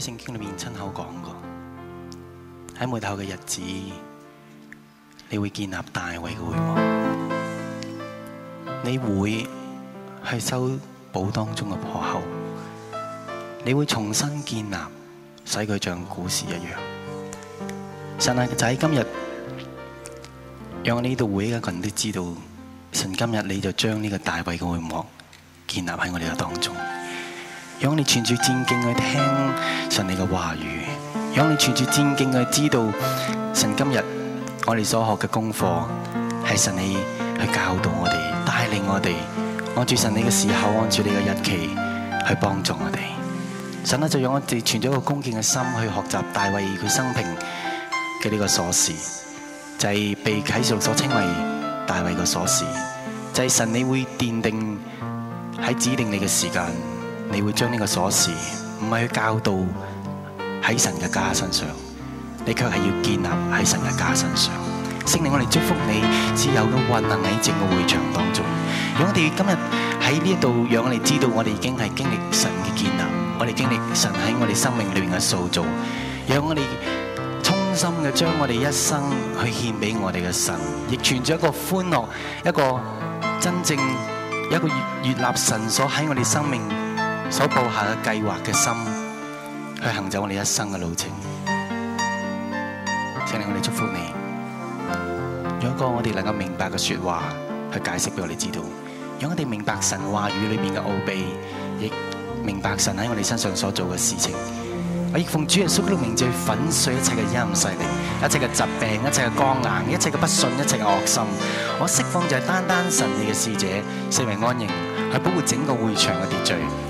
聖經裏面親口講過，喺末後嘅日子，你會建立大衛嘅會幕，你會係修補當中嘅破口，你會重新建立，使佢像古時一樣。神啊，就喺今日，讓我呢度會嘅人都知道，神今日你就將呢個大衛嘅會幕建立喺我哋嘅當中。.讓你存住戰兢去聽神你嘅話語，讓你存住戰兢去知道神今日我哋所學嘅功課係神你去教導我哋、帶領我哋。按住神你嘅時候，按住你嘅日期去幫助我哋。神呢，就讓我哋存咗一個恭敬嘅心去學習大衛佢生平嘅呢個鎖匙，就係、是、被啟示錄所稱為大衛嘅鎖匙。就係、是、神你會奠定喺指定你嘅時間。你會將呢個鎖匙，唔係去教導喺神嘅家身上，你卻係要建立喺神嘅家身上。聖靈，我哋祝福你，自由噉運行喺整個會場當中。讓我哋今日喺呢一度，讓我哋知道我哋已經係經歷神嘅建立，我哋經歷神喺我哋生命裏面嘅塑造，讓我哋衷心嘅將我哋一生去獻俾我哋嘅神，亦存着一個歡樂，一個真正一個悅納神所喺我哋生命所佈下嘅計劃嘅心，去行走我哋一生嘅路程，請令我哋祝福你。有一個我哋能夠明白嘅說話，去解釋俾我哋知道，讓我哋明白神話語裏邊嘅奧秘，亦明白神喺我哋身上所做嘅事情。我亦奉主耶穌嘅名字，粉碎一切嘅陰勢力，一切嘅疾病，一切嘅光硬，一切嘅不信，一切嘅惡心。我釋放就係單單神你嘅使者，四圍安營，去保護整個會場嘅秩序。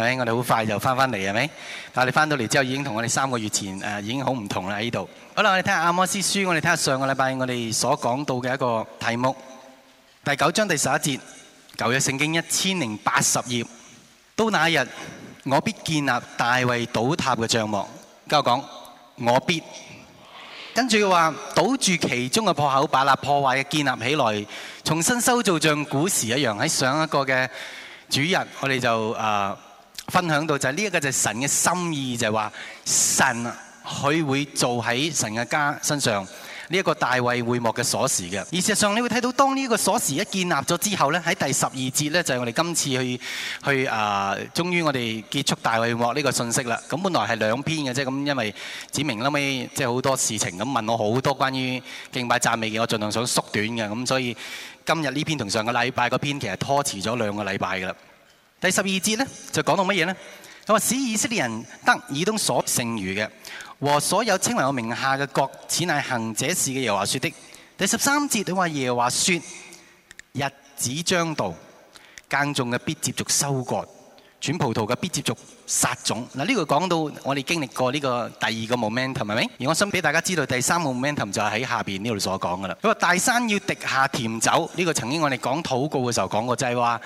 係我哋好快就翻翻嚟係咪？但係你翻到嚟之後，已經同我哋三個月前誒、呃、已經很不同了好唔同啦！喺呢度好啦，我哋睇下《阿摩司書》，我哋睇下上個禮拜我哋所講到嘅一個題目，第九章第十一節，舊約聖經一千零八十頁，到那一日我必建立大衞倒塌嘅帳幕。跟我講，我必跟住話堵住其中嘅破口，把那破壞嘅建立起來，重新修造，像古時一樣。喺上一個嘅主日。我哋就誒。呃分享到就係呢一個就係神嘅心意，就係話神佢會做喺神嘅家身上呢一個大衛會幕嘅鎖匙嘅。而事實上，你會睇到當呢個鎖匙一建立咗之後咧，喺第十二節咧就係我哋今次去去啊，呃，終於我哋結束大衛幕呢個信息啦。咁本來係兩篇嘅啫，咁因為子明啦尾即係好多事情咁問我好多關於敬拜讚美嘅，我儘量想縮短嘅，咁所以今日呢篇同上個禮拜嗰篇其實拖遲咗兩個禮拜噶啦。第十二節咧就講到乜嘢咧？佢話使以色列人得以東所剩餘嘅，和所有稱為我名下嘅國，此乃行者事嘅。耶和華説的。第十三節佢話耶和華日子將到，耕種嘅必接觸收割，轉葡萄嘅必接觸殺種。嗱，呢個講到我哋經歷過呢個第二個 moment，u m 係咪？而我想俾大家知道第三個 moment u m 就喺下面呢度所講噶啦。佢話大山要滴下甜酒，呢、這個曾經我哋講禱告嘅時候講過，就係、是、話。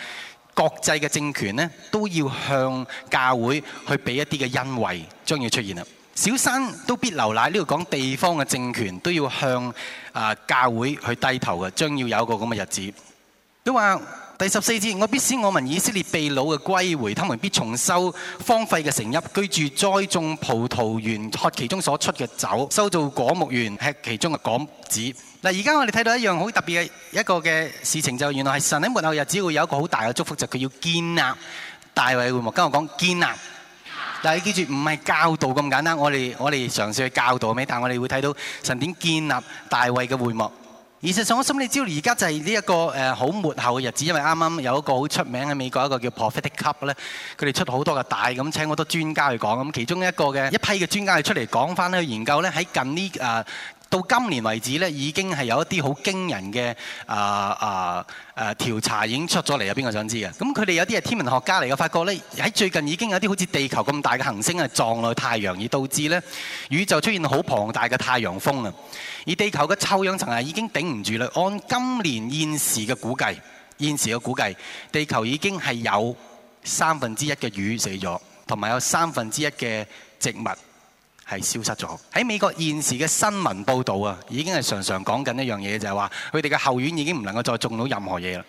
國際嘅政權咧都要向教會去俾一啲嘅恩惠，將要出現啦。小山都必流奶，呢度講地方嘅政權都要向啊、呃、教會去低頭嘅，將要有一個咁嘅日子。佢話：第十四節，我必使我民以色列被擄嘅歸回，他們必重修荒廢嘅城邑，居住栽種葡萄園，喝其中所出嘅酒，收造果木園，吃其中嘅果子。嗱，而家我哋睇到一樣好特別嘅一個嘅事情，就是，原來係神喺末後日子會有一個好大嘅祝福，就佢、是，要建立大衛會幕。跟我講建立，但係記住唔係教導咁簡單。我哋我哋嘗試去教導咪，但係我哋會睇到神點建立大衛嘅會幕。而事實上，我心裏知道現在是，這個，而家就係呢一個誒好末後嘅日子，因為啱啱有一個好出名嘅美國一個叫 Prophetic Club 咧，佢哋出好多嘅大咁請好多專家去講咁，其中一個嘅一批嘅專家係出嚟講翻咧，去研究咧喺近呢誒。呃到今年為止咧，已經係有一啲好驚人嘅啊啊誒、啊、調查已經出咗嚟，有邊個想知嘅？咁佢哋有啲係天文學家嚟嘅，發覺咧喺最近已經有啲好似地球咁大嘅行星係撞落太陽，而導致咧宇宙出現好龐大嘅太陽風啊！而地球嘅臭氧層係已經頂唔住啦。按今年現時嘅估計，現時嘅估計，地球已經係有三分之一嘅魚死咗，同埋有三分之一嘅植物。係消失咗。喺美國現時嘅新聞報導啊，已經係常常講緊一樣嘢，就係話佢哋嘅後院已經唔能夠再種到任何嘢啦，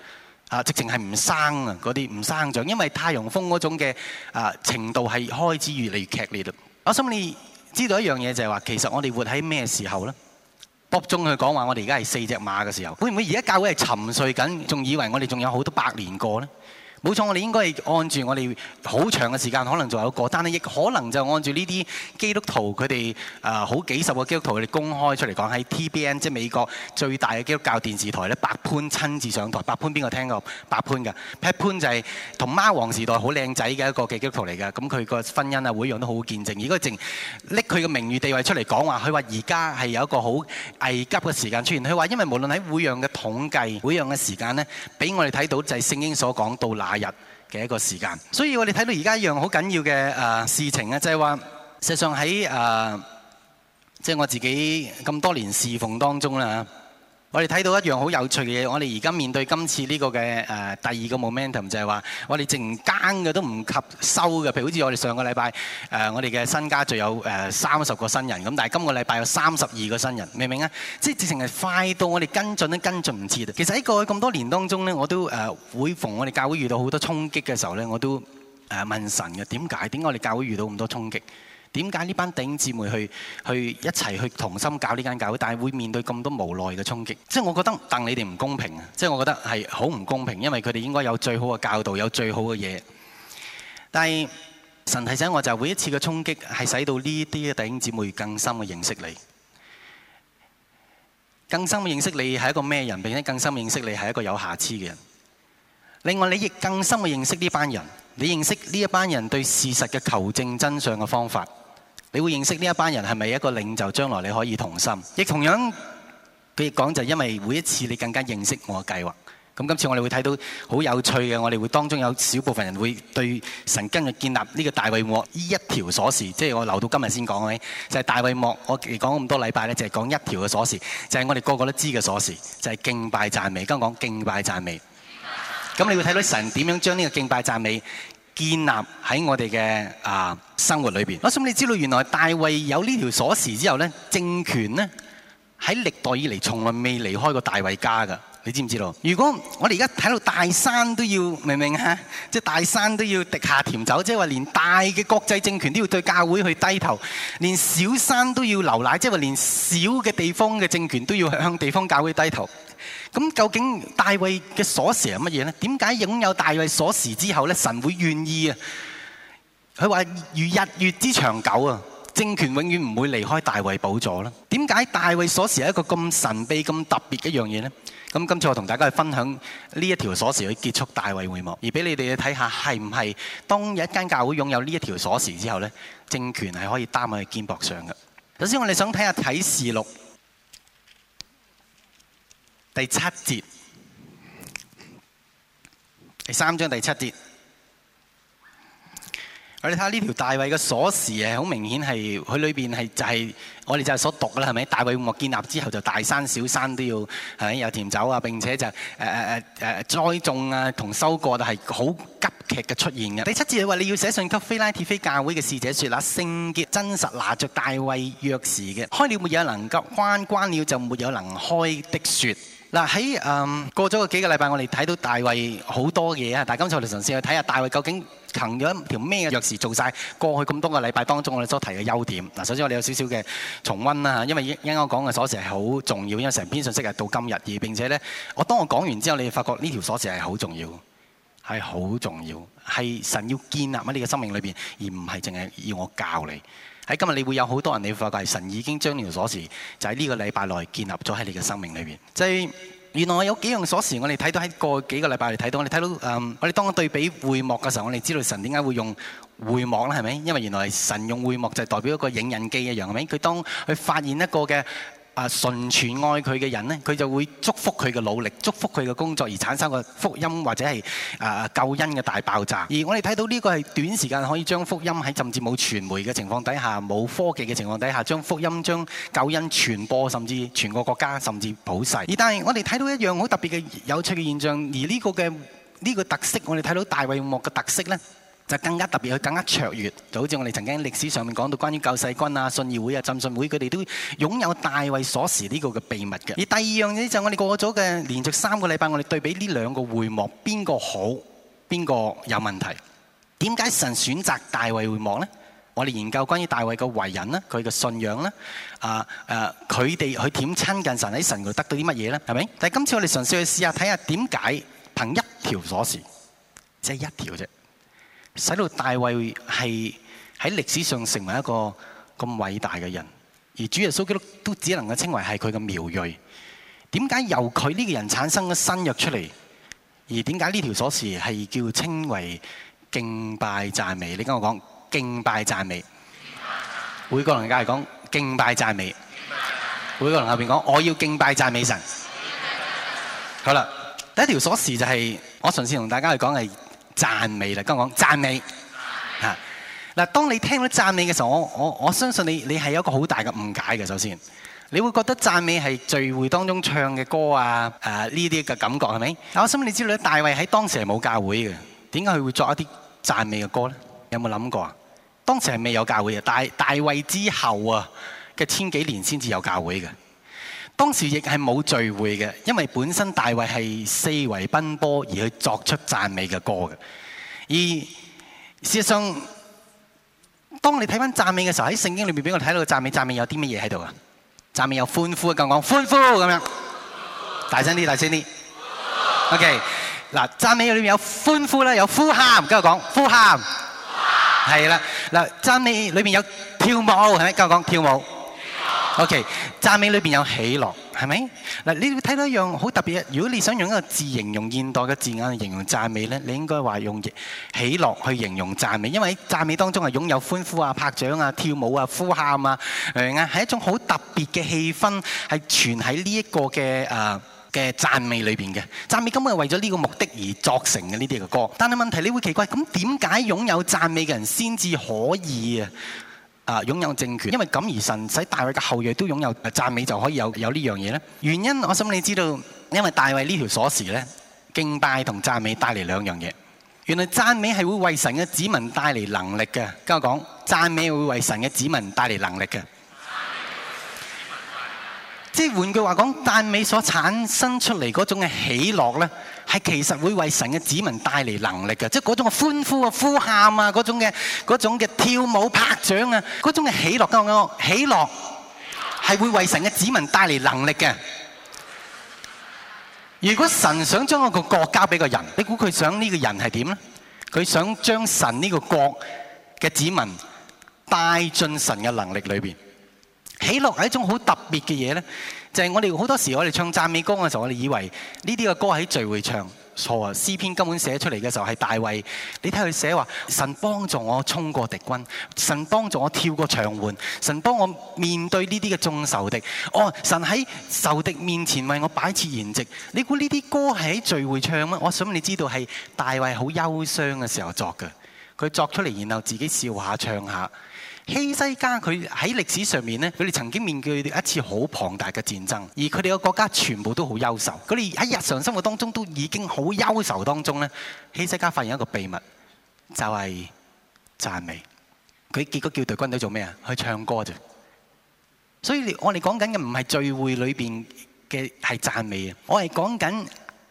啊，直情係唔生啊，嗰啲唔生長，因為太陽風嗰種嘅啊程度係開始越嚟越劇烈啦。我心裏知道一樣嘢就係話，其實我哋活喺咩時候咧？卜中佢講話，我哋而家係四隻馬嘅時候，會唔會而家教會係沉睡緊，仲以為我哋仲有好多百年過呢？」冇錯，我哋應該係按住我哋好長嘅時間，可能仲有個單，亦可能就按住呢啲基督徒佢哋啊好幾十個基督徒佢哋公開出嚟講喺 TBN，即係美國最大嘅基督教電視台咧，白潘親自上台。白潘邊個聽過？白潘嘅 Pat 潘就係同貓王時代好靚仔嘅一個基督徒嚟嘅，咁佢個婚姻啊會讓都好見證。如果淨拎佢個名譽地位出嚟講話，佢話而家係有一個好危急嘅時間出現。佢話因為無論喺會讓嘅統計、會讓嘅時間呢，俾我哋睇到就係聖經所講到哪？假日嘅一個時間，所以我哋睇到而家一樣好緊要嘅誒、呃、事情咧，就係、是、話，實際上喺誒，即、呃、係、就是、我自己咁多年侍奉當中啦我哋睇到一樣好有趣嘅嘢，我哋而家面對今次呢個嘅誒、呃、第二個 momentum 就係話，我哋淨耕嘅都唔及收嘅，譬如好似我哋上個禮拜誒、呃、我哋嘅新家就有誒三十個新人，咁但係今個禮拜有三十二個新人，明唔明啊？即係直情係快到我哋跟進都跟進唔切。其實喺過去咁多年當中呢，我都誒每、呃、逢我哋教會遇到好多衝擊嘅時候呢，我都誒問神嘅點解？點解我哋教會遇到咁多衝擊？點解呢班弟兄姊妹去去一齊去同心搞呢間教會？但係會面對咁多無奈嘅衝擊，即係我覺得但你哋唔公平啊！即係我覺得係好唔公平，因為佢哋應該有最好嘅教導，有最好嘅嘢。但係神提醒我，就係每一次嘅衝擊係使到呢啲嘅弟兄姊妹更深嘅認識你，更深嘅認識你係一個咩人，並且更深嘅認識你係一個有瑕疵嘅人。另外，你亦更深嘅認識呢班人，你認識呢一班人對事實嘅求證真相嘅方法。你會認識呢一班人係咪一個領袖，將來你可以同心？亦同樣佢亦講，就因為每一次你更加認識我嘅計劃。咁今次我哋會睇到好有趣嘅，我哋會當中有少部分人會對神今日建立呢個大衛幕呢一條鎖匙，即係我留到今日先講嘅，就係大衛幕。我嚟講咁多禮拜咧，就係講一條嘅鎖匙，就係我哋個個都知嘅鎖匙，就係敬拜讚美。剛剛講敬拜讚美，咁你會睇到神點樣將呢個敬拜讚美。建立喺我哋嘅啊生活裏邊。我想你知道原來大衛有呢條鎖匙之後，呢政權呢喺歷代以嚟從來未離開過大衛家噶，你知唔知道？如果我哋而家睇到大山都要，明唔明啊？即係大山都要滴下甜酒，即係話連大嘅國際政權都要對教會去低頭，連小山都要流奶，即係話連小嘅地方嘅政權都要向地方教會低頭。咁究竟大衛嘅鎖匙係乜嘢咧？點解擁有大衛鎖匙之後咧，神會願意啊？佢話如日月之長久啊，政權永遠唔會離開大衛寶座啦。點解大衛鎖匙係一個咁神秘、咁特別嘅一樣嘢咧？咁今次我同大家去分享呢一條鎖匙去結束大衛會幕，而俾你哋去睇下係唔係當一間教會擁有呢一條鎖匙之後咧，政權係可以擔喺佢肩膊上嘅。首先我哋想睇下啟示錄。第七節，第三章第七節，我哋睇下呢條大衞嘅鎖匙係好明顯係佢裏邊係就係、是、我哋就係所讀嘅啦，係咪？大衞幕建立之後就大山小山都要係咪有甜酒啊？並且就誒誒誒誒栽種啊同收割，就係好急劇嘅出現嘅。第七節，你話你要寫信給非拉鐵非教會嘅使者說，説嗱聖潔真實拿著大衞鑰匙嘅，開了沒有能夠關，關了就沒有能開的説。嗱，喺誒過咗個幾個禮拜，我哋睇到大衛好多嘢啊！但係今次我哋嘗試去睇下大衛究竟行咗條咩鑰匙，做晒過去咁多個禮拜當中，我哋所提嘅優點嗱，首先我哋有少少嘅重温啦嚇，因為啱啱講嘅鎖匙係好重要，因為成篇信息係到今日而並且咧，我當我講完之後，你哋發覺呢條鎖匙係好重要，係好重要，係神要建立喺你嘅生命裏邊，而唔係淨係要我教你。喺今日你會有好多人，你會發覺係神已經將呢條鎖匙就喺呢個禮拜內建立咗喺你嘅生命裏邊。即係原來有幾樣鎖匙我們看看我們看、嗯，我哋睇到喺過幾個禮拜嚟睇到，我哋睇到誒，我哋當對比會幕嘅時候，我哋知道神點解會用會幕咧，係咪？因為原來神用會幕就係代表一個影印機一樣，係咪？佢當佢發現一個嘅。啊！純全愛佢嘅人咧，佢就會祝福佢嘅努力，祝福佢嘅工作而產生個福音或者係、呃、救恩嘅大爆炸。而我哋睇到呢個係短時間可以將福音喺甚至冇傳媒嘅情況底下、冇科技嘅情況底下，將福音、將救恩傳播，甚至全個國家，甚至普世。而但係我哋睇到一樣好特別嘅有趣嘅現象，而呢個嘅呢個特色，我哋睇到大衛幕嘅特色呢，就更加特別，佢更加卓越，就好似我哋曾經歷史上面講到關於救世軍啊、信義會啊、浸信會，佢哋都擁有大衛鎖匙呢個嘅秘密嘅。而第二樣嘢就我哋過咗嘅連續三個禮拜，我哋對比呢兩個會幕，邊個好，邊個有問題？點解神選擇大衛會幕咧？我哋研究關於大衛嘅為人啦，佢嘅信仰啦，啊誒，佢哋去點親近神喺神嗰度得到啲乜嘢咧？係咪？但係今次我哋純粹去試下睇下點解憑一條鎖匙，即係一條啫。使到大衛係喺歷史上成為一個咁偉大嘅人，而主耶穌基督都只能夠稱為係佢嘅苗裔。點解由佢呢個人產生咗新約出嚟？而點解呢條鎖匙係叫稱為敬拜讚美？你跟我講，敬拜讚美。每個人而家嚟講，敬拜讚美。每個人後邊講，我要敬拜讚美神。好啦，第一條鎖匙就係我嘗試同大家去講係。讚美啦，今日講讚美嚇嗱。是當你聽到讚美嘅時候，我我我相信你，你係有一個好大嘅誤解嘅。首先，你會覺得讚美係聚會當中唱嘅歌啊，誒呢啲嘅感覺係咪？但我想你知道，大衛喺當時係冇教會嘅，點解佢會作一啲讚美嘅歌咧？有冇諗過啊？當時係未有教會嘅，大大衛之後啊嘅千幾年先至有教會嘅。當時亦係冇聚會嘅，因為本身大衛係四圍奔波而去作出讚美嘅歌嘅。而事實上當你睇返讚美嘅時候，喺聖經裏面俾我睇到讚美，讚美有啲乜嘢喺度啊？讚美有歡呼，跟我講，歡呼咁樣，大聲啲，大聲啲。OK，嗱，讚美裏面有歡呼啦，有呼喊，跟我講呼喊，係啦。 嗱，讚美裏面有跳舞係咪？跟我講跳舞。O.K. 讚美裏邊有喜樂，係咪？嗱，你會睇到一樣好特別嘅。如果你想用一個字形容現代嘅字眼去形容讚美咧，你應該話用喜樂去形容讚美，因為讚美當中係擁有歡呼啊、拍掌啊、跳舞啊、呼喊啊，明啊？係一種好特別嘅氣氛，係存喺呢一個嘅誒嘅讚美裏邊嘅。讚美根本係為咗呢個目的而作成嘅呢啲嘅歌，但係問題你會奇怪，咁點解擁有讚美嘅人先至可以啊？啊！擁有政權，因為咁而神，使大衛嘅後裔都擁有讚美就可以有有呢樣嘢咧。原因，我想你知道，因為大衛呢條鎖匙咧，敬拜同讚美帶嚟兩樣嘢。原來讚美係會為神嘅子民帶嚟能力嘅。跟我講，讚美會為神嘅子民帶嚟能力嘅。 即係換句話講，讚美所產生出嚟嗰種嘅喜樂咧。係其實會為神嘅子民帶嚟能力嘅，即係嗰種歡呼啊、呼喊啊、嗰種嘅、嗰種嘅跳舞拍掌啊、嗰種嘅喜樂，我喜樂係會為神嘅子民帶嚟能力嘅。如果神想將一個國交俾個人，你估佢想呢個人係點咧？佢想將神呢個國嘅子民帶進神嘅能力裏邊。喜樂係一種好特別嘅嘢咧。就係我哋好多時，我哋唱讚美歌嘅時候，我哋以為呢啲嘅歌喺聚會唱。錯啊！詩篇根本寫出嚟嘅時候係大衛，你睇佢寫話神幫助我衝過敵軍，神幫助我跳過牆垣，神幫我面對呢啲嘅眾仇敵。哦，神喺仇敵面前為我擺設筵席。你估呢啲歌係喺聚會唱咩？我想你知道係大衛好憂傷嘅時候作嘅，佢作出嚟然後自己笑下唱下。希西家佢喺歷史上面咧，佢哋曾經面對一次好龐大嘅戰爭，而佢哋嘅國家全部都好優秀。佢哋喺日常生活當中都已經好憂愁。當中咧希西家發現一個秘密，就係、是、讚美。佢結果叫隊軍隊做咩啊？去唱歌啫。所以我哋講緊嘅唔係聚會裏邊嘅係讚美啊，我係講緊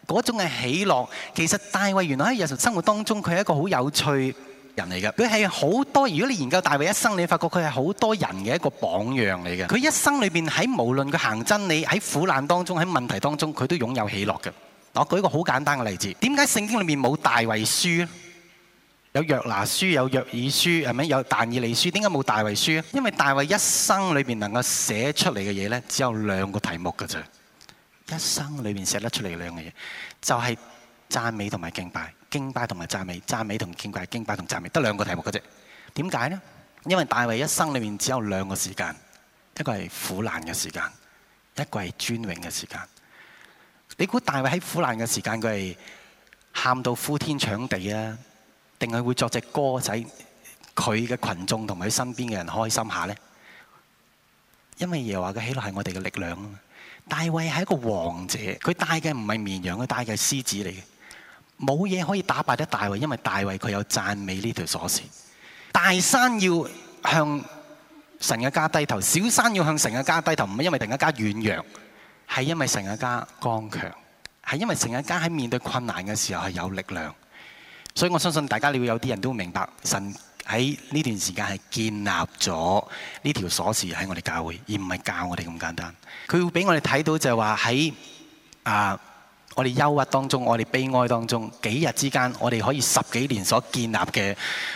嗰種嘅喜樂。其實大衛原來喺日常生活當中，佢係一個好有趣。人嚟嘅，佢係好多。如果你研究大衛一生，你發覺佢係好多人嘅一個榜樣嚟嘅。佢一生裏邊喺無論佢行真理，喺苦難當中，喺問題當中，佢都擁有喜樂嘅。我舉一個好簡單嘅例子，點解聖經裏面冇大衛書咧？有約拿書，有約珥書，係咪有，有但以理書？點解冇大衛書咧？因為大衛一生裏面能夠寫出嚟嘅嘢咧，只有兩個題目嘅啫。一生裏面寫得出嚟兩樣嘢，就係、是、讚美同埋敬拜。敬拜同埋讚美，讚美同敬拜，敬拜同讚美，得兩個題目嘅啫。點解呢？因為大衛一生裏面只有兩個時間，一個係苦難嘅時間，一個係尊榮嘅時間。你估大衛喺苦難嘅時間佢係喊到呼天搶地啊？定係會作隻歌仔，佢嘅群眾同佢身邊嘅人開心下呢？因為耶和華嘅喜樂係我哋嘅力量啊！大衛係一個王者，佢帶嘅唔係綿羊，佢帶嘅係獅子嚟嘅。冇嘢可以打敗得大衛，因為大衛佢有讚美呢條鎖匙。大山要向神嘅家低頭，小山要向神嘅家低頭，唔係因為神嘅家軟弱，係因為神嘅家剛強，係因為神嘅家喺面對困難嘅時候係有力量。所以我相信大家你會有啲人都明白，神喺呢段時間係建立咗呢條鎖匙喺我哋教會，而唔係教我哋咁簡單。佢會俾我哋睇到就係話喺啊。呃我哋憂鬱當中，我哋悲哀當中，幾日之間，我哋可以十幾年所建立嘅，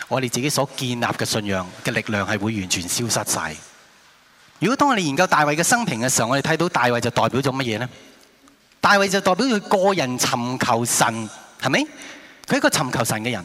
我哋自己所建立嘅信仰嘅力量係會完全消失晒。如果當我哋研究大衛嘅生平嘅時候，我哋睇到大衛就代表咗乜嘢咧？大衛就代表佢個人尋求神，係咪？佢係一個尋求神嘅人，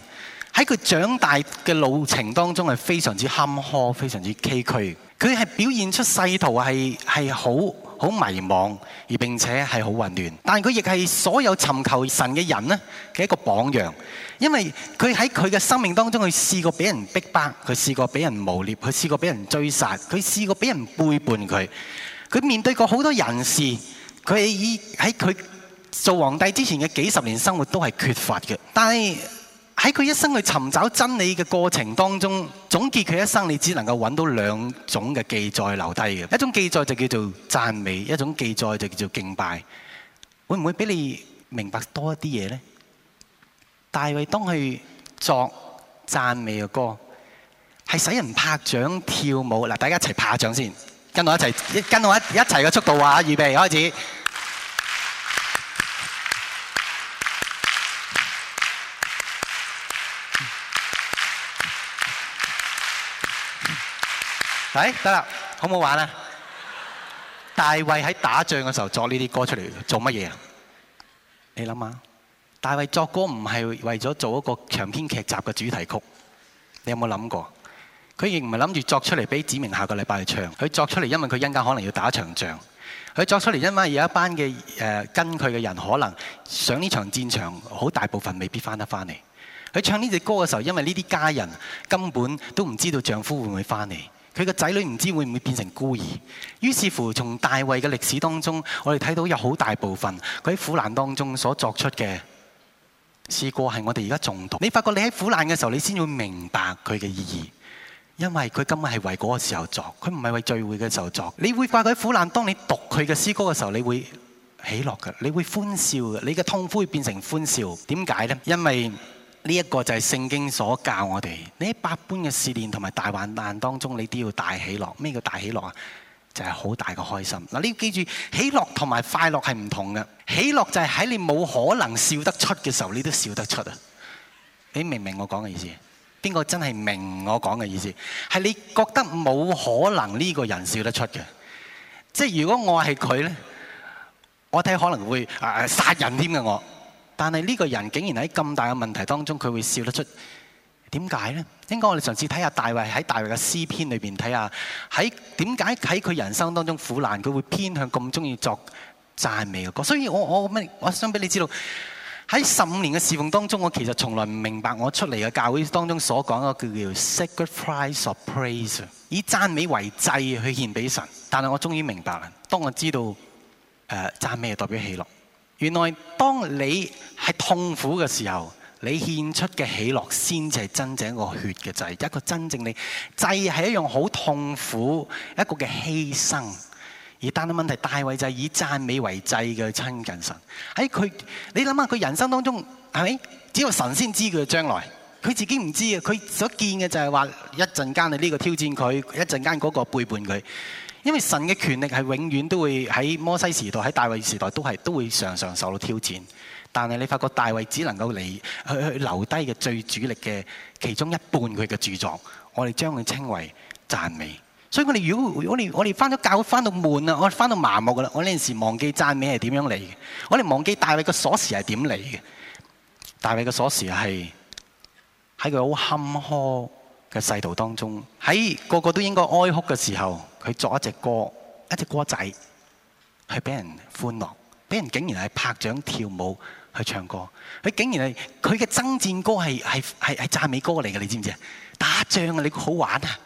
喺佢長大嘅路程當中係非常之坎坷、非常之崎嶇。佢係表現出勢圖係好。好迷茫，而並且係好混亂。但係佢亦係所有尋求神嘅人呢，嘅一個榜樣，因為佢喺佢嘅生命當中，佢試過俾人逼迫，佢試過俾人誣蔑，佢試過俾人追殺，佢試過俾人背叛佢。佢面對過好多人士，佢喺佢做皇帝之前嘅幾十年生活都係缺乏嘅，但喺佢一生去尋找真理嘅過程當中，總結佢一生，你只能夠揾到兩種嘅記載留低嘅，一種記載就叫做讚美，一種記載就叫做敬拜。會唔會俾你明白多一啲嘢呢？大衛當去作讚美嘅歌，係使人拍掌跳舞。嗱，大家一齊拍掌先，跟我一齊，跟我一一齊嘅速度啊！預備，開始。誒得啦，好唔好玩啊？ 大衛喺打仗嘅時候作呢啲歌出嚟做乜嘢啊？你諗下，大衛作歌唔係為咗做一個長篇劇集嘅主題曲。你有冇諗過？佢亦唔係諗住作出嚟俾子民下個禮拜去唱。佢作出嚟，因為佢而家可能要打一場仗。佢作出嚟，因為有一班嘅、呃、跟佢嘅人可能上呢場戰場，好大部分未必返得返嚟。佢唱呢隻歌嘅時候，因為呢啲家人根本都唔知道丈夫會唔會返嚟。佢個仔女唔知道會唔會變成孤兒？於是乎從大衛嘅歷史當中，我哋睇到有好大部分佢喺苦難當中所作出嘅詩歌係我哋而家仲讀。你發覺你喺苦難嘅時候，你先會明白佢嘅意義，因為佢今日係為嗰個時候作，佢唔係為聚會嘅時候作。你會發覺喺苦難，當你讀佢嘅詩歌嘅時候，你會喜樂嘅，你會歡笑嘅，你嘅痛苦會變成歡笑。點解咧？因為呢一個就係聖經所教我哋，你喺百般嘅試煉同埋大患難當中，你都要大喜樂。咩叫大喜樂啊？就係、是、好大嘅開心。嗱，你要記住，喜樂同埋快樂係唔同嘅。喜樂就係喺你冇可能笑得出嘅時候，你都笑得出啊！你明唔明我講嘅意思？邊個真係明我講嘅意思？係你覺得冇可能呢個人笑得出嘅，即係如果我係佢咧，我睇可能會誒殺、啊、人添嘅我。但係呢個人竟然喺咁大嘅問題當中，佢會笑得出。點解呢？應該我哋嘗試睇下大衛喺大衛嘅詩篇裏邊睇下，喺點解喺佢人生當中苦難，佢會偏向咁中意作讚美嘅歌。所以我我我想俾你知道喺十五年嘅侍奉當中，我其實從來唔明白我出嚟嘅教會當中所講一個叫叫 sacrifice of praise，以讚美為祭去獻俾神。但係我終於明白啦，當我知道誒、呃、讚美係代表喜樂。原來當你係痛苦嘅時候，你獻出嘅喜樂先至係真正一個血嘅祭，一個真正嘅祭係一樣好痛苦，一個嘅犧牲。而單單問題，大衛就係以讚美為祭嘅親近神。喺佢，你諗下佢人生當中係咪？只有神先知佢嘅將來，佢自己唔知啊！佢所見嘅就係話，一陣間你呢個挑戰佢，一陣間嗰個背叛佢。因為神嘅權力係永遠都會，喺摩西時代、喺大衛時代都係都會常常受到挑戰，但係你發覺大衛只能夠嚟去去留低嘅最主力嘅其中一半佢嘅著作，我哋將佢稱為讚美。所以我哋如果如果我哋翻咗教會翻到悶啦，我哋翻到麻木噶啦，我呢陣時候忘記讚美係點樣嚟嘅，我哋忘記大衛嘅鎖匙係點嚟嘅，大衛嘅鎖匙係喺佢好坎坷嘅世道當中，喺個個都應該哀哭嘅時候，佢作一隻歌，一隻歌仔，係畀人歡樂，畀人竟然係拍掌跳舞去唱歌。佢竟然係佢嘅爭戰歌係係係係讚美歌嚟嘅，你知唔知啊？打仗啊，你好玩啊？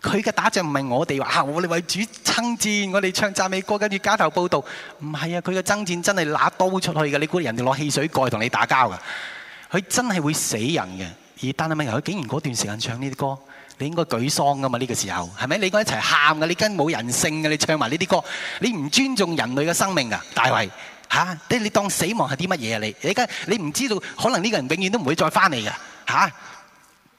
佢嘅打仗唔係我哋話啊，我哋為主爭戰，我哋唱讚美歌跟住街頭報道。唔係啊，佢嘅爭戰真係拿刀出去嘅，你估人哋攞汽水蓋同你打交㗎？佢真係會死人嘅。而但係問題佢竟然嗰段時間唱呢啲歌，你應該舉喪噶嘛？呢、這個時候係咪？你應該一齊喊噶？你跟冇人性噶？你唱埋呢啲歌，你唔尊重人類嘅生命噶、啊？大衛嚇，你你當死亡係啲乜嘢啊？你你而你唔知道，可能呢個人永遠都唔會再翻嚟噶嚇。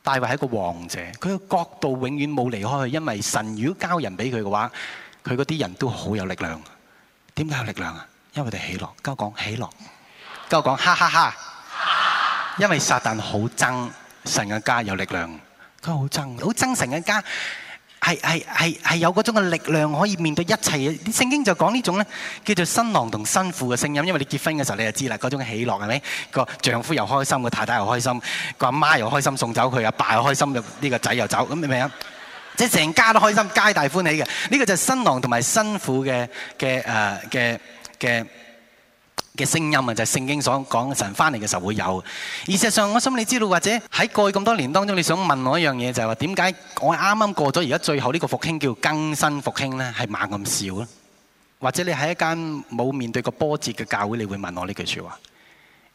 大衛係一個王者，佢個角度永遠冇離開，因為神如果交人俾佢嘅話，佢嗰啲人都好有力量。點解有力量啊？因為佢哋喜樂。交我講喜樂，交我講哈哈哈。 因為撒旦好憎。神嘅家有力量，佢好憎。好憎神嘅家，係係係係有嗰種嘅力量可以面對一切嘢。聖經就講呢種咧，叫做新郎同新婦嘅聲音。因為你結婚嘅時候，你就知啦，嗰種喜樂係咪？個丈夫又開心，個太太又開心，個阿媽又開心，送走佢阿爸，爸又開心，呢、呢個仔又走，咁明唔明啊？即係成家都開心，皆大歡喜嘅。呢、呢個就係新郎同埋新婦嘅嘅誒嘅嘅。呃呃呃呃呃呃嘅聲音啊，就係、是、聖經所講神翻嚟嘅時候會有。事實上，我心裏知道，或者喺過去咁多年當中，你想問我一樣嘢，就係話點解我啱啱過咗而家最後呢個復興叫更新復興呢？係馬咁少？或者你喺一間冇面對過波折嘅教會，你會問我呢句說話？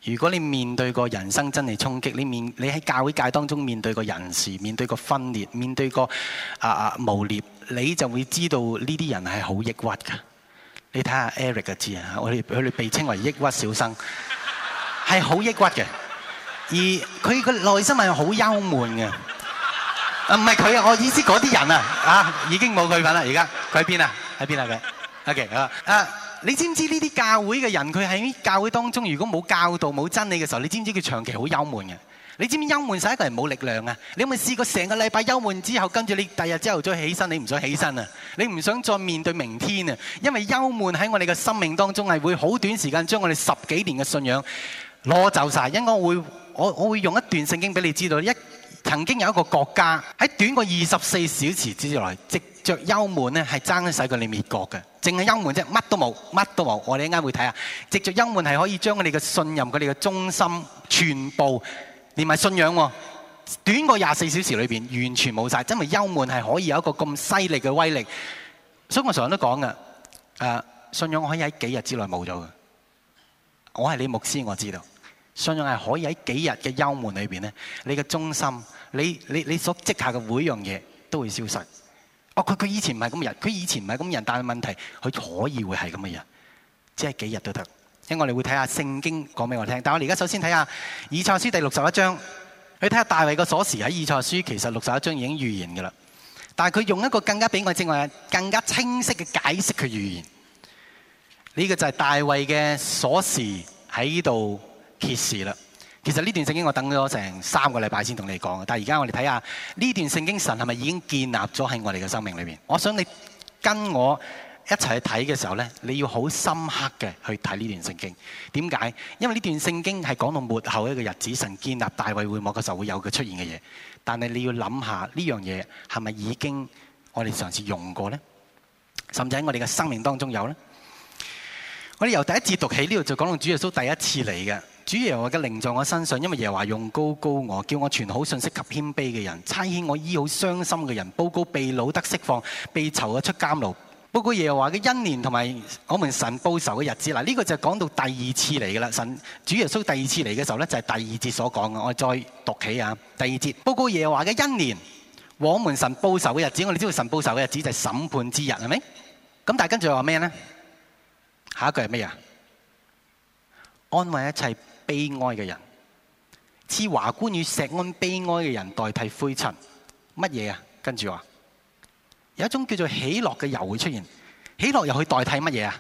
如果你面對過人生真係衝擊，你面你喺教會界當中面對過人事，面對過分裂，面對過啊啊污衊，你就會知道呢啲人係好抑鬱噶。你睇下 Eric 嘅字啊，我哋佢哋被稱為抑鬱小生，係好抑鬱嘅，而佢個內心係好幽悶嘅。不唔係佢啊，我意思嗰啲人啊，啊已經冇佢份啦，而家佢喺邊啊？喺邊啊？佢 Eric 啊，okay, uh, 你知唔知呢啲教會嘅人佢喺教會當中，如果冇教導沒冇真理嘅時候，你知唔知佢長期好幽悶嘅？你知唔知幽悶晒一個人冇力量啊？你有冇試過成個禮拜幽悶之後，跟住你第日朝頭早起身，你唔想起身啊？你唔想再面對明天啊？因為幽悶喺我哋嘅生命當中係會好短時間將我哋十幾年嘅信仰攞走晒。因我會我我會用一段聖經俾你知道，一曾經有一個國家喺短過二十四小時之內，藉着幽悶咧係爭使過你滅國嘅，淨係幽悶啫，乜都冇，乜都冇。我哋一陣會睇下，藉着幽悶係可以將我哋嘅信任、佢哋嘅忠心全部。連埋信仰，短過廿四小時裏邊完全冇晒，因為幽悶係可以有一個咁犀利嘅威力。所以我常常都講噶，誒、呃，信仰可以喺幾日之內冇咗嘅。我係你牧師，我知道，信仰係可以喺幾日嘅幽悶裏邊咧，你嘅中心，你你你所積下嘅每一樣嘢都會消失。哦，佢佢以前唔係咁嘅人，佢以前唔係咁嘅人，但係問題佢可以會係咁嘅人，即係幾日都得。因為我哋會睇下聖經講俾我聽，但我而家首先睇下以賽書第六十一章，你睇下大衛個鎖匙喺以賽書其實六十一章已經預言㗎啦，但係佢用一個更加俾我證明，更加清晰嘅解釋佢預言。呢，這個就係大衛嘅鎖匙喺呢度揭示啦。其實呢段聖經我等咗成三個禮拜先同你講嘅，但係而家我哋睇下呢段聖經，神係咪已經建立咗喺我哋嘅生命裏面？我想你跟我。一齊去睇嘅時候呢，你要好深刻嘅去睇呢段聖經。點解？因為呢段聖經係講到末後一個日子，神建立大衛會幕嘅時候會有佢出現嘅嘢。但係你要諗下呢樣嘢係咪已經我哋上次用過呢？甚至喺我哋嘅生命當中有呢？我哋由第一節讀起，呢度就講到主耶穌第一次嚟嘅。主耶和華嘅靈在我身上，因為耶和華用膏膏我，叫我傳好信息給謙卑嘅人，差遣我醫好傷心嘅人，報告被擄得釋放，被囚嘅出監牢。報告耶和華嘅恩年同埋我們神報仇嘅日子，嗱、這、呢個就講到第二次嚟噶啦。主耶穌第二次嚟嘅時候咧，就係、是、第二節所講嘅。我再讀起啊，第二節報告耶和華嘅恩年，我們神報仇嘅日子，我哋知道神報仇嘅日子就係審判之日係咪？咁但係跟住又話咩呢？下一句係咩啊？安慰一切悲哀嘅人，賜華冠與錫安悲哀嘅人代替灰塵，乜嘢啊？跟住話。有一種叫做喜樂嘅油會出現，喜樂油去代替乜嘢啊？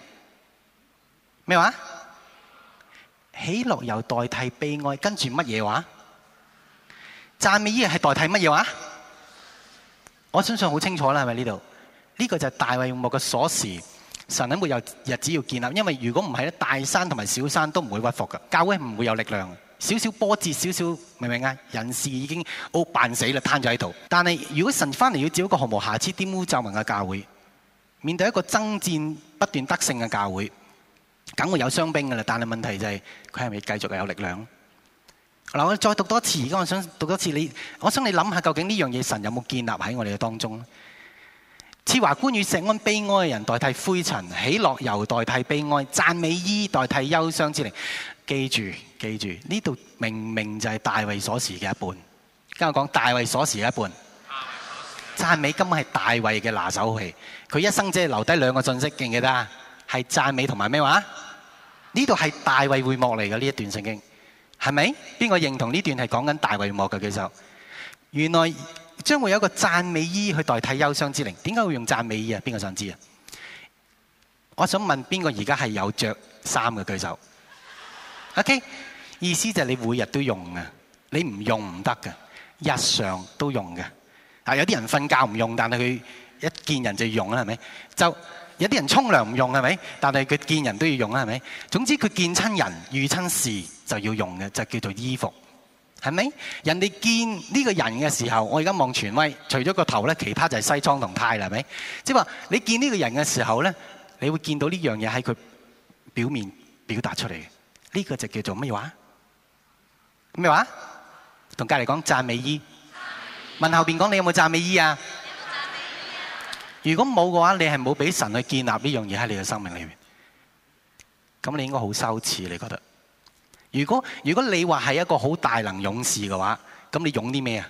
咩話？喜樂油代替悲哀，跟住乜嘢話？讚美嘢係代替乜嘢話？我相信好清楚啦，係咪呢度？呢、這個就係大衛幕嘅鎖匙，神喺末日日子要建立，因為如果唔係，大山同埋小山都唔會屈服嘅，教會唔會有力量。少少波折，少少明唔明啊？人事已經好扮死啦，攤咗喺度。但係如果神返嚟要找一個毫無瑕疵、玷污皺紋嘅教會，面對一個爭戰不斷得勝嘅教會，梗會有傷兵噶啦。但係問題就係佢係咪繼續有力量？嗱，我再讀多次。而家我想讀多次你，我想你諗下，究竟呢樣嘢神有冇建立喺我哋嘅當中？賜華冠與錫安悲，悲哀嘅人代替灰塵，喜樂油代替悲哀，讚美衣代替憂傷之靈。記住。記住呢度明明就係大衛鎖匙嘅一半，跟我講大衛鎖匙嘅一半。讚美根本係大衛嘅拿手戲，佢一生只係留低兩個信息記唔記得啊，係讚美同埋咩話？呢度係大衛會幕嚟嘅呢一段聖經，係咪？邊個認同呢段係講緊大衛幕嘅？舉手。原來將會有一個讚美衣去代替憂傷之靈，點解會用讚美衣啊？邊個想知啊？我想問邊個而家係有着衫嘅舉手。OK。意思就係你每日都用嘅，你唔用唔得嘅，日常都用嘅。啊，有啲人瞓覺唔用，但係佢一見人就要用啦，係咪？就有啲人沖涼唔用係咪？但係佢見人都要用啦，係咪？總之佢見親人遇親事就要用嘅，就叫做衣服，係咪？人哋見呢個人嘅時候，我而家望全威，除咗個頭咧，其他就係西裝同 tie 係咪？即係話你見呢個人嘅時候咧，你會見到呢樣嘢喺佢表面表達出嚟。呢個就叫做咩話？咩話？同隔籬講讚美伊，美問後邊講，你有冇讚美伊啊？有沒有，如果冇嘅話，你係冇俾神去建立呢樣嘢喺你嘅生命裏面。咁你應該好羞恥，你覺得？如果如果你話係一個好大能勇士嘅話，咁你勇啲咩啊？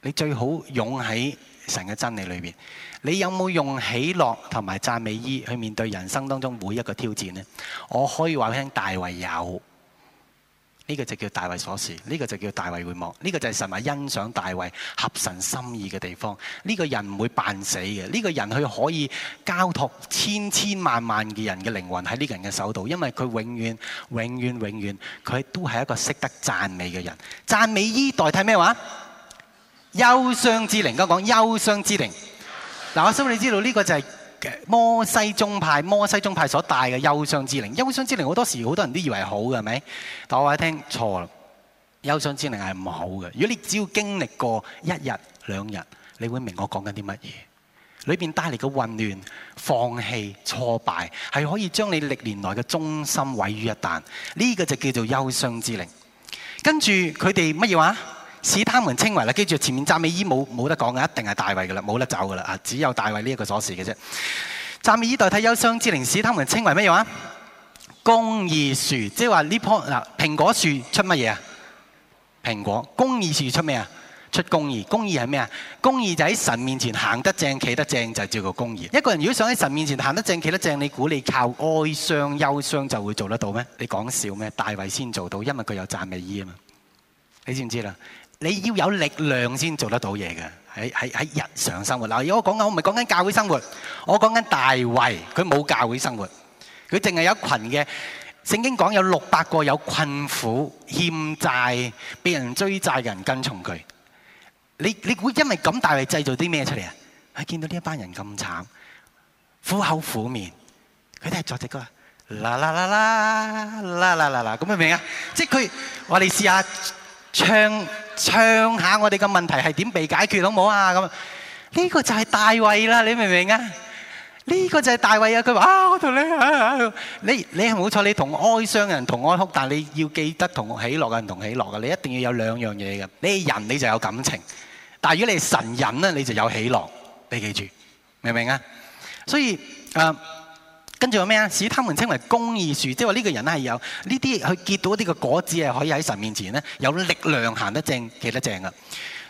你最好勇喺神嘅真理裏面。你有冇用喜樂同埋讚美伊去面對人生當中每一個挑戰呢？我可以話俾你聽大衛有。呢個就叫大衞所視，呢、這個就叫大衞會幕，呢、這個就係神在欣賞大衞合神心意嘅地方。呢、這個人唔會扮死嘅，呢、這個人佢可以交託千千萬萬嘅人嘅靈魂喺呢個人嘅手度，因為佢永遠、永遠、永遠，佢都係一個識得讚美嘅人。讚美依代替咩話？憂傷之靈，剛剛講憂傷之靈。嗱， 我心裏知道呢個就係、是。摩西宗派，摩西宗派所帶嘅憂傷之靈，憂傷之靈好多時好多人都以為好嘅，係咪？但我一聽錯啦，憂傷之靈係唔好嘅。如果你只要經歷過一日兩日，你會明我講緊啲乜嘢？裏邊帶嚟嘅混亂、放棄、挫敗，係可以將你歷年來嘅忠心毀於一旦。呢個就叫做憂傷之靈。跟住佢哋乜嘢話？使他們稱為啦，記住前面讚美衣，冇冇得講嘅，一定係大衛嘅啦，冇得走嘅啦啊，只有大衛呢一個鎖匙嘅啫。讚美衣代替憂傷之靈，使他們稱為咩話？公義樹，即係話呢樖嗱蘋果樹出乜嘢啊？蘋果，公義樹出咩啊？出公義，公義係咩啊？公義就喺神面前行得正、企得正，就叫做公義。一個人如果想喺神面前行得正、企得正，你估你靠哀傷、憂傷就會做得到咩？你講笑咩？大衛先做到，因為佢有讚美衣啊嘛。你知唔知啦？你要有力量先做得到嘢嘅，喺喺喺日常生活嗱。如果我講緊，我唔係講緊教會生活，我講緊大衛，佢冇教會生活，佢淨係有一羣嘅，聖經講有六百個有困苦欠債、被人追債嘅人跟從佢。你你估因為咁大衛製造啲咩出嚟啊？佢見到呢一班人咁慘，苦口苦面，佢都係作隻歌啦，啦啦啦啦啦啦啦咁嘅名啊！即係佢，我哋試下唱。唱下我哋嘅問題係點被解決好唔好啊？咁、這、呢個就係大衞啦，你明唔明、這個、啊？呢個就係大衛啊！佢話啊，我同你啊，啊，你你冇錯，你同哀傷人同哀哭，但係你要記得同喜樂嘅人同喜樂啊！你一定要有兩樣嘢嘅，你係人你就有感情，但係如果你係神人咧，你就有喜樂。你記住，明唔明啊？所以啊。呃跟住有咩啊？使他們稱為公義樹，即係話呢個人係有呢啲，佢結到啲個果子係可以喺神面前咧有力量行得正企得正嘅。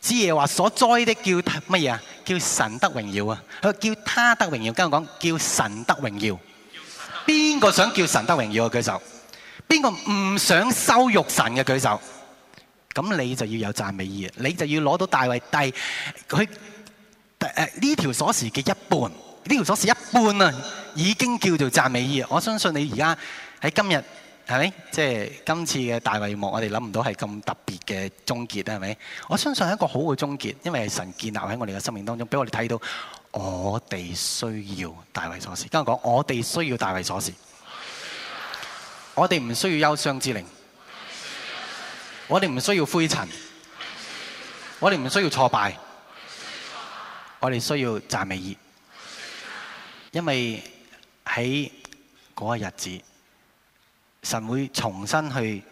師爺話所栽的叫乜嘢啊？叫神德榮耀啊！佢叫他德榮耀。跟住講叫神德榮耀，邊個想叫神德榮耀嘅舉手？邊個唔想羞辱神嘅舉手？咁你就要有讚美意，你就要攞到大衛第佢誒呢條鎖匙嘅一半。呢條鎖匙一般啊，已經叫做讚美意。我相信你而家喺今日係咪？即係今次嘅大衛會幕，我哋諗唔到係咁特別嘅終結啊？係咪？我相信係一個好嘅終結，因為神建立喺我哋嘅生命當中，俾我哋睇到我哋需要大衛鎖匙。跟我講，我哋需要大衛鎖匙。我哋唔需要憂傷之靈。我哋唔需要灰塵。我哋唔需要挫敗。我哋需要讚美意。因為喺嗰個日子，神會重新去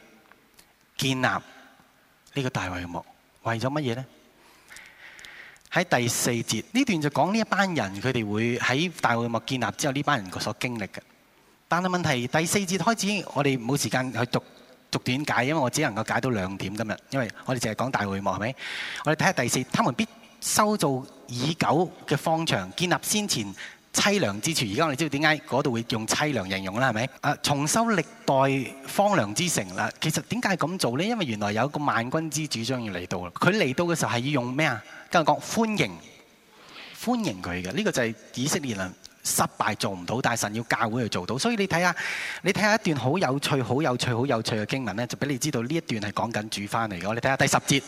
建立呢個大會幕，為咗乜嘢呢？喺第四節呢段就講呢一班人佢哋會喺大會幕建立之後，呢班人個所經歷嘅。但係問題是第四節開始，我哋冇時間去逐逐點解，因為我只能夠解到兩點今日，因為我哋淨係講大會幕，係咪？我哋睇下第四，他們必修造已久嘅方場建立先前。淒涼之處，而家我哋知道點解嗰度會用淒涼形容啦，係咪？啊，重修歷代荒涼之城啦。其實點解咁做咧？因為原來有一個萬軍之主將要嚟到啦。佢嚟到嘅時候係要用咩啊？跟我講歡迎，歡迎佢嘅。呢個就係以色列人失敗做唔到，但係神要教會去做到。所以你睇下，你睇下一段好有趣、好有趣、好有趣嘅經文咧，就俾你知道呢一段係講緊主翻嚟嘅。我哋睇下第十節，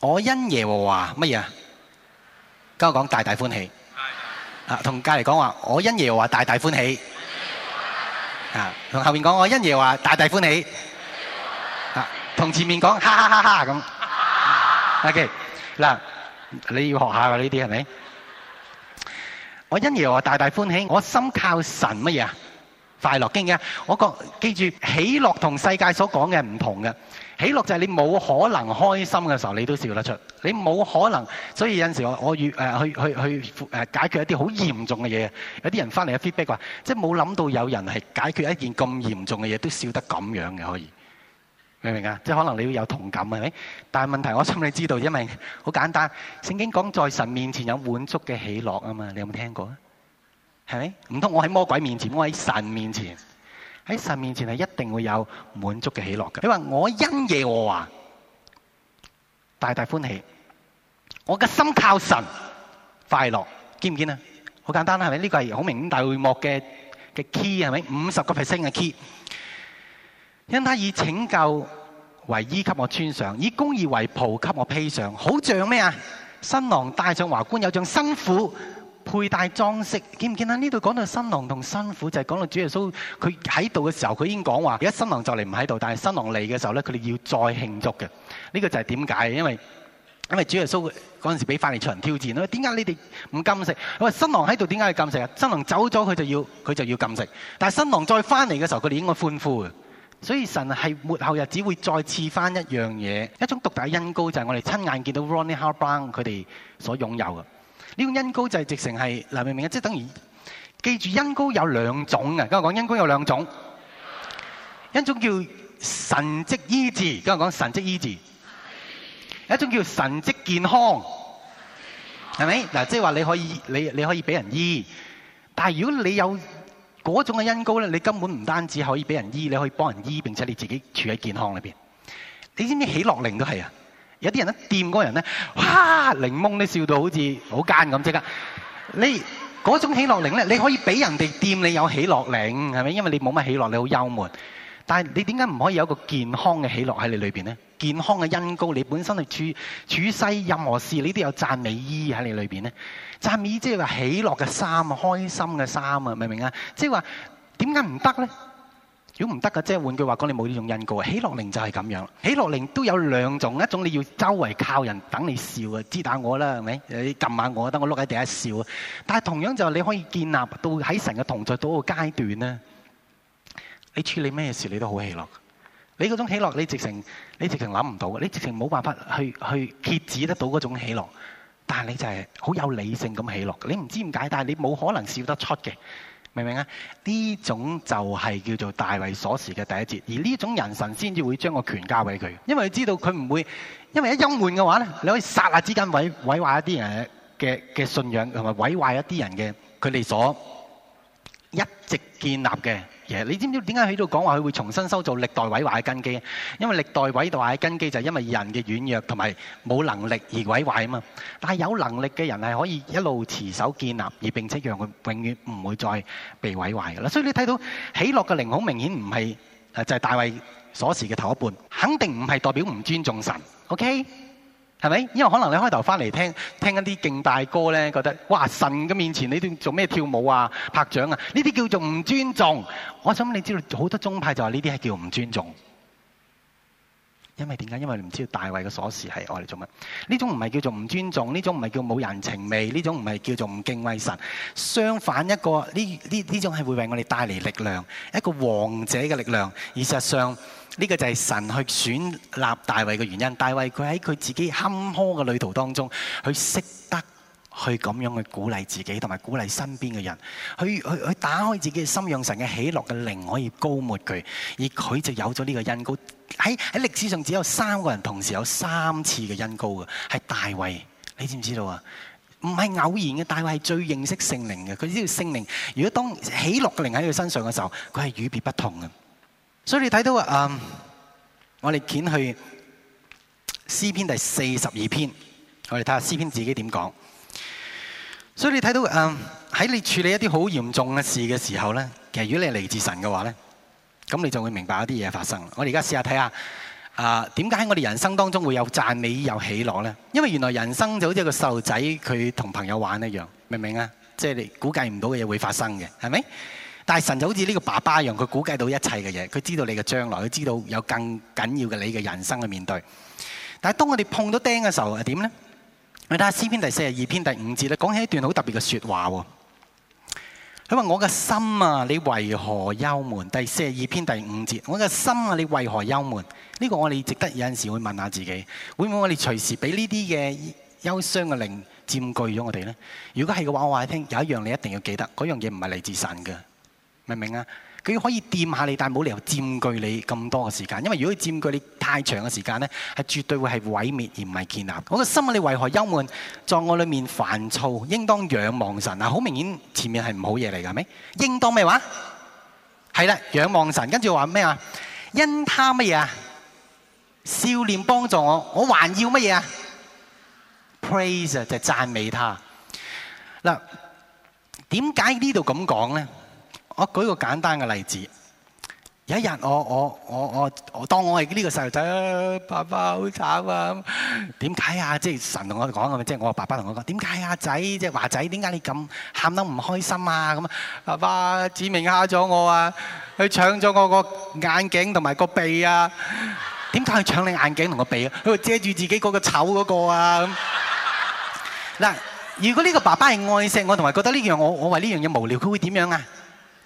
我因耶和華乜嘢？跟我講大大歡喜。啊，同隔籬講話，我因耶和華大大歡喜。 啊，同後面講，我因耶和華大大歡喜。 啊，同前面講哈哈哈哈咁。OK，嗱，你要學下㗎呢啲，係咪？我因耶和華大大歡喜，我心靠神乜嘢啊？快樂經嘅。我覺得記住喜樂同世界所講嘅唔同嘅。喜樂就係你冇可能開心嘅時候，你都笑得出。你冇可能，所以有陣時我我越誒、呃、去去去誒解決一啲好嚴重嘅嘢，有啲人翻嚟嘅 feedback 話，即係冇諗到有人係解決一件咁嚴重嘅嘢，都笑得咁樣嘅可以，明唔明啊？即、就、係、是、可能你要有同感係咪？但係問題我心裏知道，因為好簡單，聖經講在神面前有滿足嘅喜樂啊嘛。你有冇聽過啊？係咪？唔通我喺魔鬼面前，我喺神面前？喺神面前係一定會有滿足嘅喜樂嘅。你話我因耶和華大大歡喜，我嘅心靠神快樂，見唔見啊？好簡單啦，係咪？呢、這個係好明顯大會幕嘅嘅 key 係咪？五十個 percent 嘅 key。因他以拯救為衣給我穿上，以公義為袍給我披上，好像咩啊？新郎戴上華冠，有像辛苦。佩戴裝飾，見唔見啊？呢度講到新郎同新婦，就係、是、講到主耶穌佢喺度嘅時候，佢已經講話。而家新郎就嚟唔喺度，但係新郎嚟嘅時候咧，佢哋要再慶祝嘅。呢、這個就係點解？因為因為主耶穌嗰陣時俾法利賽人挑戰咯。點解你哋唔禁食？我話新郎喺度點解要禁食啊？新郎走咗，佢就要佢就要禁食。但係新郎再翻嚟嘅時候，佢哋應該歡呼嘅。所以神係末後日子會再賜翻一樣嘢，一種獨特嘅恩膏，就係、是、我哋親眼見到 Ronnie Howard-Browne 佢哋所擁有嘅。呢種恩膏就係直情係，嗱，明白明白，即係等於，記住恩膏有兩種啊！剛剛講恩膏有兩種，一種叫神蹟醫治，剛剛講神蹟醫治；一種叫神蹟健康，係咪？嗱，即係話你可以你你可以俾人醫，但係如果你有嗰種嘅恩膏咧，你根本唔單止可以俾人醫，你可以幫人醫，並且你自己處喺健康裏邊。你知唔知喜樂靈都係啊？有啲人一掂嗰人咧，哇檸檬你笑到好似好奸咁即刻，你嗰種喜樂靈咧，你可以俾人哋掂你有喜樂靈係咪？因為你冇乜喜樂，你好幽悶。但係你點解唔可以有一個健康嘅喜樂喺你裏面咧？健康嘅恩膏，你本身係處處世任何事，你都有讚美衣喺你裏面咧。讚美衣即係話喜樂嘅衫啊，開心嘅衫啊，明唔明啊？即係話點解唔得咧？如果唔得㗎，即係換句話講，你冇呢種印告。喜樂靈就係咁樣，喜樂靈都有兩種，一種你要周圍靠人等你笑啊，知打我啦，係咪？你撳下我，等我碌喺地下笑。但係同樣就係你可以建立到喺神嘅同在到個階段咧，你處理咩事你都好喜樂。你嗰種喜樂你直情，你直情諗唔到，你直情冇辦法去去遏止得到嗰種喜樂。但係你就係好有理性咁喜樂，你唔知點解，但係你冇可能笑得出嘅。明唔明啊？呢種就係叫做大衞所持嘅第一節，而呢種人神先至會將個權交俾佢，因為佢知道佢唔會，因為一陰悶嘅話咧，你可以剎下之間毀毀壞一啲人嘅嘅嘅信仰，同埋毀壞一啲人嘅佢哋所一直建立嘅。嘢，你知唔知點解喺度講話佢會重新修造歷代毀壞嘅根基？因為歷代毀壞嘅根基就係因為人嘅軟弱同埋冇能力而毀壞啊嘛。但係有能力嘅人係可以一路持守建立，而並且讓佢永遠唔會再被毀壞嘅啦。所以你睇到喜樂嘅靈好明顯，唔係，誒就係大衛鎖匙嘅頭一半，肯定唔係代表唔尊重神。OK？係咪？因為可能你開頭翻嚟聽聽緊啲勁大歌咧，覺得哇！神嘅面前你哋做咩跳舞啊、拍掌啊？呢啲叫做唔尊重。我想你知道好多宗派就話呢啲係叫唔尊重。因為點解？因為你唔知道大衛嘅鎖匙係愛嚟做乜。呢種唔係叫做唔尊重，呢種唔係叫冇人情味，呢種唔係叫做唔敬畏神。相反，一個呢呢呢種係會為我哋帶嚟力量，一個王者嘅力量。而實際上，呢個就係神去選立大衛嘅原因，大衛佢喺佢自己坎坷嘅旅途當中，佢識得去咁樣去鼓勵自己，同埋鼓勵身邊嘅人，去去去打開自己嘅心，讓神嘅喜樂嘅靈可以膏抹佢，而佢就有咗呢個恩膏。喺喺歷史上只有三個人同時有三次嘅恩膏嘅，係大衛。你知唔知道啊？唔係偶然嘅，大衛係最認識聖靈嘅，佢知道聖靈。如果當喜樂嘅靈喺佢身上嘅時候，佢係與別不同嘅。所以你睇到啊、嗯，我哋卷去詩篇第四十二篇，我哋睇下詩篇自己點講。所以你睇到啊，喺、嗯、你處理一啲好嚴重嘅事嘅時候咧，其實如果你係嚟自神嘅話咧，咁你就會明白一啲嘢發生。我哋而家試下睇下啊，點、呃、解我哋人生當中會有讚美有喜樂咧？因為原來人生就好似一個細路仔佢同朋友玩一樣，明唔明啊？即、就、係、是、你估計唔到嘅嘢會發生嘅，係咪？但係神就好似呢個爸爸一樣，佢估計到一切嘅嘢，佢知道你嘅將來，佢知道有更緊要嘅你嘅人生去面對。但係當我哋碰到釘嘅時候係點呢？你睇下詩篇第四十二篇第五節咧，講起一段好特別嘅説話喎。佢問我嘅心啊，你為何幽悶？第四十二篇第五節，我嘅心啊，你為何幽悶？呢個我哋值得有陣時會問下自己，會唔會我哋隨時俾呢啲嘅憂傷嘅靈佔據咗我哋呢？如果係嘅話，我話你聽有一樣你一定要記得，嗰樣嘢唔係嚟自神嘅。明唔明啊？佢可以掂下你，但係冇理由佔據你咁多嘅時間。因為如果佢佔據你太長嘅時間咧，係絕對會係毀滅而唔係建立。我嘅心啊，你為何憂悶？在我裏面煩躁，應當仰望神啊！好明顯，前面係唔好嘢嚟嘅，係咪？應當咩話？係啦，仰望神，跟住話咩啊？因他乜嘢啊？笑臉幫助我，我還要乜嘢啊？Praise 就讚美他。嗱，點解呢度咁講咧？我舉個簡單嘅例子，有一日我我我我我，我當我係呢個細路仔啦，爸爸好慘啊！點解啊？即係神同我講咁啊！即係我爸爸同我講，點解啊，仔，即係華仔，點解你咁喊得唔開心啊？咁啊，爸爸指明嚇咗我啊，佢搶咗我個眼鏡同埋個鼻啊！點解佢搶你眼鏡同個鼻啊？佢為遮住自己嗰個醜嗰個啊！嗱， 如果呢個爸爸係愛錫我同埋覺得呢樣我我為呢樣嘢無聊，佢會點樣啊？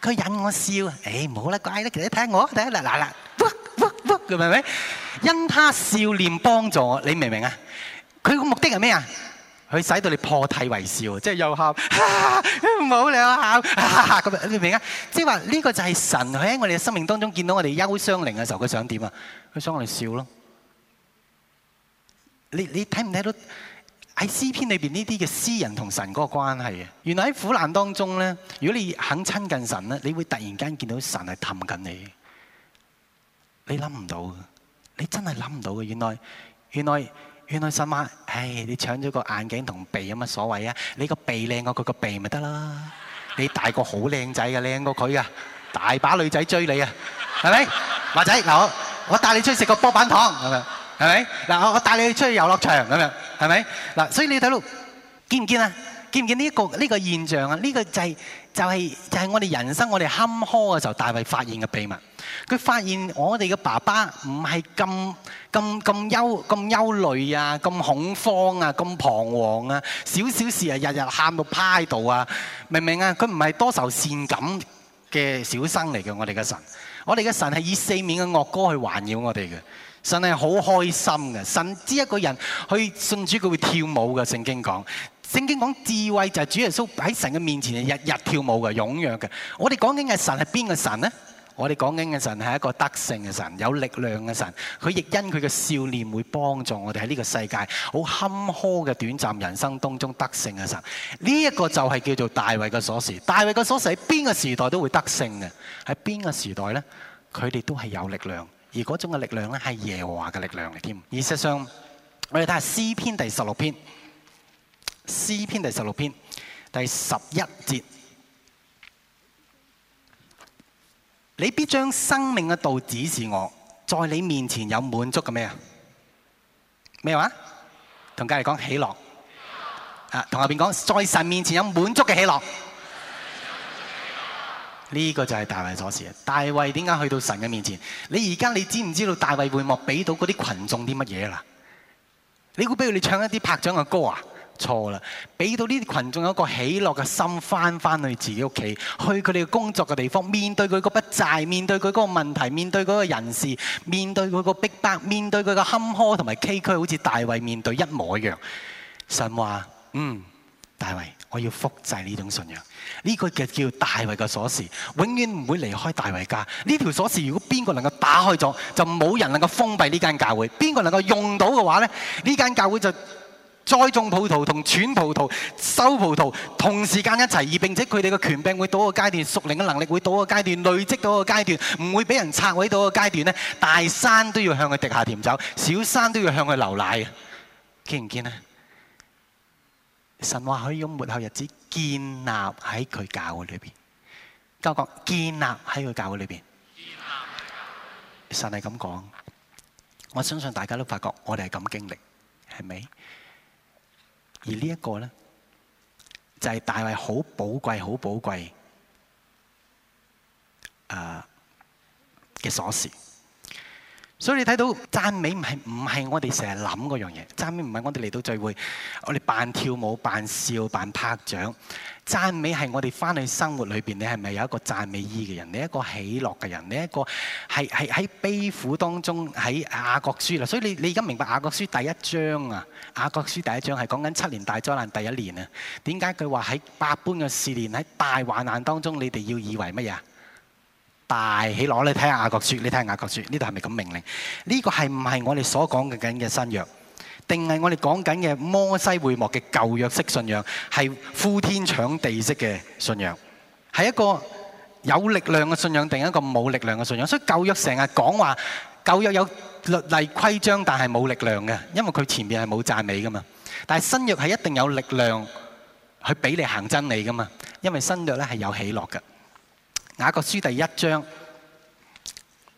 佢引我笑，誒，唔好啦怪啦，其實睇下我，睇下，嗱嗱嗱，噏噏噏，明唔明？因他笑臉幫助我，你明唔明啊？佢個目的係咩啊？佢使到你破涕為笑，即係又喊，唔好你又喊，咁明唔明啊？即係話呢個就係神喺我哋嘅生命當中見到我哋憂傷靈嘅時候，佢想點啊？佢想我哋笑咯。你你睇唔睇到？喺詩篇裏邊呢啲嘅詩人同神嗰個關係啊，原來喺苦難當中咧，如果你肯親近神咧，你會突然間見到神係氹緊你，你諗唔到嘅，你真係諗唔到嘅。原來原來原來神話，唉，你搶咗個眼鏡同鼻有乜所謂啊？你個鼻靚過佢個鼻咪得啦，你大個好靚仔嘅，靚過佢啊，大把女仔追你啊，係咪華仔？嗱，我我帶你出去食個波板糖。係咪嗱？我我帶你去出去遊樂場咁樣，係咪嗱？所以你睇到，見唔見啊？見唔見呢一個呢個現象啊？呢個就係就係就係我哋人生、我哋坎坷嘅時候大衛發現嘅秘密。佢發現我哋嘅爸爸唔係咁咁咁憂咁憂慮啊，咁恐慌啊，咁彷徨啊，少少事啊，日日喊到趴喺度啊！明唔明啊？佢唔係多愁善感嘅小生嚟嘅，我哋嘅神，我哋嘅神係以四面嘅樂歌去環繞我哋嘅。真係好開心嘅，神知一個人去信主，佢會跳舞嘅。聖經講，聖經講智慧就係主耶穌喺神嘅面前日日跳舞嘅，踴躍嘅。我哋講緊嘅神係邊個神呢？我哋講緊嘅神係一個得勝嘅神，有力量嘅神。佢亦因佢嘅笑臉會幫助我哋喺呢個世界好坎坷嘅短暫人生當中得勝嘅神。呢、這、一個就係叫做大衛嘅鎖匙，大衛嘅鎖匙喺邊個時代都會得勝嘅，喺邊個時代呢？佢哋都係有力量。而嗰種嘅力量是係耶和華嘅力量嚟添。事實上，我哋睇下詩篇第十六篇，詩篇第十六篇第十一節，你必將生命嘅道指示我，在你面前有滿足嘅咩啊？咩話？同隔籬講喜樂，啊，同後面講，在神面前有滿足嘅喜樂。呢個就係大衛所示啊！大衛點解去到神嘅面前？你而家你知唔知道大衛會幕俾到嗰啲群眾啲乜嘢啦？你估俾佢哋唱一啲拍掌嘅歌啊？錯啦！俾到呢啲羣眾有一個喜樂嘅心，翻翻去自己屋企，去佢哋嘅工作嘅地方，面對佢個筆債，面對佢嗰個問題，面對嗰個人事，面對佢個逼迫，面對佢嘅坎坷同埋崎嶇，好似大衛面對一模一樣。神話嗯，大衛，我要複製呢種信仰。呢個嘅叫大衞嘅鎖匙，永遠唔會離開大衞家。呢條鎖匙，如果邊個能夠打開咗，就冇人能夠封閉呢間教會。邊個能夠用到嘅話咧，呢間教會就栽種葡萄同串葡萄、收葡萄同時間一齊，而並且佢哋嘅權柄會到一個階段，屬靈嘅能力會到一個階段，累積到一個階段，唔會俾人拆毀到嘅階段呢，大山都要向佢滴下甜酒，小山都要向佢流奶啊！見唔見啊？神話可以用末後日子。建立喺佢教會裏面，跟我講建立喺佢教會裏面。神係咁講，我相信大家都發覺我哋係咁經歷，係咪？而呢一個咧，就係大衛好寶貴、好寶貴誒嘅鎖匙。所以你睇到讚美唔係唔係我哋成日諗嗰樣嘢，讚美唔係我哋嚟到聚會，我哋扮跳舞、扮笑、扮拍掌。讚美係我哋翻去生活裏邊，你係咪有一個讚美意嘅人？你一個喜樂嘅人？你一個係係喺悲苦當中喺雅各書啦。所以你你而家明白雅各書第一章啊，雅各書第一章係講緊七年大災難第一年啊。點解佢話喺百般嘅試煉喺大患難當中，你哋要以為乜嘢？大起落，你睇下雅各書，你睇下雅各書，呢度係咪咁命令？呢個係唔係我哋所講嘅緊嘅新約，定係我哋講緊嘅摩西會幕嘅舊約式信仰，係呼天搶地式嘅信仰，係一個有力量嘅信仰，定一個冇力量嘅信仰？所以舊約成日講話舊約有律例規章，但係冇力量嘅，因為佢前面係冇讚美噶嘛。但係新約係一定有力量去俾你行真理噶嘛，因為新約咧係有起落嘅。雅各書第一章，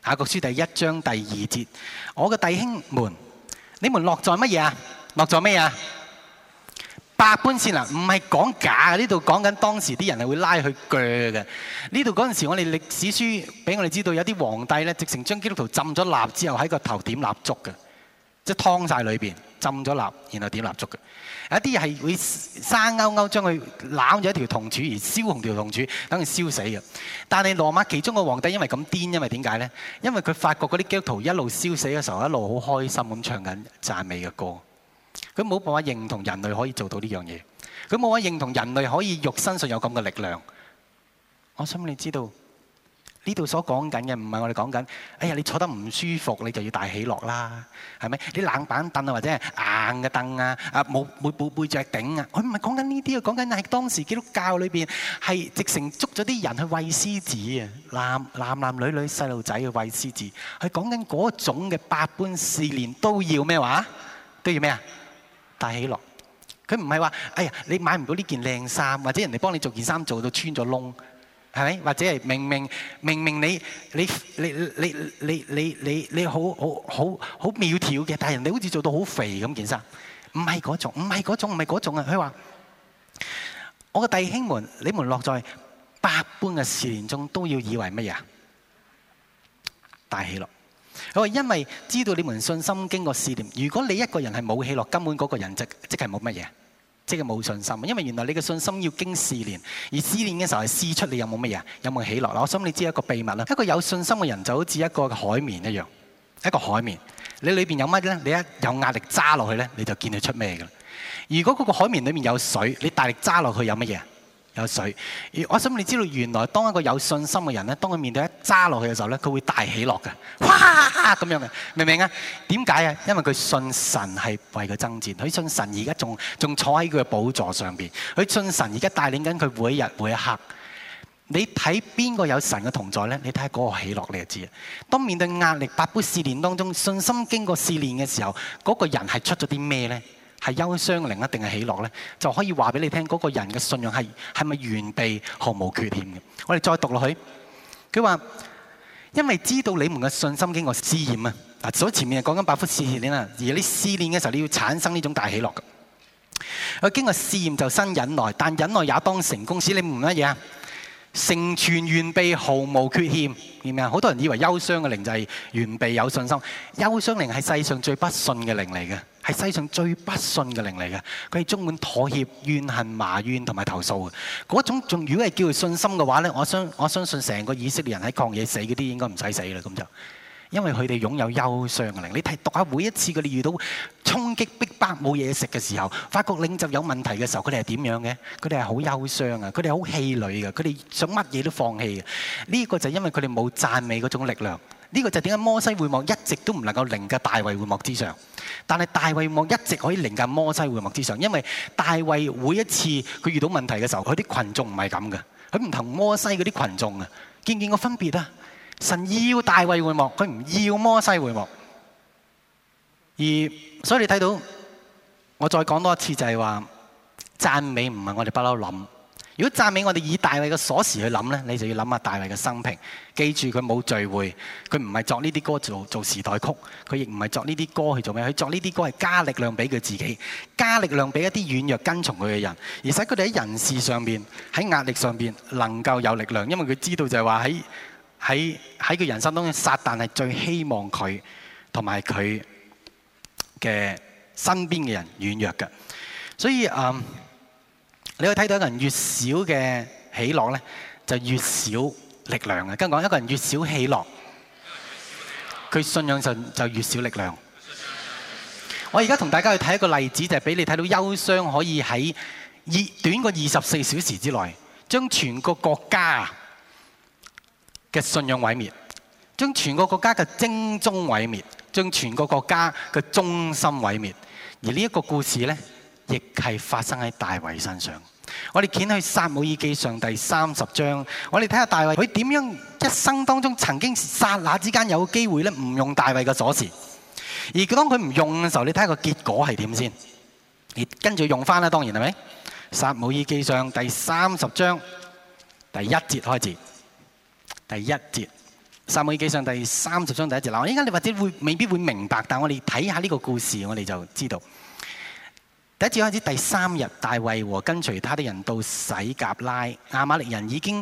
雅各書第一章第二節，我嘅弟兄們，你們落在乜嘢啊？落在咩啊？百般善良，唔係講假嘅，呢度講緊當時啲人係會拉去鋸嘅。呢度嗰陣時，我哋歷史書俾我哋知道，有啲皇帝咧，直成將基督徒浸咗蠟之後，喺個頭點蠟燭嘅。即係湯曬裏邊，浸咗蠟，然後點蠟燭嘅。有一啲係會生勾勾將佢攬住一條銅柱，而燒紅條銅柱，等佢燒死嘅。但係羅馬其中個皇帝因為咁癲，因為點解呢？因為佢發覺嗰啲基督徒一路燒死嘅時候，一路好開心咁唱緊讚美嘅歌。佢冇辦法認同人類可以做到呢樣嘢。佢冇法認同人類可以肉身上有咁嘅力量。我想你知道。呢度所講緊嘅唔係我哋講緊，哎呀你坐得唔舒服，你就要大喜樂啦，係咪？啲冷板凳啊，或者係硬嘅凳啊，啊冇冇背背脊頂啊，佢唔係講緊呢啲，講緊係當時基督教裏邊係直成捉咗啲人去餵獅子啊，男男男女女細路仔去餵獅子，佢講緊嗰種嘅百般試煉都要咩話？都要咩啊？大喜樂，佢唔係話，哎呀你買唔到呢件靚衫，或者人哋幫你做件衫做到穿咗窿。係咪？或者係明明明明你你你你你你你你好好好好苗條嘅，但係人哋好似做到好肥咁件衫，唔係嗰種，唔係嗰種，唔係嗰種啊！佢話：我嘅弟兄們，你們落在百般嘅試煉中，都要以為乜嘢啊？大喜樂！佢話因為知道你們信心經過試煉，如果你一個人係冇喜樂，根本嗰個人就即係冇乜嘢。即係冇信心，因為原來你嘅信心要經試練，而試練嘅時候係試出你有冇乜嘢，有冇起落，我想你知一個秘密啦。一個有信心嘅人就好似一個海綿一樣，一個海綿，你裏面有乜咧？你一有壓力揸落去咧，你就見到出咩嘅。如果嗰個海綿裏面有水，你大力揸落去有乜嘢？有水，而我想你知道，原來當一個有信心嘅人咧，當佢面對一揸落去嘅時候咧，佢會大喜樂嘅，哇，咁樣嘅，明唔明啊？點解啊？因為佢信神係為佢爭戰，佢信神而家仲仲坐喺佢嘅寶座上邊，佢信神而家帶領緊佢每一日每一刻。你睇邊個有神嘅同在咧？你睇嗰個喜樂，你就知。當面對壓力、百般試煉當中，信心經過試煉嘅時候，嗰、嗰個人係出咗啲咩咧？係憂傷靈，一定係喜樂呢，就可以話俾你聽，嗰、嗰個人嘅信仰係係咪完備、毫無缺欠嘅？我哋再讀落去，佢話，因為知道你們嘅信心經過試驗啊！嗱，所以前面講緊百夫試煉啊，而你啲試煉嘅時候，你要產生呢種大喜樂。佢經過試驗就生忍耐，但忍耐也當成功。使你明乜嘢？啊？成全完備、毫無缺欠，明唔明啊？好多人以為憂傷嘅靈就係完備有信心，憂傷靈係世上最不信嘅靈嚟嘅。係世上最不信嘅靈嚟嘅，佢係充滿妥協、怨恨、埋怨同埋投訴嘅。嗰種仲如果係叫佢信心嘅話咧，我相我相信成個以色列人喺抗嘢死嗰啲應該唔使死啦咁就，因為佢哋擁有憂傷嘅靈。你睇讀下每一次佢哋遇到衝擊、逼迫、冇嘢食嘅時候，發覺領袖有問題嘅時候，佢哋係點樣嘅？佢哋係好憂傷啊！佢哋好氣餒嘅，佢哋想乜嘢都放棄。呢個就係因為佢哋冇讚美嗰種力量。呢個就係點解摩西會幕一直都唔能夠凌駕大衛會幕之上，但係大衛會幕一直可以凌駕摩西會幕之上，因為大衛每一次佢遇到問題嘅時候，佢啲羣眾唔係咁嘅，佢唔同摩西嗰啲羣眾啊，見唔見個分別啊？神要大衛會幕，佢唔要摩西會幕，而所以你睇到我再講多一次就係話讚美唔係我哋不嬲諗。如果讚美我哋以大衛嘅鎖匙去諗呢，你就要諗下大衛嘅生平。記住佢冇聚會，佢唔係作呢啲歌做做時代曲，佢亦唔係作呢啲歌去做咩？佢作呢啲歌係加力量俾佢自己，加力量俾一啲軟弱跟從佢嘅人，而且佢哋喺人事上面、喺壓力上面能夠有力量。因為佢知道就係話喺喺喺佢人生當中，撒旦係最希望佢同埋佢嘅身邊嘅人軟弱嘅。所以啊。你會睇到一個人越少嘅喜樂呢，就越少力量。跟住講，一個人越少喜樂，佢信仰就越少力量。力量，我而家同大家去睇一個例子，就係俾你睇到憂傷可以喺短過二十四小時之內，將全個國家嘅信仰毀滅，將全個國家嘅精忠毀滅，將全個國家嘅忠心毀滅。而呢一個故事呢。亦係發生喺大衛身上。我哋見喺《撒母耳記上》第三十章，我哋睇下大衛佢點樣一生當中曾經剎那之間有機會咧，唔用大衛嘅鎖匙，而當佢唔用嘅時候，你睇下個結果係點先？而跟住用翻啦，當然係咪？是《撒母耳記上》第三十章第一節開始。第一節《撒母耳記上》第三十章第一節。嗱，依家你或者會未必會明白，但我哋睇下呢個故事，我哋就知道。第一次開始第三日，大衛和跟隨他的人到洗甲拉，亞瑪力人已經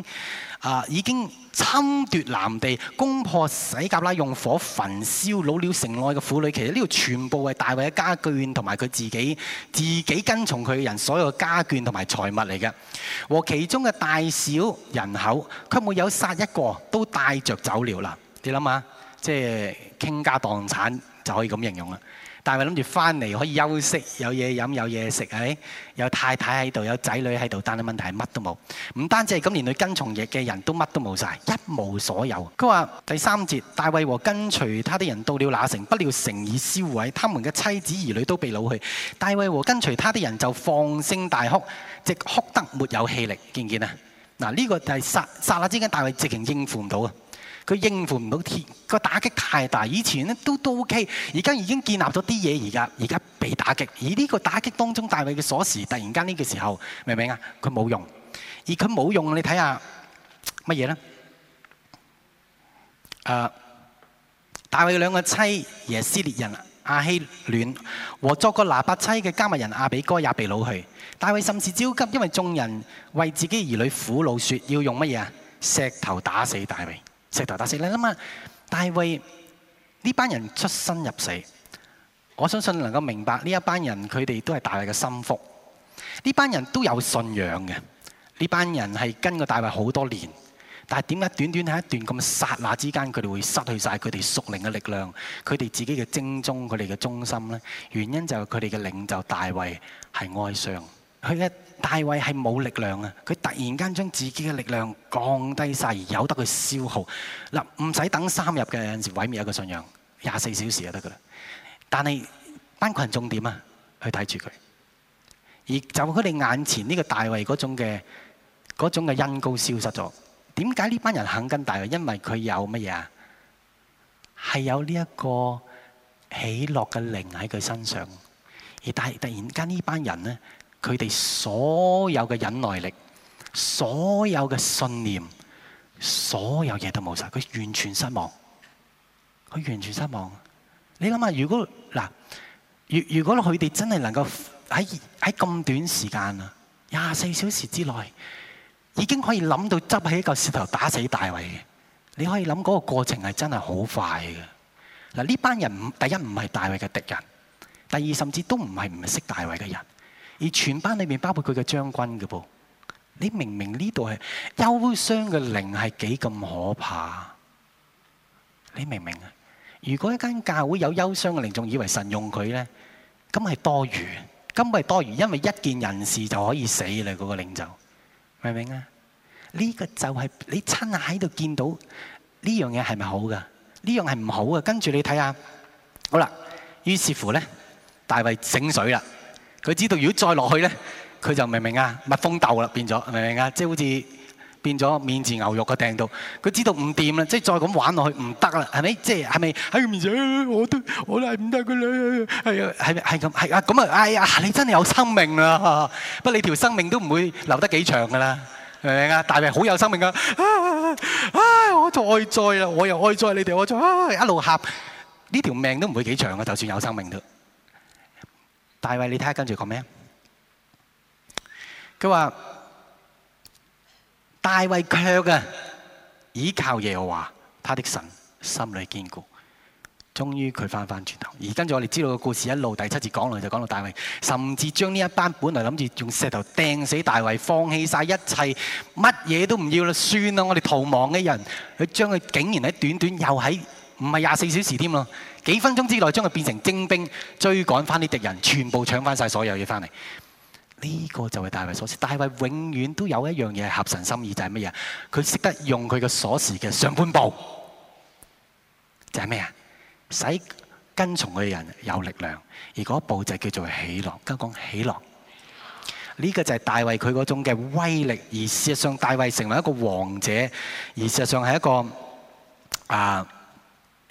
啊、呃、已經侵奪南地，攻破洗甲拉，用火焚燒老了城內嘅婦女。其實呢度全部係大衛嘅家眷同埋佢自己自己跟從佢嘅人所有嘅家眷同埋財物嚟嘅，和其中嘅大小人口，佢沒有殺一個，都帶着走了嗱。你諗下，即、就、係、是、傾家蕩產就可以咁形容啦。大衛諗住返嚟可以休息，有嘢飲有嘢食，有太太喺度，有仔女喺度，但係問題係乜都冇。唔單止係咁，連佢跟從耶嘅人都乜都冇晒，一無所有。佢話第三節，大衛和跟隨他的人到了那城，不料城已燒毀，他們嘅妻子兒女都被擄去。大衛和跟隨他的人就放聲大哭，直哭得沒有氣力。見唔見啊？嗱，呢個就係剎剎那之間，大衛直情應付唔到啊！佢應付唔到，個打擊太大。以前咧都都 OK，而家已經建立咗啲嘢，而家而家被打擊。而呢個打擊當中，大衛嘅鎖匙突然間呢個時候，明唔明啊？佢冇用，而佢冇用。你睇下乜嘢咧？誒、呃，大衛嘅兩個妻耶斯列人亞希暖和作過拿八妻嘅迦密人亞比該也被擄去。大衛甚是焦急，因為眾人為自己兒女苦惱，說要用乜嘢啊？石頭打死大衛。石頭打死你諗下，大衛呢班人出生入死，我相信能夠明白呢一班人，佢哋都係大衛嘅心腹，呢班人都有信仰嘅，呢班人係跟咗大衛好多年，但係點解短短喺一段咁嘅剎那之間，佢哋會失去晒佢哋屬靈嘅力量，佢哋自己嘅精忠，佢哋嘅忠心咧？原因就係佢哋嘅領袖大衛係哀傷，佢一。大衛係冇力量啊！佢突然間將自己嘅力量降低晒，而由得佢消耗。嗱，唔使等三日嘅，有陣時毀滅一個信仰，廿四小時就得噶啦。但係班群眾點啊，去睇住佢。而就佢哋眼前呢個大衛嗰種嘅嗰種嘅恩膏消失咗，點解呢班人肯跟大衛？因為佢有乜嘢啊？係有呢一個喜樂嘅靈喺佢身上，而但係突然間呢班人咧。佢哋所有嘅忍耐力，所有嘅信念，所有嘢都冇晒，佢完全失望，佢完全失望。你諗下，如果嗱，如如果佢哋真係能夠喺喺咁短時間啊，廿四小時之內已經可以諗到執起一個石頭打死大衛嘅，你可以諗嗰個過程係真係好快嘅嗱。呢班人唔第一唔係大衛嘅敵人，第二甚至都唔係唔識大衛嘅人。而全班裏面包括佢嘅將軍嘅噃，你明明呢度係憂傷嘅靈係幾咁可怕？你明唔明啊？如果一間教會有憂傷嘅靈，仲以為神用佢咧，咁係多餘，咁係多餘，因為一件人事就可以死嘞，嗰個靈就明唔明啊？呢個就係你親眼喺度見到呢樣嘢係咪好噶？呢樣係唔好嘅。跟住你睇下，好啦，於是乎咧，大衛醒水啦。佢知道如果再落去咧，佢就明唔明啊？蜜蜂鬥啦，變咗明唔明啊？即係好似變咗免治牛肉嘅掟到，佢知道唔掂啦。即係再咁玩落去唔得啦，係咪？即係係咪喺個面上我都我都係唔得嘅啦。係啊係係咁係啊咁啊，哎呀你真係有生命啊！不過你條生命都唔會留得幾長㗎啦，明唔明啊？大衛好有生命㗎，唉我再再啦，我又再再你哋我再一路喊呢條命都唔會幾長㗎，就算有生命都。大衛，你睇下跟住講咩？佢話大衛卻啊，倚靠耶和華他的神，心裏堅固。終於佢返返轉頭，而跟住我哋知道個故事一路第七節講落去就講到大衛，甚至將呢一班本嚟諗住用石頭掟死大衛，放棄晒一切，乜嘢都唔要啦，算啦，我哋逃亡嘅人，佢將佢竟然喺短短又喺唔係廿四小時添囉。幾分鐘之內將佢變成精兵，追趕翻啲敵人，全部搶翻晒所有嘢翻嚟。呢個就係大衛鎖匙。大衛永遠都有一樣嘢合神心意就，就係乜嘢？佢識得用佢嘅鎖匙嘅上半部，就係咩啊？使跟從佢嘅人有力量。而嗰一部就叫做喜樂。今日講喜樂，呢個就係大衛佢嗰種嘅威力。而事實上，大衛成為一個王者，而事實上係一個啊。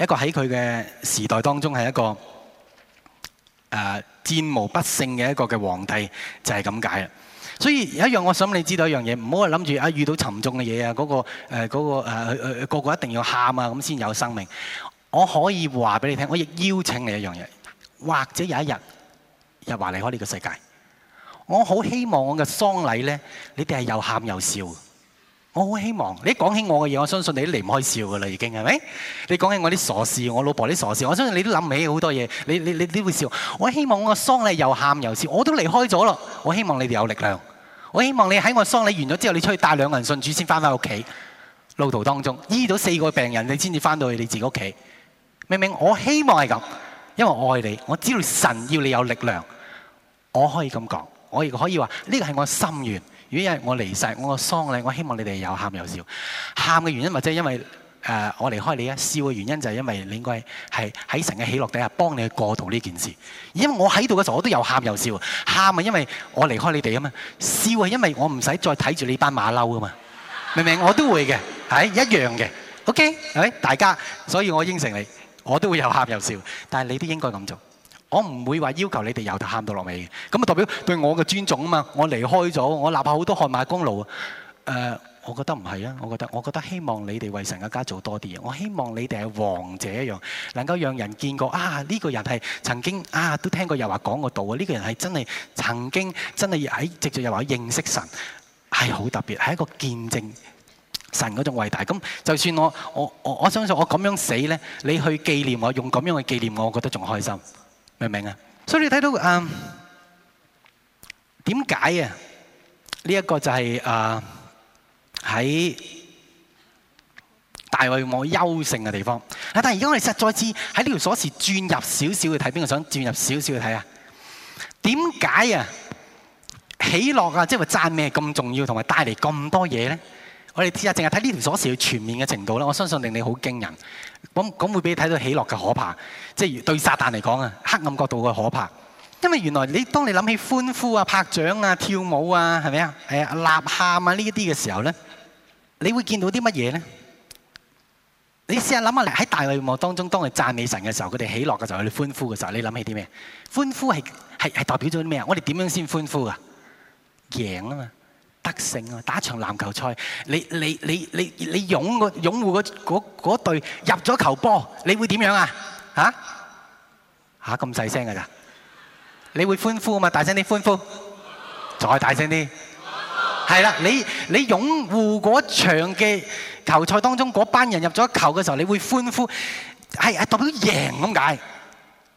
一個喺佢嘅時代當中係一個誒、呃、戰無不勝嘅一個嘅皇帝，就係咁解啦。所以有一樣，我想你知道的一樣嘢，唔好諗住啊遇到沉重嘅嘢啊，嗰、嗰個誒、呃嗰個誒、呃、個個一定要喊啊咁先有生命。我可以話俾你聽，我亦邀請你一樣嘢，或者有一日日又話離開呢個世界，我好希望我嘅喪禮咧，你哋係又喊又笑。我好希望，你講起我嘅嘢，我相信你都離唔開笑㗎啦，已經係咪？你講起我啲傻事，我老婆啲傻事，我相信你都諗起好多嘢，你你你，你都會笑。我希望我個喪禮又喊又笑，我都離開咗啦。我希望你哋有力量，我希望你喺我喪禮完咗之後，你出去帶兩個人信主先返返屋企。路途當中醫到四個病人，你先至翻到去你自己屋企。明唔明？我希望係咁，因為我愛你，我知道神要你有力量，我可以咁講，我亦可以話呢個係我嘅心願。如果因為我離世，我個喪禮，我希望你哋又喊又笑。喊嘅原因或者係因為誒、呃、我離開你啊；笑嘅原因就係因為你應該係喺神嘅喜樂底下幫你過渡呢件事。因為我喺度嘅時候，我都又喊又笑。喊係因為我離開你哋啊嘛；笑係因為我唔使再睇住你班馬騮啊嘛。明唔明？我都會嘅，係一樣嘅。OK，誒、OK？大家，所以我應承你，我都會又喊又笑，但係你都應該咁做。我唔會話要求你哋由頭喊到落尾嘅咁啊，就代表對我嘅尊重啊嘛。我離開咗，我立下好多汗馬功勞啊。誒、呃，我覺得唔係啊。我覺得，我覺得希望你哋為神嘅家做多啲嘢。我希望你哋係王者一樣，能夠讓人見過啊。呢、這個人係曾經啊，都聽過又話講過道啊。呢、這個人係真係曾經真係喺直接又話認識神係好、哎、特別，係一個見證神嗰種偉大。咁就算我我我，我相信我咁樣死咧，你去紀念我，用咁樣去紀念我，我覺得仲開心。明唔明啊？所以你睇到啊，點解啊？呢一個就係啊喺大衛王優勝嘅地方。但係而家我哋實在知喺呢條鎖匙轉入少少去睇，邊個想轉入少少去睇啊？點解啊？喜樂啊，即係話讚咩咁重要，同埋帶嚟咁多嘢咧？我哋試下淨係睇呢條鎖匙要全面嘅程度啦，我相信令你好驚人。咁咁會俾你睇到喜樂嘅可怕，即係對撒旦嚟講啊，黑暗角度嘅可怕。因為原來你當你諗起歡呼啊、拍掌啊、跳舞啊，係咪啊？誒、呃、吶喊啊呢一啲嘅時候咧，你會見到啲乜嘢咧？你試下諗下嚟喺大衛會幕當中，當你讚美神嘅時候，佢哋喜樂嘅時候，佢哋歡呼嘅時候，你諗起啲咩？歡呼係係代表咗啲咩？我哋點樣先歡呼啊？贏啊嘛！得勝啊！打場籃球賽，你你你你你擁個擁護個嗰嗰隊入咗球波，你會點樣啊？嚇嚇咁細聲㗎咋？你會歡呼啊嘛！大聲啲歡呼，再大聲啲。係啦，你你擁護嗰場嘅球賽當中嗰班人入咗球嘅時候，你會歡呼，係係代表贏咁解。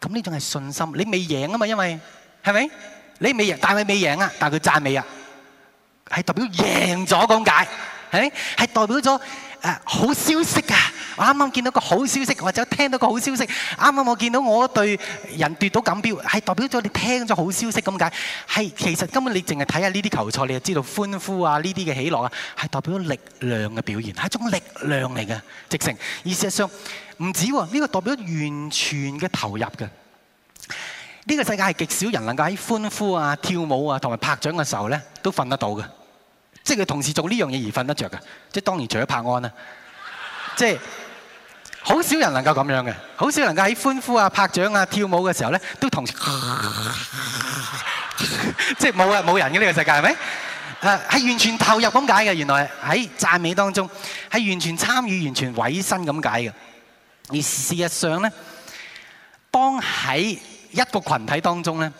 咁呢種係信心，你未贏啊嘛？因為係咪？你未贏，但係未贏啊，但係佢讚美啊。係代表贏咗咁解，係係代表咗誒好消息噶。我啱啱見到個好消息，或者聽到個好消息，啱啱我見到我對人奪到錦標，係代表咗你聽咗好消息咁解。係其實根本你淨係睇下呢啲球賽，你就知道歡呼啊呢啲嘅喜樂啊，係代表力量嘅表現，係一種力量嚟嘅直情。而事實上唔止喎，呢個代表完全嘅投入嘅。呢個世界係極少人能夠喺歡呼啊、跳舞啊同埋拍掌嘅時候咧，都瞓得到嘅，即係佢同時做呢樣嘢而瞓得着嘅，即係當然除咗拍安啦，即係好少人能夠咁樣嘅，好少人能夠喺歡呼啊、拍掌啊、跳舞嘅時候咧，都同時 即係冇啊冇人嘅呢、呢個世界係咪？啊，係、呃、完全投入咁解嘅，原來喺讚美當中係完全參與、完全委身咁解嘅，而事實上咧，當喺一個群體當中呢，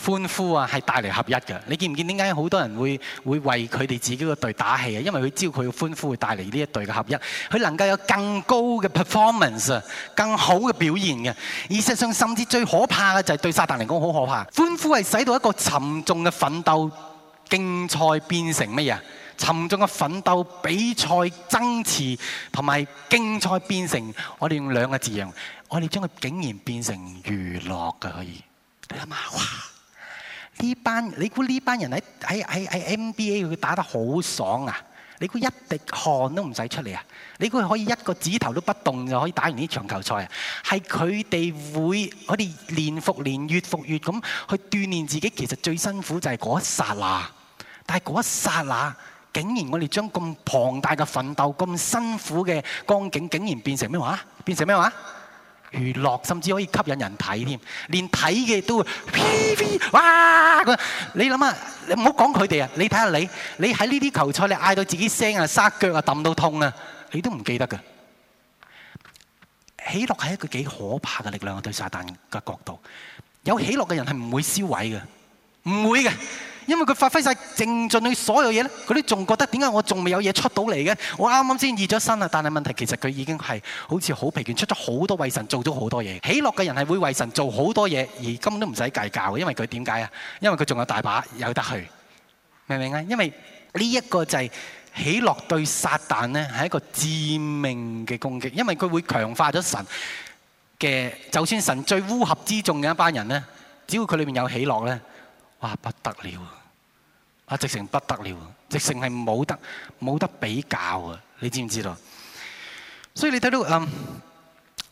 歡呼啊，係帶嚟合一嘅。你見唔見？點解好多人會會為佢哋自己個隊打氣啊？因為佢知道佢嘅歡呼會帶嚟呢一隊嘅合一，佢能夠有更高嘅 performance，更好嘅表現嘅。事實上，甚至最可怕嘅就係對撒但嚟講好可怕。歡呼係使到一個沉重嘅奮鬥競賽變成乜嘢？沉重嘅奮鬥比賽爭持同埋競賽變成我哋用兩個字樣。我哋將佢竟然變成娛樂嘅，可以你諗下哇！呢班你估呢班人喺喺喺喺 NBA 佢打得好爽啊！你估一滴汗都唔使出嚟啊！你估佢可以一個指頭都不動就可以打完呢場球賽啊？係佢哋會我哋年復年、月復月咁去鍛鍊自己，其實最辛苦就係嗰一剎那。但係嗰一剎那，竟然我哋將咁龐大嘅奮鬥、咁辛苦嘅光景，竟然變成咩話？變成咩話？娛樂甚至可以吸引人睇添，連睇嘅都會 p 噼哇咁。你諗下，你唔好講佢哋啊，你睇下你，你，你喺呢啲球賽你嗌到自己聲啊、撒腳啊、揼到痛啊，你都唔記得㗎。喜樂係一個幾可怕嘅力量啊！對撒旦嘅角度，有喜樂嘅人係唔會消毀嘅，唔會嘅。 因為佢發揮晒正進嘅所有嘢咧，佢都仲覺得點解我仲未有嘢出到嚟嘅？我啱啱先熱咗身啊！但係問題其實佢已經係好似好疲倦，出咗好多為神做咗好多嘢。喜樂嘅人係會為神做好多嘢，而根本都唔使計較，因為佢點解啊？因為佢仲有大把有得去，明唔明啊？因為呢一個就係、是、喜樂對撒旦咧係一個致命嘅攻擊，因為佢會強化咗神嘅。就算神最烏合之眾嘅一班人咧，只要佢裏面有喜樂咧，哇不得了！啊！直情不得了，直情係冇得冇得比較啊！你知唔知道？所以你睇到嗯，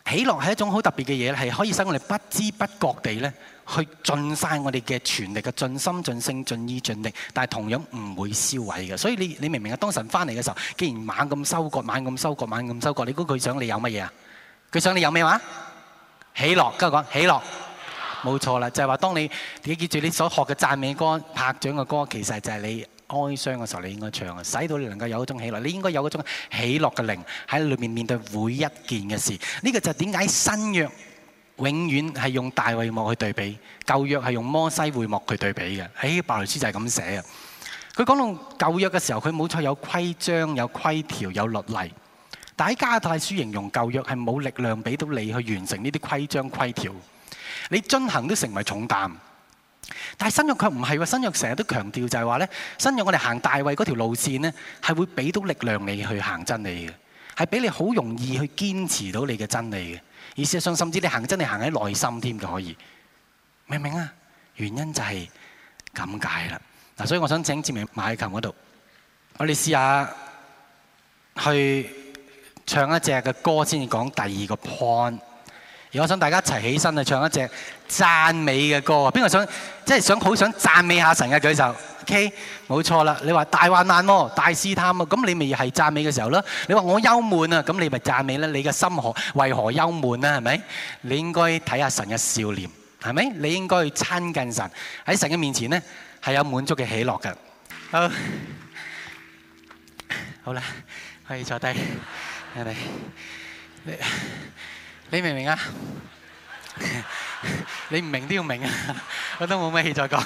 喜樂係一種好特別嘅嘢，係可以使我哋不知不覺地咧，去盡晒我哋嘅全力嘅盡心盡性盡意盡力，但係同樣唔會消毀嘅。所以你你明唔明啊？當神翻嚟嘅時候，既然猛咁收割，猛咁收割，猛咁收，收割，你估佢想你有乜嘢啊？佢想你有咩話？喜樂，繼續講喜樂。起落冇錯啦，就係話，當你你記住你所學嘅讚美歌、拍掌嘅歌，其實就係你哀傷嘅時候你該你，你應該唱啊，使到你能夠有嗰種喜樂。你應該有嗰種喜樂嘅靈喺裏面面對每一件嘅事。呢、這個就係點解新約永遠係用大衛幕去對比舊約係用摩西會幕去對比嘅。喺、哎《白雷斯就》就係咁寫嘅。佢講到舊約嘅時候，佢冇錯有規章、有規條、有律例，但喺加泰書形容舊約係冇力量俾到你去完成呢啲規章、規條。你進行都成為重擔，但係新約佢唔係喎。新約成日都強調就係話咧，新約我哋行大衞嗰條路線咧，係會俾到力量你去行真理嘅，係俾你好容易去堅持到你嘅真理嘅。而事實上，甚至你行真理行喺內心添嘅可以，明唔明啊？原因就係咁解啦。嗱，所以我想請志明馬琴嗰度，我哋試下去唱一隻嘅歌先至講第二個 point。我想大家一齊起身去唱一隻讚美嘅歌啊！邊個想即係想好想讚美下神嘅舉手？OK，冇錯啦！你話大患難喎，大試探喎，咁你咪係讚美嘅時候囉！你話我憂悶啊，咁你咪讚美啦！你嘅心何為何憂悶啊？係咪？你應該睇下神嘅笑臉，係咪？你應該要親近神喺神嘅面前咧，係有滿足嘅喜樂㗎。好，好啦，可以坐低，係咪？你明唔明啊？你唔明都要明啊！我都冇咩戲再講，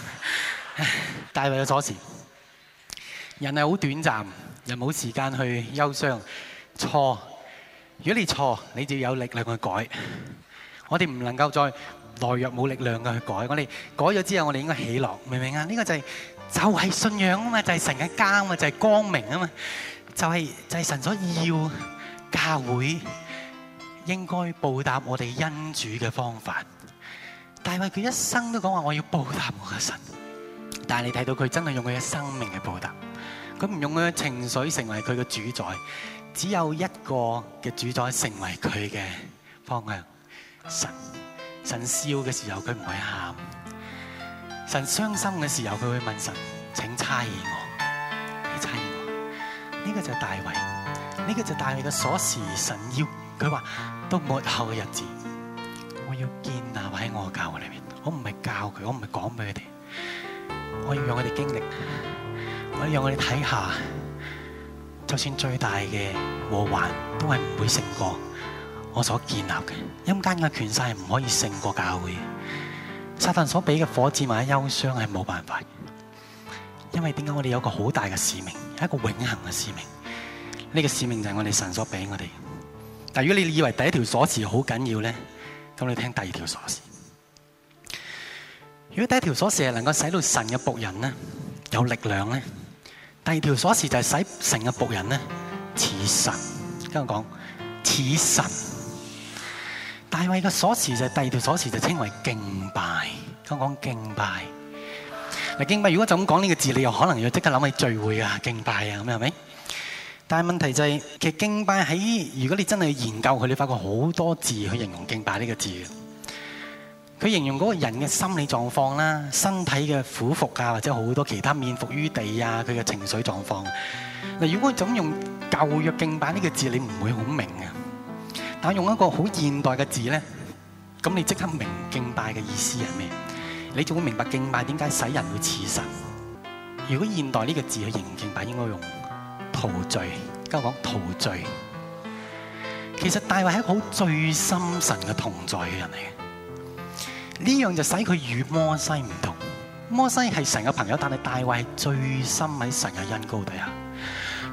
帶來嘅阻礙。人係好短暫，又冇時間去憂傷。錯，如果你錯，你就要有力量去改。我哋唔能夠再懦弱、冇力量嘅去改。我哋改咗之後，我哋應該喜樂，明唔明啊？呢個就係就係信仰啊嘛，就係神嘅家啊嘛，就係光明啊嘛，就係就係神所要教會。應該報答我哋恩主嘅方法，大衛佢一生都講話我要報答我嘅神，但係你睇到佢真係用佢嘅生命去報答，佢唔用佢嘅情緒成為佢嘅主宰，只有一個嘅主宰成為佢嘅方向。神神笑嘅時候佢唔會喊，神傷心嘅時候佢會問神：請猜疑我，你猜我？呢、呢個就係大衛，呢個就係大衛嘅鎖匙神腰。佢話：到末後嘅日子，我要建立喺我嘅教會裏面。我唔係教佢，我唔係講俾佢哋。我要讓佢哋經歷，我要讓佢哋睇下，就算最大嘅禍患都係唔會勝過我所建立嘅。陰間嘅權勢係唔可以勝過教會嘅。撒但所俾嘅火箭、折磨、憂傷係冇辦法。因為點解我哋有一個好大嘅使命，係一個永恆嘅使命。呢、這個使命就係我哋神所俾我哋。但如果你以為第一條鎖匙好緊要咧，咁你聽第二條鎖匙。如果第一條鎖匙係能夠使到神嘅僕人咧有力量咧，第二條鎖匙就係使神嘅僕人咧似神。跟我講，似神。大衛嘅鎖匙就係、是、第二條鎖匙，就稱為敬拜。跟我講敬拜。嗱，敬拜，如果就咁講呢個字，你又可能要即刻諗起聚會啊、敬拜啊咁樣，係咪？但係問題就係、是，其實敬拜喺如果你真係研究佢，你發覺好多字去形容敬拜呢個字嘅。佢形容嗰個人嘅心理狀況啦、身體嘅苦服啊，或者好多其他面伏於地啊，佢嘅情緒狀況。嗱，如果咁用舊約敬拜呢個字，你唔會好明嘅。但係用一個好現代嘅字咧，咁你即刻明敬拜嘅意思係咩？你就會明白敬拜點解使人會恥神。如果現代呢個字去形容敬拜，應該用。陶醉，今日講陶醉。其實大衛係一個好醉心神嘅同在嘅人嚟嘅，呢樣就使佢與摩西唔同。摩西係神嘅朋友，但係大衛醉心喺神嘅恩膏底下，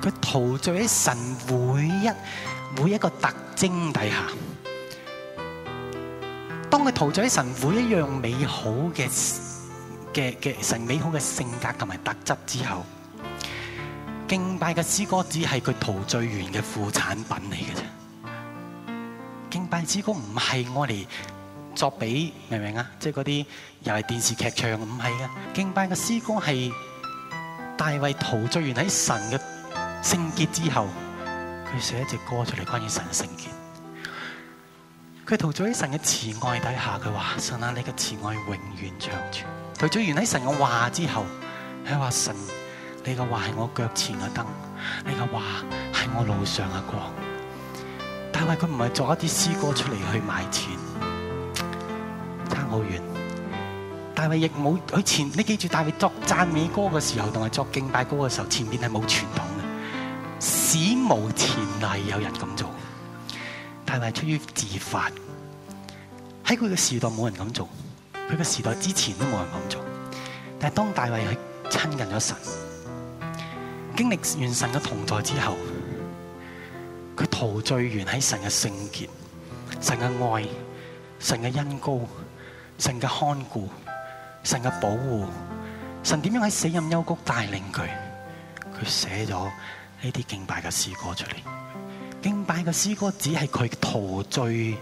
佢陶醉喺神每一每一個特徵底下。當佢陶醉喺神每一樣美好嘅嘅嘅神美好嘅性格同埋特質之後。敬拜嘅詩歌只係佢陶醉完嘅副產品嚟嘅啫，敬拜詩歌唔係我嚟作畀，明唔明啊？即係嗰啲又係電視劇唱，唔係嘅，敬拜嘅詩歌係大衛陶醉完喺神嘅聖潔之後，佢寫一隻歌出嚟關於神聖潔。佢陶醉喺神嘅慈愛底下，佢話：神啊，你嘅慈愛永遠長存。陶醉完喺神嘅話之後他說，佢話神。你嘅話係我腳前嘅燈，你嘅話係我路上嘅光。大衛佢唔係作一啲詩歌出嚟去賣錢，差好遠。大衛亦冇佢前，你記住，大衛作讚美歌嘅時候，同埋作敬拜歌嘅時候，前面係冇傳統嘅，史無前例有人咁做。大衛出於自發，喺佢嘅時代冇人咁做，佢嘅時代之前都冇人咁做。但係當大衛去親近咗神。經歷完神嘅同在之後，佢陶醉完喺神嘅聖潔、神嘅愛、神嘅恩膏、神嘅看顧、神嘅保護，神點樣喺死蔭幽谷帶領佢？佢寫咗呢啲敬拜嘅詩歌出嚟。敬拜嘅詩歌只係佢陶醉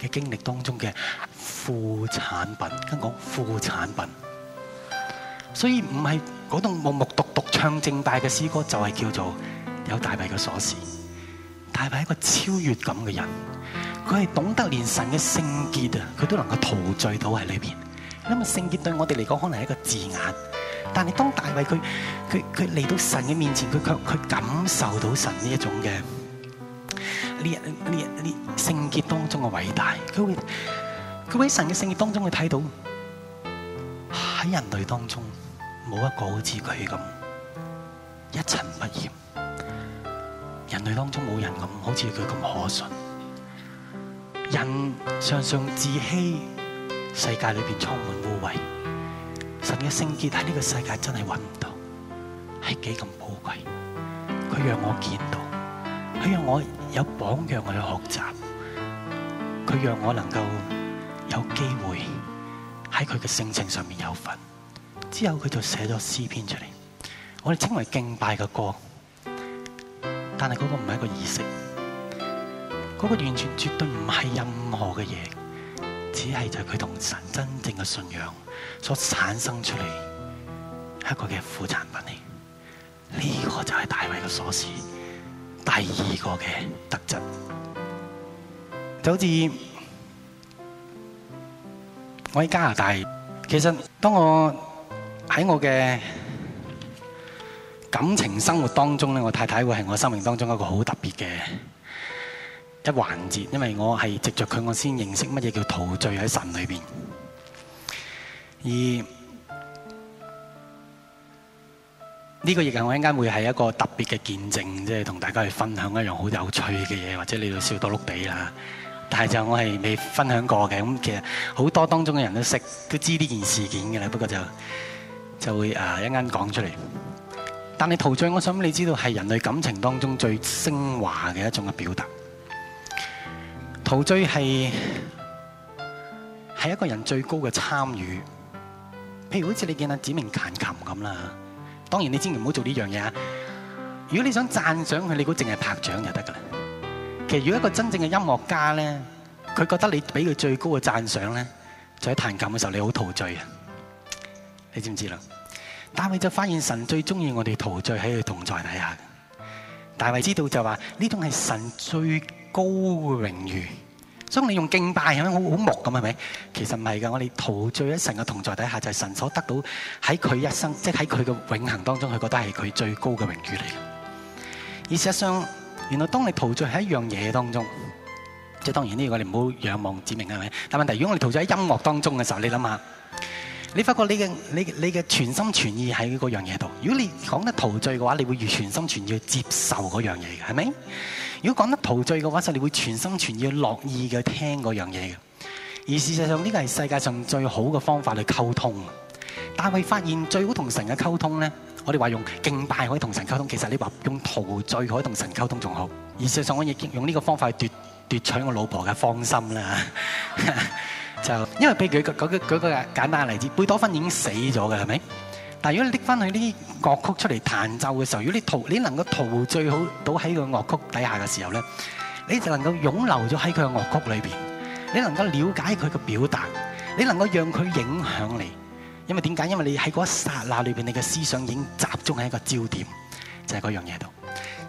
嘅經歷當中嘅副產品。跟我講副產品。所以唔係嗰種默默獨獨唱正大嘅詩歌，就係叫做有大衛嘅鎖匙。大衛係一個超越感嘅人，佢係懂得連神嘅聖潔啊，佢都能夠陶醉到喺裏邊。因為聖潔對我哋嚟講可能係一個字眼，但係當大衛佢佢佢嚟到神嘅面前，佢卻佢感受到神呢一種嘅呢呢呢聖潔當中嘅偉大。佢會佢喺神嘅聖潔當中去睇到喺人類當中。冇一個好似佢咁一塵不染，人類當中冇人咁好似佢咁可信。人常常自欺，世界裏面充滿污穢。神嘅聖潔喺呢個世界真係揾唔到，係幾咁寶貴。佢讓我見到，佢讓我有榜樣我去學習，佢讓我能夠有機會喺佢嘅性情上面有份。之後佢就寫咗詩篇出嚟，我哋稱為敬拜嘅歌，但係嗰個唔係一個儀式，嗰個完全絕對唔係任何嘅嘢，只係就佢同神真正嘅信仰所產生出嚟一個嘅副產品嚟，呢個就係大衛嘅鎖匙。第二個嘅特質，就好似我喺加拿大，其實當我。喺我嘅感情生活當中咧，我太太會係我生命當中一個好特別嘅一環節，因為我係藉着佢，我先認識乜嘢叫陶醉喺神裏邊。而呢個亦係我應該會係一個特別嘅見證，即係同大家去分享一樣好有趣嘅嘢，或者你會笑到碌地啦。但係就我係未分享過嘅，咁其實好多當中嘅人都識，都知呢件事件嘅啦。不過就～就會誒一陣間講出嚟，但係陶醉，我想你知道係人類感情當中最昇華嘅一種嘅表達。陶醉係係一個人最高嘅參與，譬如好似你見阿子明彈琴咁啦，當然你千祈唔好做呢樣嘢啊！如果你想讚賞佢，你估淨係拍掌就得㗎啦。其實如果一個真正嘅音樂家咧，佢覺得你俾佢最高嘅讚賞咧，就喺彈琴嘅時候你好陶醉啊！你知唔知啦？大衛就發現神最中意我哋陶醉喺佢同在底下。大衛知道就話呢種係神最高嘅榮譽，所以你用敬拜係咪好好木咁係咪？其實唔係噶，我哋陶醉喺神嘅同在底下，就係神所得到喺佢一生，即係喺佢嘅永恒當中，佢覺得係佢最高嘅榮譽嚟嘅。而事實上，原來當你陶醉喺一樣嘢當中，即係當然呢個你唔好仰望指明係咪？但問題如果我哋陶醉喺音樂當中嘅時候，你諗下。你發覺你嘅你你嘅全心全意喺嗰樣嘢度。如果你講得陶醉嘅話，你會越全心全意去接受嗰樣嘢嘅，係咪？如果講得陶醉嘅話，就你會全心全意樂意嘅聽嗰樣嘢嘅。而事實上呢個係世界上最好嘅方法去溝通。但係發現最好同神嘅溝通咧，我哋話用敬拜可以同神溝通，其實你話用陶醉可以同神溝通仲好。而事實上我亦用呢個方法去奪奪取我老婆嘅芳心啦。 就因為俾佢舉個舉個簡單嘅例子，貝多芬已經死咗㗎係咪？但係如果你拎翻去呢啲樂曲出嚟彈奏嘅時候，如果你陶你能夠陶醉好到喺個樂曲底下嘅時候咧，你就能夠湧流咗喺佢嘅樂曲裏邊，你能夠了解佢嘅表達，你能夠讓佢影響你。因為點解？因為你喺嗰一剎那裏邊，你嘅思想已經集中喺一個焦點，就係嗰樣嘢度。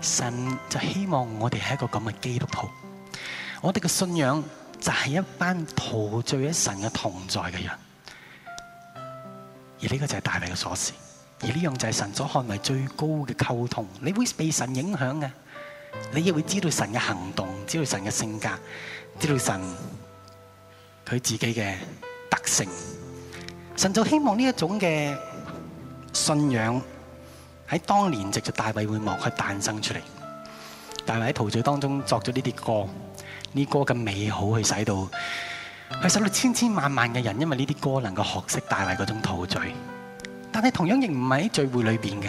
神就希望我哋係一個咁嘅基督徒，我哋嘅信仰。就係一班陶醉喺神嘅同在嘅人，而呢個就係大衛嘅鎖匙。而呢樣就係神所看為最高嘅溝通。你會被神影響嘅，你亦會知道神嘅行動，知道神嘅性格，知道神佢自己嘅德性。神就希望呢一種嘅信仰喺當年藉住大衛會幕去誕生出嚟。大衛喺陶醉當中作咗呢啲歌。呢歌嘅美好，去使到去使到千千萬萬嘅人，因為呢啲歌能夠學識帶嚟嗰種陶醉。但係同樣亦唔喺聚會裏邊嘅，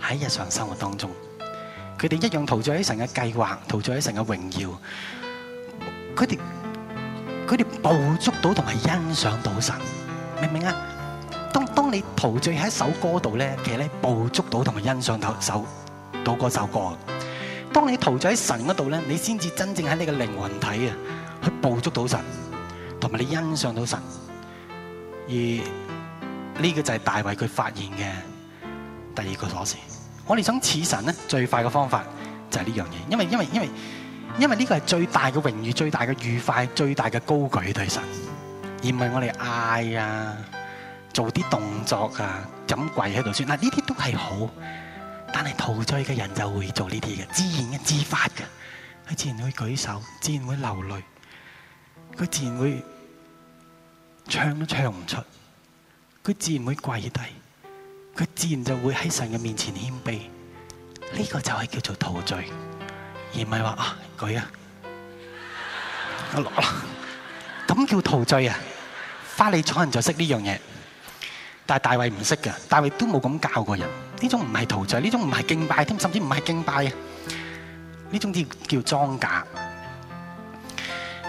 喺日常生活當中，佢哋一樣陶醉喺神嘅計劃，陶醉喺神嘅榮耀。佢哋佢哋捕捉到同埋欣賞到神，明唔明啊？當當你陶醉喺首歌度咧，其實咧捕捉到同埋欣賞到首到嗰首歌。當你逃咗喺神嗰度咧，你先至真正喺你嘅靈魂體啊，去捕捉到神，同埋你欣賞到神。而呢個就係大衛佢發現嘅第二個鎖匙。我哋想似神咧，最快嘅方法就係呢樣嘢，因為因為因為因為呢個係最大嘅榮譽、最大嘅愉快、最大嘅高舉對神，而唔係我哋嗌啊，做啲動作啊，咁跪喺度先嗱，呢啲都係好。但係陶醉嘅人就會做呢啲嘅，自然嘅自發嘅，佢自然會舉手，自然會流淚，佢自然會唱都唱唔出，佢自然會跪低，佢自然就會喺神嘅面前謙卑，呢、這個就係叫做陶醉，而唔係話啊舉啊，我攞啦，咁 叫陶醉啊？法利賽人就識呢樣嘢，但係大衛唔識嘅，大衛都冇咁教過人。呢種唔係陶醉，呢種唔係敬拜添，甚至唔係敬拜嘅。呢種叫叫裝假。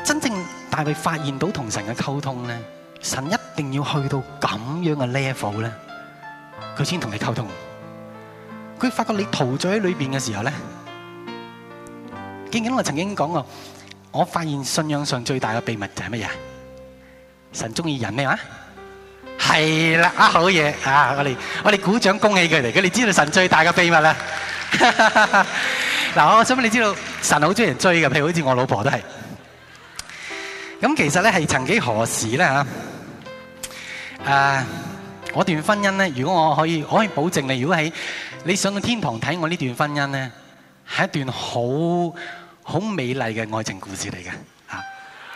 真正大衛發現到同神嘅溝通咧，神一定要去到咁樣嘅 level 咧，佢先同你溝通。佢發覺你陶醉喺裏邊嘅時候咧，啱啱我曾經講過，我發現信仰上最大嘅秘密就係乜嘢？神中意人咩啊？.係啦，啊好嘢、啊、我哋我哋鼓掌恭喜佢哋，佢哋知道神最大嘅秘密啦。嗱、 啊，我想俾你知道神好中意人追嘅，譬如好似我老婆都係。咁其實咧，係曾幾何時咧吓，誒、啊、我段婚姻咧，如果我可以，可以保證你，如果喺你上到天堂睇我呢段婚姻咧，係一段好好美麗嘅愛情故事嚟嘅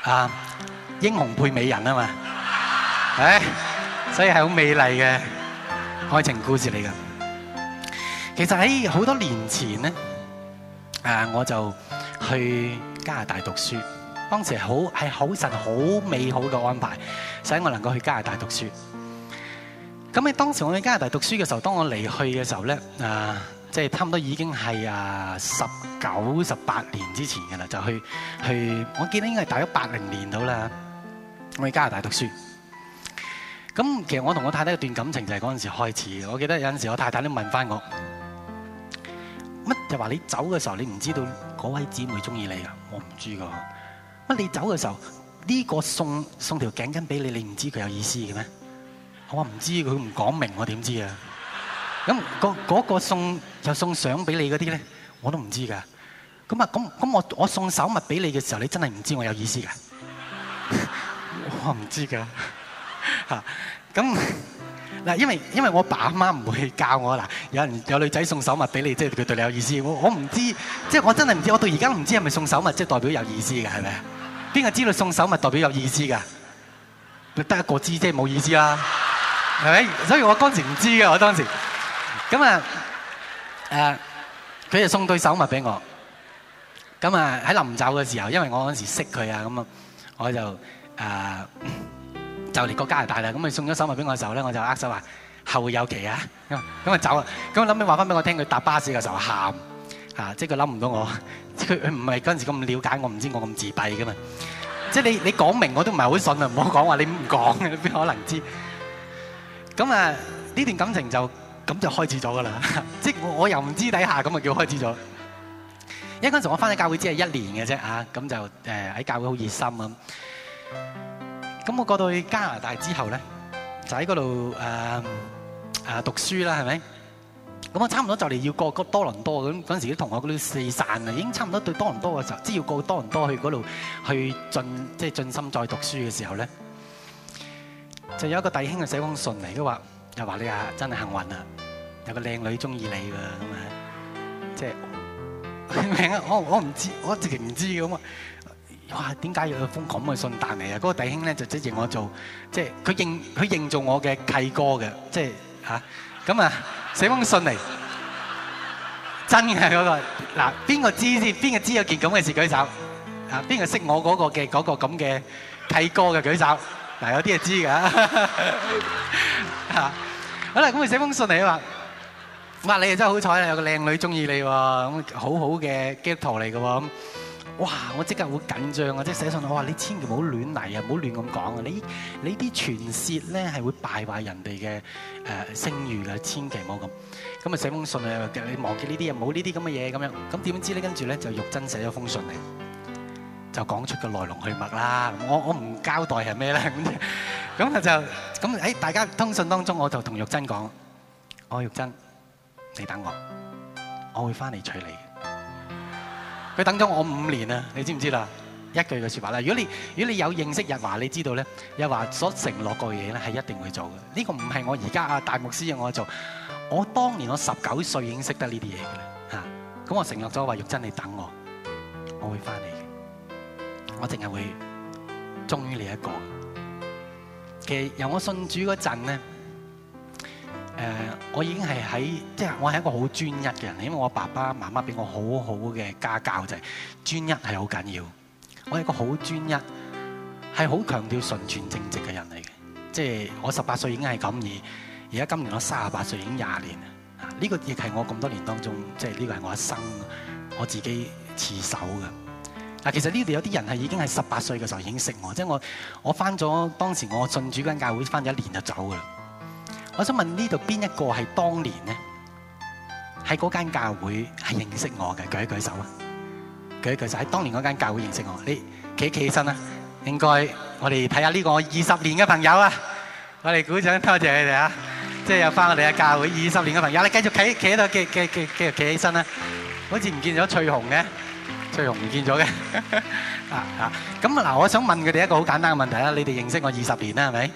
吓啊，英雄配美人啊嘛，誒、啊。所以係好美麗嘅愛情故事嚟噶。其實喺好多年前咧，誒我就去加拿大讀書。當時係好係好神好美好嘅安排，使我能夠去加拿大讀書。咁喺當時我喺加拿大讀書嘅時候，當我離去嘅時候咧，誒即係差唔多已經係啊十九十八年之前嘅啦，就去去我記得應該係大約八零年度啦。我喺加拿大讀書。咁其實我同我太太一段感情就係嗰陣時開始嘅。我記得有陣時我太太都問翻我乜，就話你走嘅時候你唔知道嗰位姊妹中意你啊？我唔知㗎乜你走嘅時候呢、呢個送送條頸巾俾你，你唔知佢有意思嘅咩？我話唔知，佢唔講明我點知啊？咁、嗰、嗰、個嗰個送又送相俾你嗰啲咧，我都唔知㗎。咁啊咁咁我我送手物俾你嘅時候，你真係唔知我有意思㗎？我唔知㗎。吓咁嗱，因為因為我爸阿媽唔會教我嗱，有人有女仔送手物俾你，即係佢對你有意思。我我唔知，即係我真係唔知，我到而家唔知係咪送手物即係代表有意思嘅，係咪？邊個知道送手物代表有意思噶？得一個知啫，冇意思啦，係咪？所以我當時唔知嘅，我當時咁啊，誒，佢就送對手物俾我，咁啊喺臨走嘅時候，因為我嗰時識佢啊，咁啊，我就誒。就嚟過加拿大啦，咁咪送咗手物俾我嘅時候咧，我就握手話後會有期啊，咁啊走啊，咁我諗你話翻俾我聽，佢搭巴士嘅時候喊嚇，即係佢諗唔到我，佢佢唔係嗰陣時咁瞭解我，唔知我咁自閉嘅嘛，即係你你講明我都唔係好信啊，唔好講話你唔講，邊可能知？咁啊呢段感情就咁就開始咗㗎啦，即係我我又唔知底下咁啊叫開始咗。一開始我翻咗教會只係一年嘅啫嚇，咁就誒喺教會好熱心咁。咁我過到去加拿大之後咧，就喺嗰度誒誒讀書啦，係咪？咁我差唔多就嚟要過多倫多咁，嗰陣時啲同學都四散啊，已經差唔多對多倫多嘅時候，即要過多倫多去嗰度去進，即係進心再讀書嘅時候咧，就有一個弟兄啊寫封信嚟，佢話又話你啊真係幸運啦，有個靚女中意你㗎咁啊，即係名啊，我我唔知，我直情唔知咁啊。哇！點解要有封咁嘅信嚟啊？嗰個弟兄咧就指住我做，即係佢認佢認做我嘅契哥嘅，即係嚇咁啊！寫封信嚟，真係嗰個嗱，邊個知先？邊個知有件咁嘅事舉手啊？邊個識我嗰個嘅嗰個咁嘅契哥嘅舉手嗱？有啲係知㗎嚇！好啦，咁佢寫封信嚟啊嘛，哇！你啊真係好彩啦，有個靚女中意你喎，咁好好嘅基督徒嚟㗎喎咁。哇！我即刻會緊張啊！即係寫信我話你千祈唔好亂嚟啊！唔好亂咁講啊！你你啲傳説咧係會敗壞人哋嘅誒聲譽嘅，千祈唔好咁。咁啊寫封信啊，你忘記呢啲又冇呢啲咁嘅嘢咁樣。咁點知咧？跟住咧就玉珍寫咗封信嚟，就講出個來龍去脈啦。我我唔交代係咩咧？咁啊就咁誒，大家通訊當中我就同玉珍講：我玉珍，你等我，我會返嚟娶你。佢等咗我五年啊，你知唔知啦？一句嘅説話啦，如果你如果你有認識日華，你知道咧，日華所承諾過嘅嘢咧係一定會做嘅。呢、這個唔係我而家啊大牧師要我做，我當年我十九歲已經識得呢啲嘢嘅啦嚇。咁、啊、我承諾咗話：玉珍你等我，我會翻嚟嘅。我淨係會忠於你一個。其實由我信主嗰陣咧。誒，我已經係喺即係，我係一個好專一嘅人，因為我爸爸媽媽俾我好好嘅家教就係。專一係好緊要，我係一個好專一，係好強調純全正直嘅人嚟嘅。即係我十八歲已經係咁而，而家今年我三十八歲已經廿年啦。呢、呢個亦係我咁多年當中，即係呢個係我一生我自己持守嘅。嗱，其實呢度有啲人係已經係十八歲嘅時候已經識我，即係我我翻咗當時我信主嗰間教會翻咗一年就走噶啦。我想問呢度邊一個係當年呢，喺嗰間教會係認識我嘅，舉一舉手啊！舉一舉手喺當年嗰間教會認識我，你企企起身啦。應該我哋睇下呢個二十年嘅朋友啊！我哋鼓掌，多謝你哋啊！即係有翻我哋嘅教會二十年嘅朋友，你繼續企企喺度，繼繼繼繼續企起身啦。好似唔見咗翠紅嘅，翠紅唔見咗嘅啊啊！咁嗱，我想問佢哋一個好簡單嘅問題啊，你哋認識我二十年啦，係咪？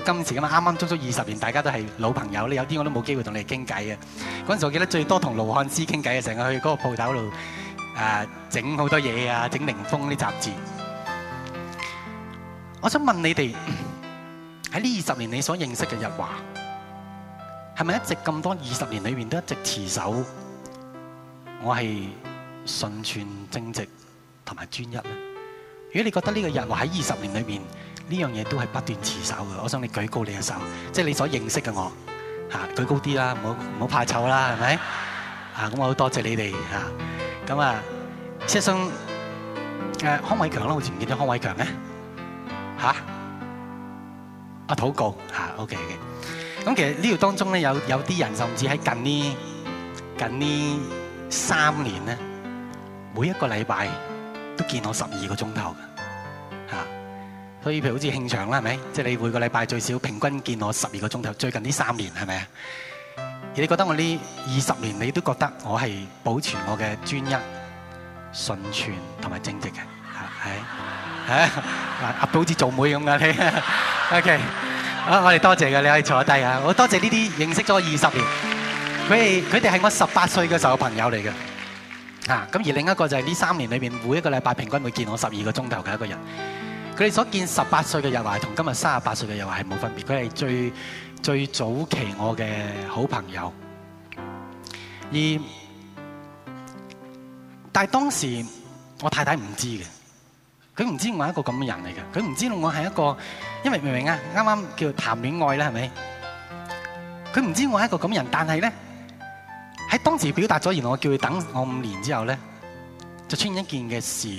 到今時咁啊，啱啱足足二十年，大家都係老朋友咧。有啲我都冇機會同你哋傾偈嘅。嗰陣時，我記得最多同盧漢斯傾偈啊，成日去嗰個鋪頭度誒整好多嘢啊，整《凌風》啲雜誌。我想問你哋喺呢二十年你所認識嘅日華，係咪一直咁多？二十年裏面都一直持守我係純全正直同埋專一咧。如果你覺得呢個日華喺二十年裏面，呢樣嘢都係不斷持守嘅，我想你舉高你嘅手，即係你所認識嘅我，嚇，舉高啲啦，唔好唔好怕醜啦，係咪？嚇，咁我好多謝你哋嚇，咁啊，先生，誒康偉強啦，好似唔記得康偉強咧？嚇，啊禱告嚇，OK 嘅。咁其實呢條當中咧，有有啲人甚至喺近呢近呢三年咧，每一個禮拜都見我十二個鐘頭嘅嚇。所以譬如好似慶祥啦，係咪？即係你每個禮拜最少平均見我十二個鐘頭。最近呢三年係咪啊？而你覺得我呢二十年，你都覺得我係保存我嘅專一、純全同埋正直嘅，係咪？嚇！壓到好似做妹咁嘅你 OK，啊，我哋多謝嘅，你可以坐低啊。我多謝呢啲認識咗我二十年，佢哋佢哋係我十八歲嘅時候朋友嚟嘅。啊，咁而另一個就係呢三年裏面，每一個禮拜平均會見我十二個鐘頭嘅一個人。佢哋所見十八歲嘅日華同今日三十八歲嘅日華係冇分別，佢係最最早期我嘅好朋友。而但係當時我太太唔知嘅，佢唔知我係一個咁嘅人嚟嘅，佢唔知道我係一個，因為明唔明啊？啱啱叫談戀愛啦，係咪？佢唔知我係一個咁嘅人，但係咧喺當時表達咗而，我叫佢等我五年之後咧，就出現一件嘅事。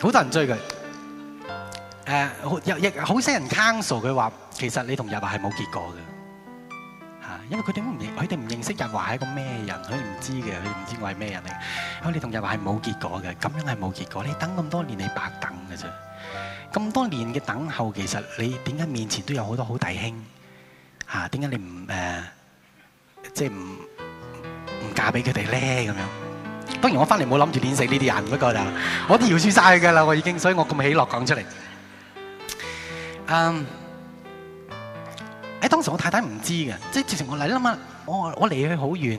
好 多人追佢，誒，又亦好些人 counsel 佢話，其實你同日華係冇結果嘅，吓，因為佢哋唔認，佢哋唔認識日華係一個咩人，佢哋唔知嘅，佢哋唔知我係咩人嚟，你同日華係冇結果嘅，咁樣係冇結果，你等咁多年你白等嘅啫，咁多年嘅等候，其實你點解面前都有好多好弟兄，吓、啊，點解你唔誒、呃，即係唔？唔嫁俾佢哋咧，咁樣。當然我翻嚟冇諗住碾死呢啲人，不過就我都饒恕晒㗎喇，是的 我已經，所以我咁喜樂講出嚟。嗯，喺當時我太太唔知嘅，即係直情我嚟諗啊，我我離佢好遠，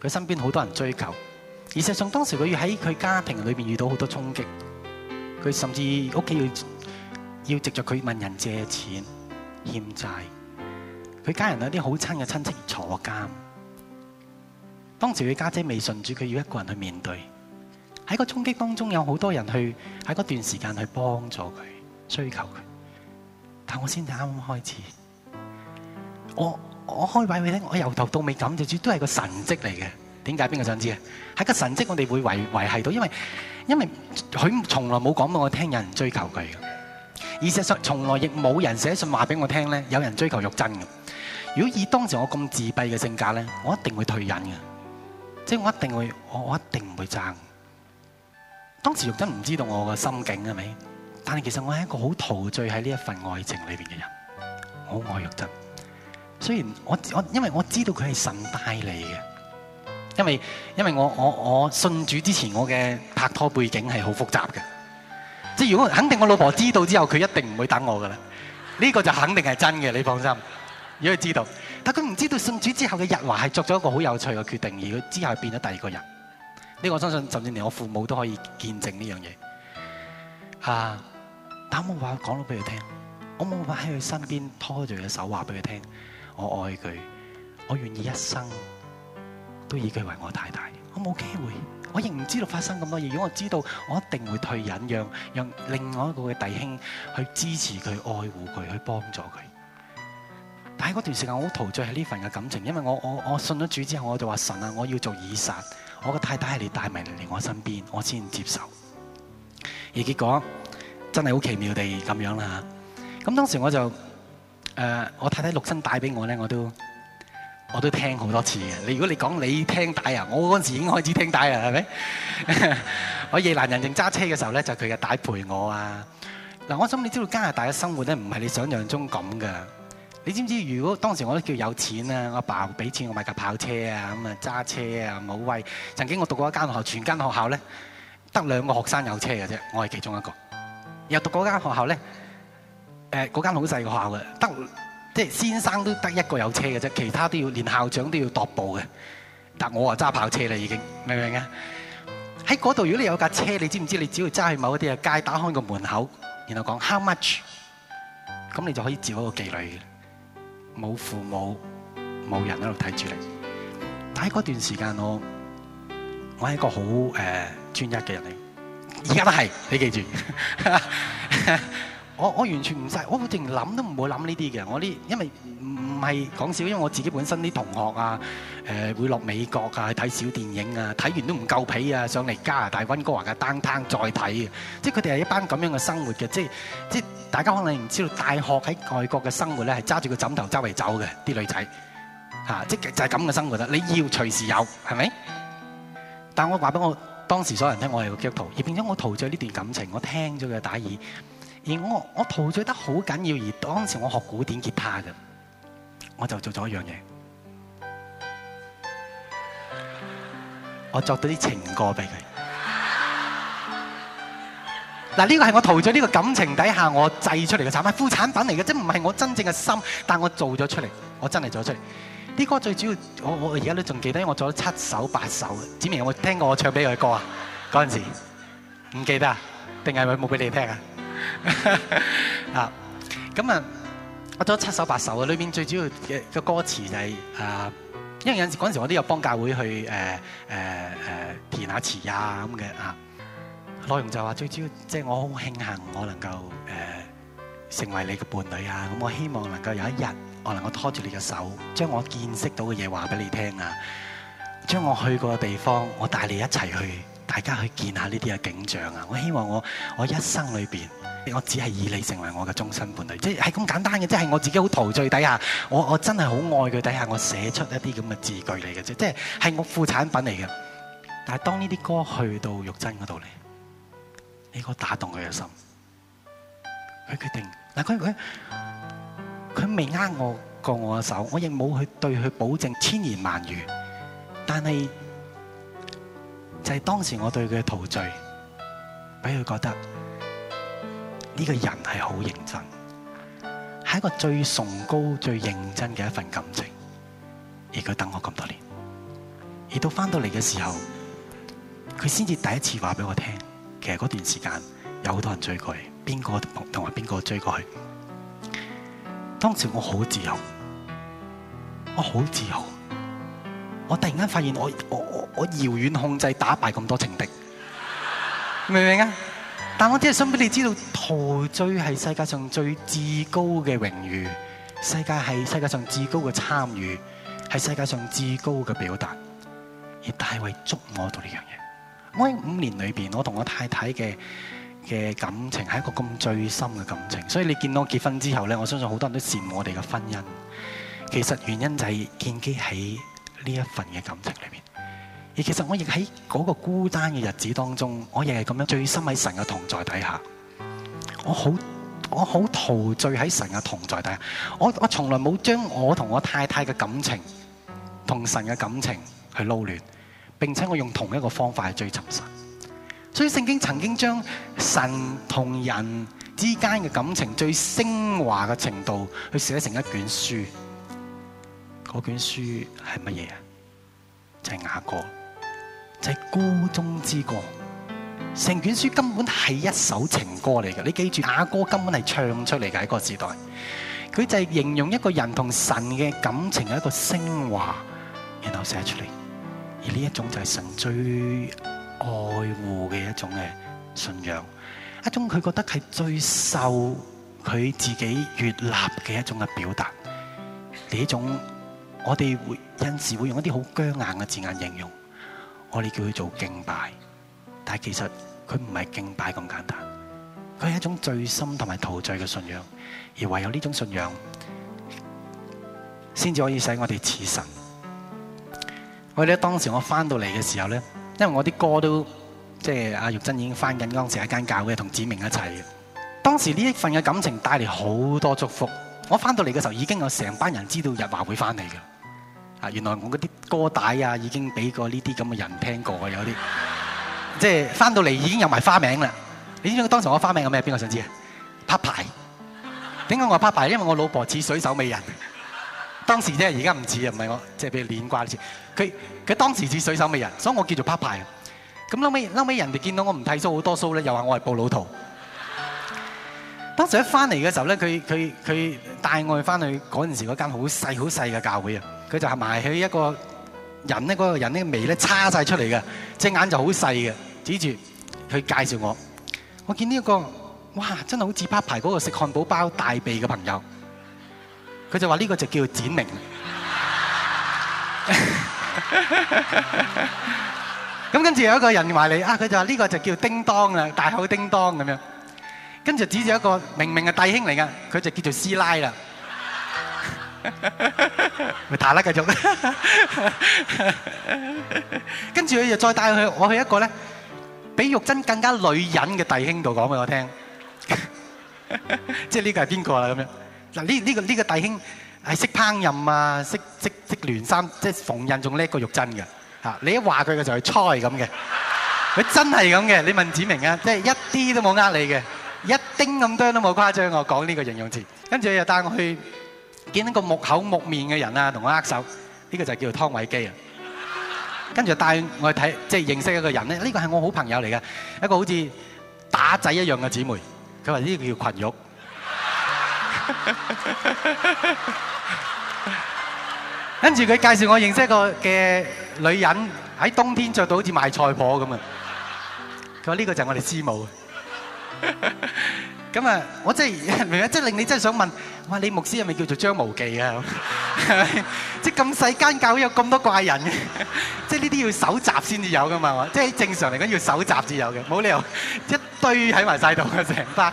佢身邊好多人追求，而事實上當時佢要喺佢家庭裏面遇到好多衝擊，佢甚至屋企要要藉着佢問人借錢欠債，佢家人有啲好親嘅親戚坐監。當時佢家姐，姐未順住佢要一個人去面對，喺個衝擊當中有好多人去喺嗰段時間去幫助佢、追求佢。但我先至啱啱開始，我我開位俾你聽，我由頭到尾感受住都係個神蹟嚟嘅。點解邊個想知啊？係個神蹟我哋會維維係到，因為因為佢從來冇講過我聽有人追求佢嘅，而事實上從來亦冇人寫信話俾我聽咧有人追求玉珍嘅。如果以當時我咁自閉嘅性格咧，我一定會退隱嘅。即係我一定會，我我一定唔會爭。當時玉珍唔知道我嘅心境係咪？但係其實我係一個好陶醉喺呢一份愛情裏邊嘅人，好愛玉珍。雖然我我因為我知道佢係神帶嚟嘅，因為因為我我我信主之前我嘅拍拖背景係好複雜嘅。即係如果肯定我老婆知道之後，佢一定唔會等我噶啦。呢個就肯定係真嘅，你放心。如果知道。但佢唔知道信主之後嘅日華係作咗一個好有趣嘅決定，而佢之後變咗第二個人。呢個我相信，甚至連我父母都可以見證呢樣嘢。啊，我冇法講到俾佢聽，我冇法喺佢身邊拖住佢手，話俾佢聽，我愛佢，我願意一生都以佢為我太太。我冇機會，我亦唔知道發生咁多嘢。如果我知道，我一定會退隱，讓讓另外一個嘅弟兄去支持佢、愛護佢、去幫助佢。但喺嗰段時間，我好陶醉喺呢份嘅感情，因為我我我信咗主之後，我就話神啊，我要做以撒，我個太太係你帶埋嚟我身邊，我先接受。而結果真係好奇妙地咁樣啦嚇。咁當時我就誒，我太太錄聲帶俾我咧，我都我都聽好多次嘅。你如果你講你聽帶啊，我嗰陣時已經開始聽帶啊，係咪？ 我夜闌人靜揸車嘅時候咧，就係佢嘅帶陪我啊。嗱，我想你知道加拿大嘅生活咧，唔係你想像中咁嘅。你知唔知？如果當時我都叫有錢啦，我阿爸俾錢我買架跑車啊，咁啊揸車啊，冇威！曾經我讀過一間學校，全間學校咧得兩個學生有車嘅啫，我係其中一個。又讀嗰間學校咧，誒嗰間好細嘅學校嘅，得即係先生都得一個有車嘅啫，其他都要，連校長都要踱步嘅。但我啊揸跑車啦，已經明唔明啊？喺嗰度如果你有架車，你知唔知？你只要揸去某一啲嘅街，打開個門口，然後講 How much，咁你就可以照一個妓女嘅。冇父母，冇人喺度睇住你，但喺嗰段時間我我係一個好誒專一嘅人嚟，而家都係，你記住。 我我完全唔曬，我淨諗都唔會諗呢啲嘅。我呢，因為唔唔係講笑，因為我自己本身啲同學啊，誒會落美國啊去睇小電影啊，睇完都唔夠皮啊，上嚟加拿大溫哥華嘅 downtown 再睇嘅。即係佢哋係一班咁樣嘅生活嘅，即係即係大家可能唔知道大學喺外國嘅生活咧係揸住個枕頭周圍走嘅啲女仔嚇，即係就係咁嘅生活啦。你要隨時有係咪？但我話俾我當時所有人聽，我係個基督徒，而變咗我逃咗呢段感情，我聽咗佢打耳。而我我陶醉得好緊要，而當時我學古典吉他嘅，我就做咗一樣嘢，我作咗啲情歌俾佢。嗱，呢個係我陶醉呢個感情底下我製出嚟嘅產品，副產品嚟嘅，即唔係我真正嘅心，但我做咗出嚟，我真係做咗出嚟。啲歌最主要，我我而家都仲記得，因為我做咗七首八首。子明有冇聽過我唱俾佢嘅歌啊？嗰陣時唔記得啊？定係冇俾你聽啊？啊，咁啊，我咗七首八首啊，裏邊最主要嘅歌詞就係啊，因為有陣時陣時我都有幫教會去誒誒誒填下詞啊咁嘅啊，內容就話最主要，即係我好慶幸我能夠誒成為你嘅伴侶啊，咁我希望能夠有一日我能夠拖住你嘅手，將我見識到嘅嘢話俾你聽啊，將我去過嘅地方，我帶你一齊去，大家去見下呢啲嘅景象啊，我希望我我一生裏邊。我只係以你成為我嘅終身伴侶，即係咁簡單嘅，即係我自己好陶醉底下我，我我真係好愛佢底下，我寫出一啲咁嘅字句嚟嘅啫，即係係我副產品嚟嘅。但係當呢啲歌去到玉珍嗰度嚟，呢個打動佢嘅心，佢決定嗱佢佢佢未呃我過我嘅手，我亦冇去對佢保證千言萬語，但係就係當時我對佢嘅陶醉，俾佢覺得。呢個人係好認真，係一個最崇高、最認真嘅一份感情，而佢等我咁多年，而到返到嚟嘅時候，佢先至第一次話俾我聽，其實嗰段時間有好多人追佢，邊個同埋邊個追佢？當時我好自由，我好自豪，我突然間發現我我我遙遠控制打敗咁多情敵，明唔明啊？但我只係想俾你知道，陶醉係世界上最至高嘅榮譽，世界係世界上至高嘅參與，係世界上至高嘅表達，而大衛捉摸到呢樣嘢。我喺五年裏面，我同我太太嘅嘅感情係一個咁最深嘅感情，所以你見到我結婚之後咧，我相信好多人都羨慕我哋嘅婚姻。其實原因就係建基喺呢一份嘅感情裏面。其實我亦喺嗰個孤單嘅日子當中，我亦係咁樣最深喺神嘅同在底下，我好我好陶醉喺神嘅同在底下。我我從來冇將我同我太太嘅感情同神嘅感情去撈亂，並且我用同一個方法去追尋神。所以聖經曾經將神同人之間嘅感情最昇華嘅程度去寫成一卷書。嗰卷書係乜嘢啊？就係雅歌。就係歌中之歌，成卷書根本係一首情歌嚟嘅。你記住，雅歌根本係唱出嚟嘅，喺個時代，佢就係形容一個人同神嘅感情嘅一個升華，然後寫出嚟。而呢一種就係神最愛護嘅一種嘅信仰，一種佢覺得係最受佢自己悦納嘅一種嘅表達。呢、嗯、一種我哋會因此會用一啲好僵硬嘅字眼形容。我哋叫佢做敬拜，但係其實佢唔係敬拜咁簡單，佢係一種醉心同埋陶醉嘅信仰，而唯有呢種信仰，先至可以使我哋似神。我記得當時我翻到嚟嘅時候咧，因為我啲歌都即係阿玉珍已經翻緊當時一間教會同子明一齊嘅，當時呢一份嘅感情帶嚟好多祝福。我翻到嚟嘅時候已經有成班人知道日華會翻嚟嘅。啊！原來我嗰啲歌帶啊，已經俾過呢啲咁嘅人聽過啊，有啲即係翻到嚟已經有埋花名啦。你知唔知當時我花名係咩？邊個想知啊？拍牌。點解我係拍牌？因為我老婆似水手美人。當時即係，而家唔似啊，唔係我即係俾臉掛住。佢佢當時似水手美人，所以我叫做拍牌。咁後屘後屘，人哋見到我唔剃須好多須咧，又話我係暴老頭。當時一翻嚟嘅時候咧，佢佢佢帶我哋翻去嗰陣時嗰間好細好細嘅教會啊。佢就係埋起一個人咧，嗰個人咧眉咧叉曬出嚟嘅，隻眼就好細嘅，指住佢介紹我。我見呢一個，哇，真係好似八排嗰個食漢堡包大鼻嘅朋友。佢就話呢個就叫做展明。咁跟住有一個人嚟，啊，佢就話呢個就叫叮當啦，大口叮當咁樣。跟住指住一個明明係弟兄嚟嘅，佢就叫做師奶啦。咪彈啦，繼續。跟住佢又再帶去我去一個咧，比玉珍更加女人嘅弟兄度講俾我聽。即係呢個係邊個啦咁樣？嗱，呢呢個呢個弟兄係識烹飪啊，識識識聯衫，即係縫紉仲叻過玉珍嘅嚇。你一話佢，佢就係猜咁嘅。佢真係咁嘅。你問子明啊，即係一啲都冇呃你嘅，一丁咁多都冇誇張。我講呢個形容詞。跟住佢又帶我去。見到個木口木面嘅人啊，同我握手，呢個就係叫做湯偉基啊。跟住帶我去睇，即係認識一個人咧，呢個係我好朋友嚟嘅，一個好似打仔一樣嘅姊妹。佢話呢個叫羣玉。跟住佢介紹我認識一個嘅女人，喺冬天著到好似賣菜婆咁啊。佢話呢個就係我哋師母。咁啊！我真係明啊！即令你真係想問：哇！你牧師係咪叫做張無忌啊？即係咁細間教會有咁多怪人嘅，即係呢啲要搜集先至有噶嘛？即係喺正常嚟講要搜集先至有嘅，冇理由一堆喺埋晒度嘅成班。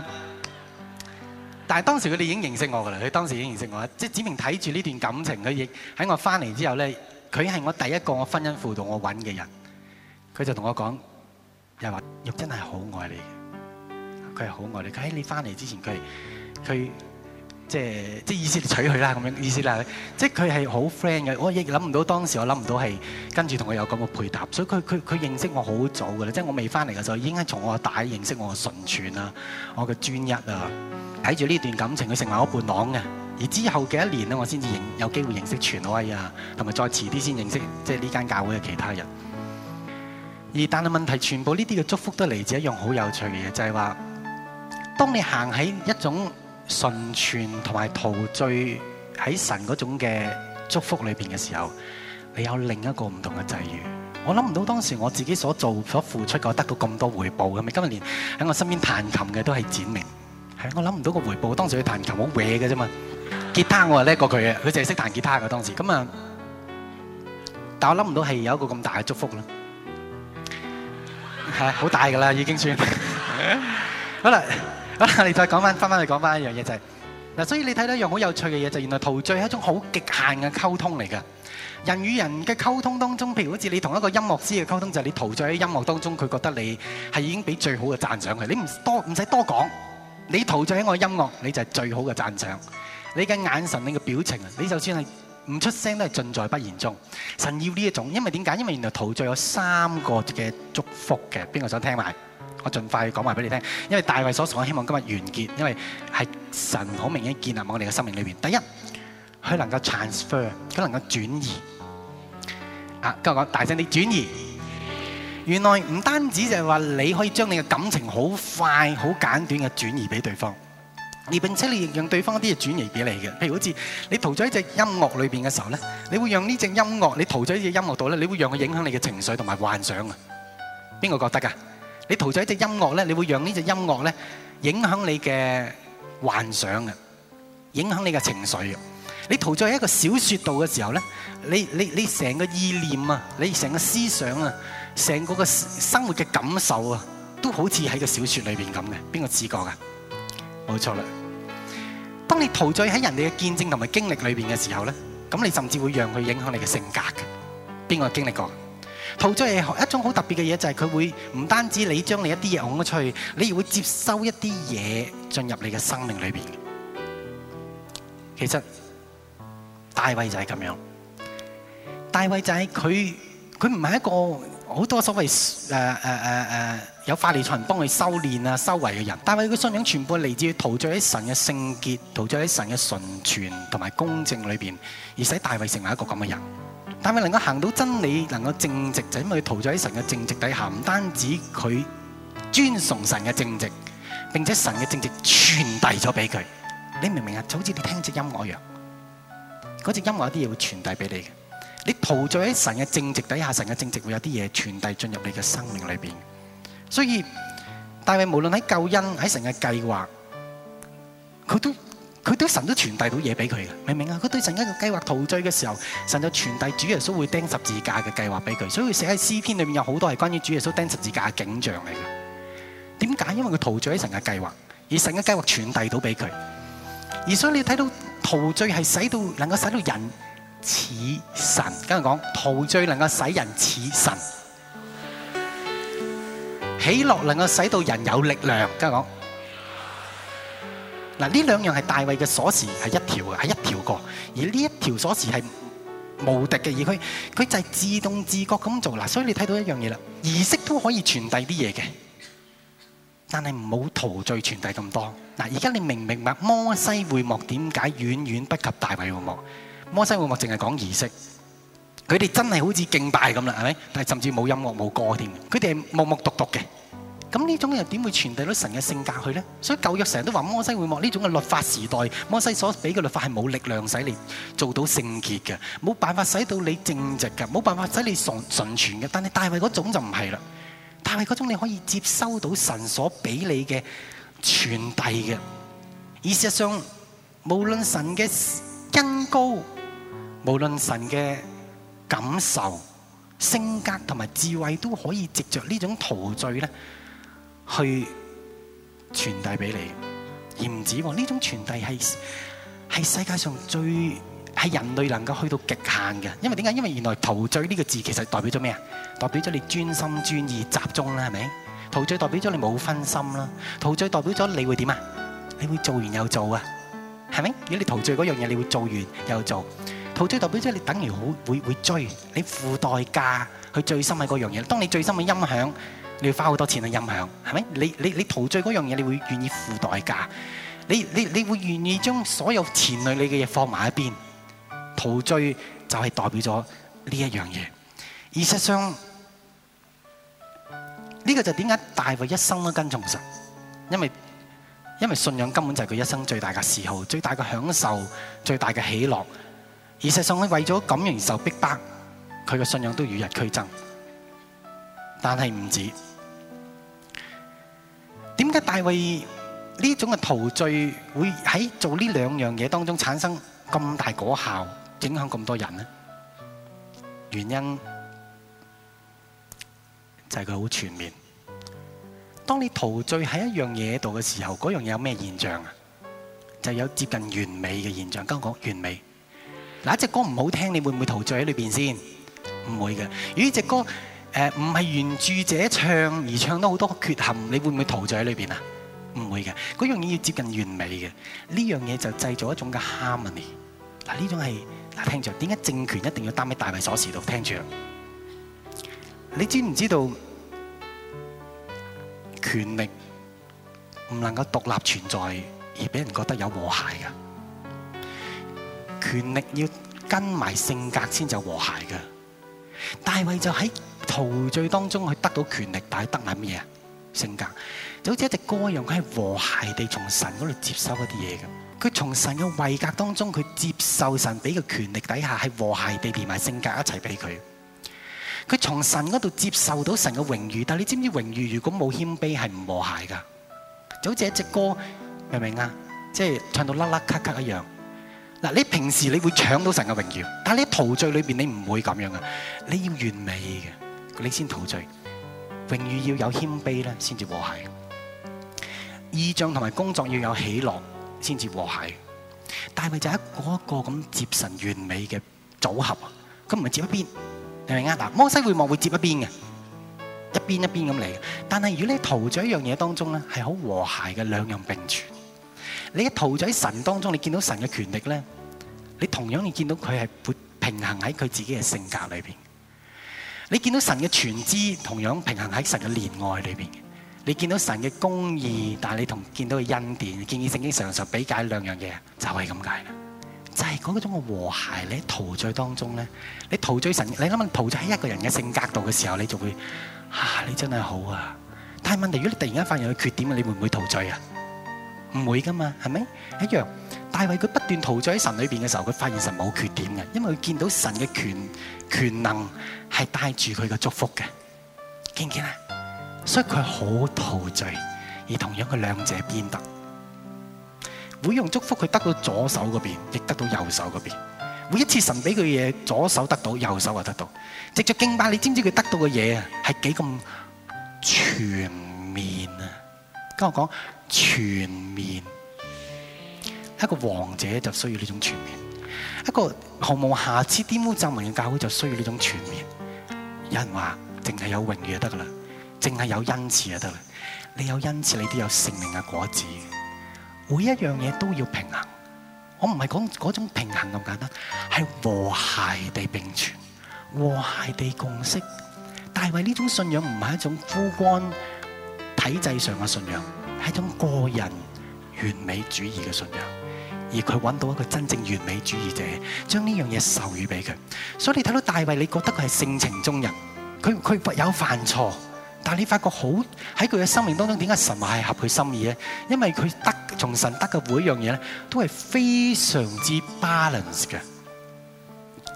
誒，但係當時佢哋已經認識我噶啦，佢當時已經認識我喇。即係子明睇住呢段感情，佢亦喺我翻嚟之後咧，佢係我第一個我婚姻輔導我揾嘅人，佢就同我講。又話玉真係好愛，愛你，佢係好愛你。佢喺你翻嚟之前，佢佢即係即係意思係娶佢啦，咁樣意思啦。即係佢係好 friend 嘅。我亦諗唔到當時，我諗唔到係跟住同佢有咁嘅配搭。所以佢佢佢認識我好早㗎啦，即係我未翻嚟嘅時候已經係從我大認識我嘅純全啊，我嘅專一啊。睇住呢段感情，佢成為我伴郎嘅。而之後嘅一年咧，我先至有機會認識全威啊，同埋再遲啲先認識即係呢間教會嘅其他人。而但係問題，全部呢啲嘅祝福都嚟自一樣好有趣嘅嘢，就係話，當你行喺一種純全同埋陶醉喺神嗰種嘅祝福裏邊嘅時候，你有另一個唔同嘅際遇。我諗唔到當時我自己所做所付出，我得到咁多回報嘅咪？今日連喺我身邊彈琴嘅都係展明，係我諗唔到個回報。當時佢彈琴好野嘅啫嘛，吉他我係叻過佢嘅，佢淨係識彈吉他嘅當時。咁啊，但係我諗唔到係有一個咁大嘅祝福啦。啊，係好大噶啦，已經算了 好了。好啦，好啦，你再講翻，翻翻去講翻一樣嘢就係、係、嗱，所以你睇到一樣好有趣嘅嘢就係，原來陶醉係一種好極限嘅溝通嚟嘅。人與人嘅溝通當中，譬如好似你同一個音樂師嘅溝通就係、係、你陶醉喺音樂當中，佢覺得你係已經俾最好嘅讚賞佢。你唔多唔使多講，你陶醉喺我音樂，你就係最好嘅讚賞。你嘅眼神、你嘅表情啊，你就算係。唔出聲都係盡在不言中。神要呢一種，因為點解？因為原來陶醉有三個嘅祝福嘅，邊個想聽埋？我盡快講埋俾你聽。因為大衛所屬，我希望今日完結，因為係神好明顯建立喺我哋嘅生命裏邊。第一，佢能夠 transfer，佢能夠轉移。啊，今日講大聲啲，轉移。原來唔單止就係話你可以將你嘅感情好快好簡短嘅轉移俾對方，而並且你讓對方啲嘢轉移俾你嘅，譬如好似你逃咗喺隻音樂裏邊嘅時候咧，你會讓呢隻音樂你逃咗喺隻音樂度咧，你會讓佢影響你嘅情緒同埋幻想啊！邊個覺得㗎？你逃咗喺隻音樂咧，你會讓呢隻音樂咧影響你嘅幻想啊，影響你嘅情緒啊！你逃咗喺一個小説度嘅時候咧，你你你成個意念啊，你成個思想啊，成個個生活嘅感受啊，都好似喺個小説裏邊咁嘅。邊個知覺㗎？冇錯啦。當你陶醉喺人哋嘅見證同埋經歷裏邊嘅時候咧，咁你甚至會讓佢影響你嘅性格嘅。邊個經歷過？陶醉係一種好特別嘅嘢，就係佢會唔單止你將你一啲嘢紅咗出去，你亦會接收一啲嘢進入你嘅生命裏邊。其實大衛就係咁樣，大衛就係佢佢唔係一個。好多所謂誒誒誒誒有法力才能幫佢修煉啊、修為嘅人，大衛嘅信仰全部嚟自於陶醉喺神嘅聖潔、陶醉喺神嘅純全同埋公正裏邊，而使大衛成為一個咁嘅人。大衛能夠行到真理，能夠正直，就因為佢陶醉喺神嘅正直底下，唔單止佢尊崇神嘅正直，並且神嘅正直傳遞咗俾佢。你明唔明啊？就好似你聽隻音樂一樣，嗰隻音樂有啲嘢會傳遞俾你嘅。你陶醉喺神嘅正直底下，神嘅正直會有啲嘢傳遞進入你嘅生命裏邊。所以但衛無論喺救恩喺神嘅計劃，佢都佢對神都傳遞到嘢俾佢嘅，明唔明啊？佢對神一個計劃陶醉嘅時候，神就傳遞主耶穌會釘十字架嘅計劃俾佢。所以佢寫喺詩篇裏面，有好多係關於主耶穌釘十字架嘅景象嚟嘅。點解？因為佢陶醉喺神嘅計劃，而神嘅計劃傳遞到俾佢。而所以你睇到陶醉係使到能夠使到人。似神，跟住講陶醉能夠使人似神，喜樂能夠使到人有力量。跟住講，嗱呢兩樣係大衛嘅鎖匙，係一條嘅，係一條過。而呢一條鎖匙係無敵嘅，而佢佢就係自動自覺咁做。嗱，所以你睇到一樣嘢啦，儀式都可以傳遞啲嘢嘅，但係冇陶醉傳遞咁多。嗱，而家你明唔明白摩西會幕點解遠遠不及大衛會幕？摩西會幕淨係講儀式，佢哋真係好似敬拜咁啦，係咪？但係甚至冇音樂，冇歌添，佢哋係木木獨獨嘅。咁呢種又點會傳遞到神嘅性格去咧？所以舊約成日都話摩西會幕呢種嘅律法時代，摩西所俾嘅律法係冇力量使你做到聖潔嘅，冇辦法使到你正直嘅，冇辦法使你純純全嘅。但係大衞嗰種就唔係啦，大衞嗰種你可以接收到神所俾你嘅傳遞嘅。而事實上，無論神嘅恩膏。無論神嘅感受、性格同埋智慧都可以藉着呢種陶醉咧，去傳遞俾你而不，而唔止喎。呢種傳遞係係世界上最係人類能夠去到極限嘅。因為點解？因為原來陶醉呢個字其實代表咗咩啊？代表咗你專心專意集中啦，係咪？陶醉代表咗你冇分心啦。陶醉代表咗你會點啊？你會做完又做啊？係咪？如果你陶醉嗰樣嘢，你會做完又做。陶醉代表即係你等如會會會追，你付代價去追心愛嗰樣嘢。當你追心愛音響，你要花好多錢去音響，係咪？你你你陶醉嗰樣嘢，你會願意付代價。你你你會願意將所有前女你嘅嘢放埋一邊。陶醉就係代表咗呢一樣嘢。事實上，呢個就點解大衛一生都跟從神？因為因為信仰根本就係佢一生最大嘅嗜好、最大嘅享受、最大嘅喜樂。而事實上，為咗咁樣而受逼迫，佢嘅信仰都與日俱增。但係唔止。點解大衛呢種嘅陶醉會喺做呢兩樣嘢當中產生咁大果效，影響咁多人呢？原因就係佢好全面。當你陶醉喺一樣嘢度嘅時候，嗰樣嘢有咩現象啊？就有接近完美嘅現象，跟我講完美。嗱，一隻歌唔好聽，你會唔會陶醉喺裏邊先？唔會嘅。如果隻歌誒唔係原著者唱而唱得好多缺陷，你會唔會陶醉喺裏邊啊？唔會嘅。嗰樣嘢要接近完美嘅。呢樣嘢就製造一種嘅 harmony。嗱，呢種係，嗱，聽住，點解政權一定要擔喺大衛鎖匙度聽住！你知唔知道權力唔能夠獨立存在而俾人覺得有和諧㗎？權力要跟埋性格先就和諧嘅，大衛就喺陶醉當中去得到權力，但係得埋乜嘢？性格就好似一隻歌一樣，佢係和諧地從神嗰度接收一啲嘢嘅。佢從神嘅位格當中，佢接受神俾嘅權力底下，係和諧地連埋性格一齊俾佢。佢從神嗰度接受到神嘅榮譽，但係你知唔知榮譽如果冇謙卑係唔和諧噶？就好似一隻歌，明唔明啊？即係唱到甩甩咳咳一樣。嗱，你平時你會搶到神嘅榮耀，但係你喺陶醉裏邊你唔會咁樣嘅，你要完美嘅，你先陶醉。榮譽要有謙卑咧，先至和諧。意象同埋工作要有喜樂，先至和諧。大衛就係一個一個咁接神完美嘅組合，咁唔係接一邊，明唔明啊？嗱，摩西會望會接一邊嘅，一邊一邊咁嚟。嘅。但係如果你陶醉一樣嘢當中咧，係好和諧嘅兩樣並存。你一陶醉喺神當中，你見到神嘅權力咧，你同樣你見到佢係會平衡喺佢自己嘅性格裏邊。你見到神嘅全知同樣平衡喺神嘅憐愛裏邊。你見到神嘅公義，但係你同見到嘅恩典，建議聖經常常，常比較兩樣嘢，就係咁解啦。就係、是、嗰種嘅和諧。你喺陶醉當中咧，你陶醉神，你啱啱陶醉喺一個人嘅性格度嘅時候，你就會吓、啊、你真係好啊！但係問題，如果你突然間發現佢缺點，你會唔會陶醉啊？唔會噶嘛，係咪一樣？但係佢不斷陶醉喺神裏邊嘅時候，佢發現神冇缺點嘅，因為佢見到神嘅權權能係帶住佢嘅祝福嘅。見唔見啊？所以佢好陶醉，而同樣佢兩者兼得，會用祝福佢得到左手嗰邊，亦得到右手嗰邊。每一次神俾佢嘢，左手得到，右手又得到。藉著敬拜，你知唔知佢得到嘅嘢啊？係幾咁全面啊？跟我講。全面，一個王者就需要呢種全面，一個毫無瑕疵、玷污皺紋嘅教會就需要呢種全面。有人話淨係有榮譽就得噶啦，淨係有恩賜就得啦。你有恩賜，你都有聖靈嘅果子。每一樣嘢都要平衡。我唔係講嗰種平衡咁簡單，係和諧地並存，和諧地共識。大衛呢種信仰唔係一種枯乾體制上嘅信仰。係一種個人完美主義嘅信仰，而佢揾到一個真正完美主義者，將呢樣嘢授予俾佢。所以你睇到大衛，你覺得佢係性情中人，佢佢有犯錯，但係你發覺好喺佢嘅生命當中，點解神話係合佢心意咧？因為佢得從神得嘅每一樣嘢咧，都係非常之 balance 嘅。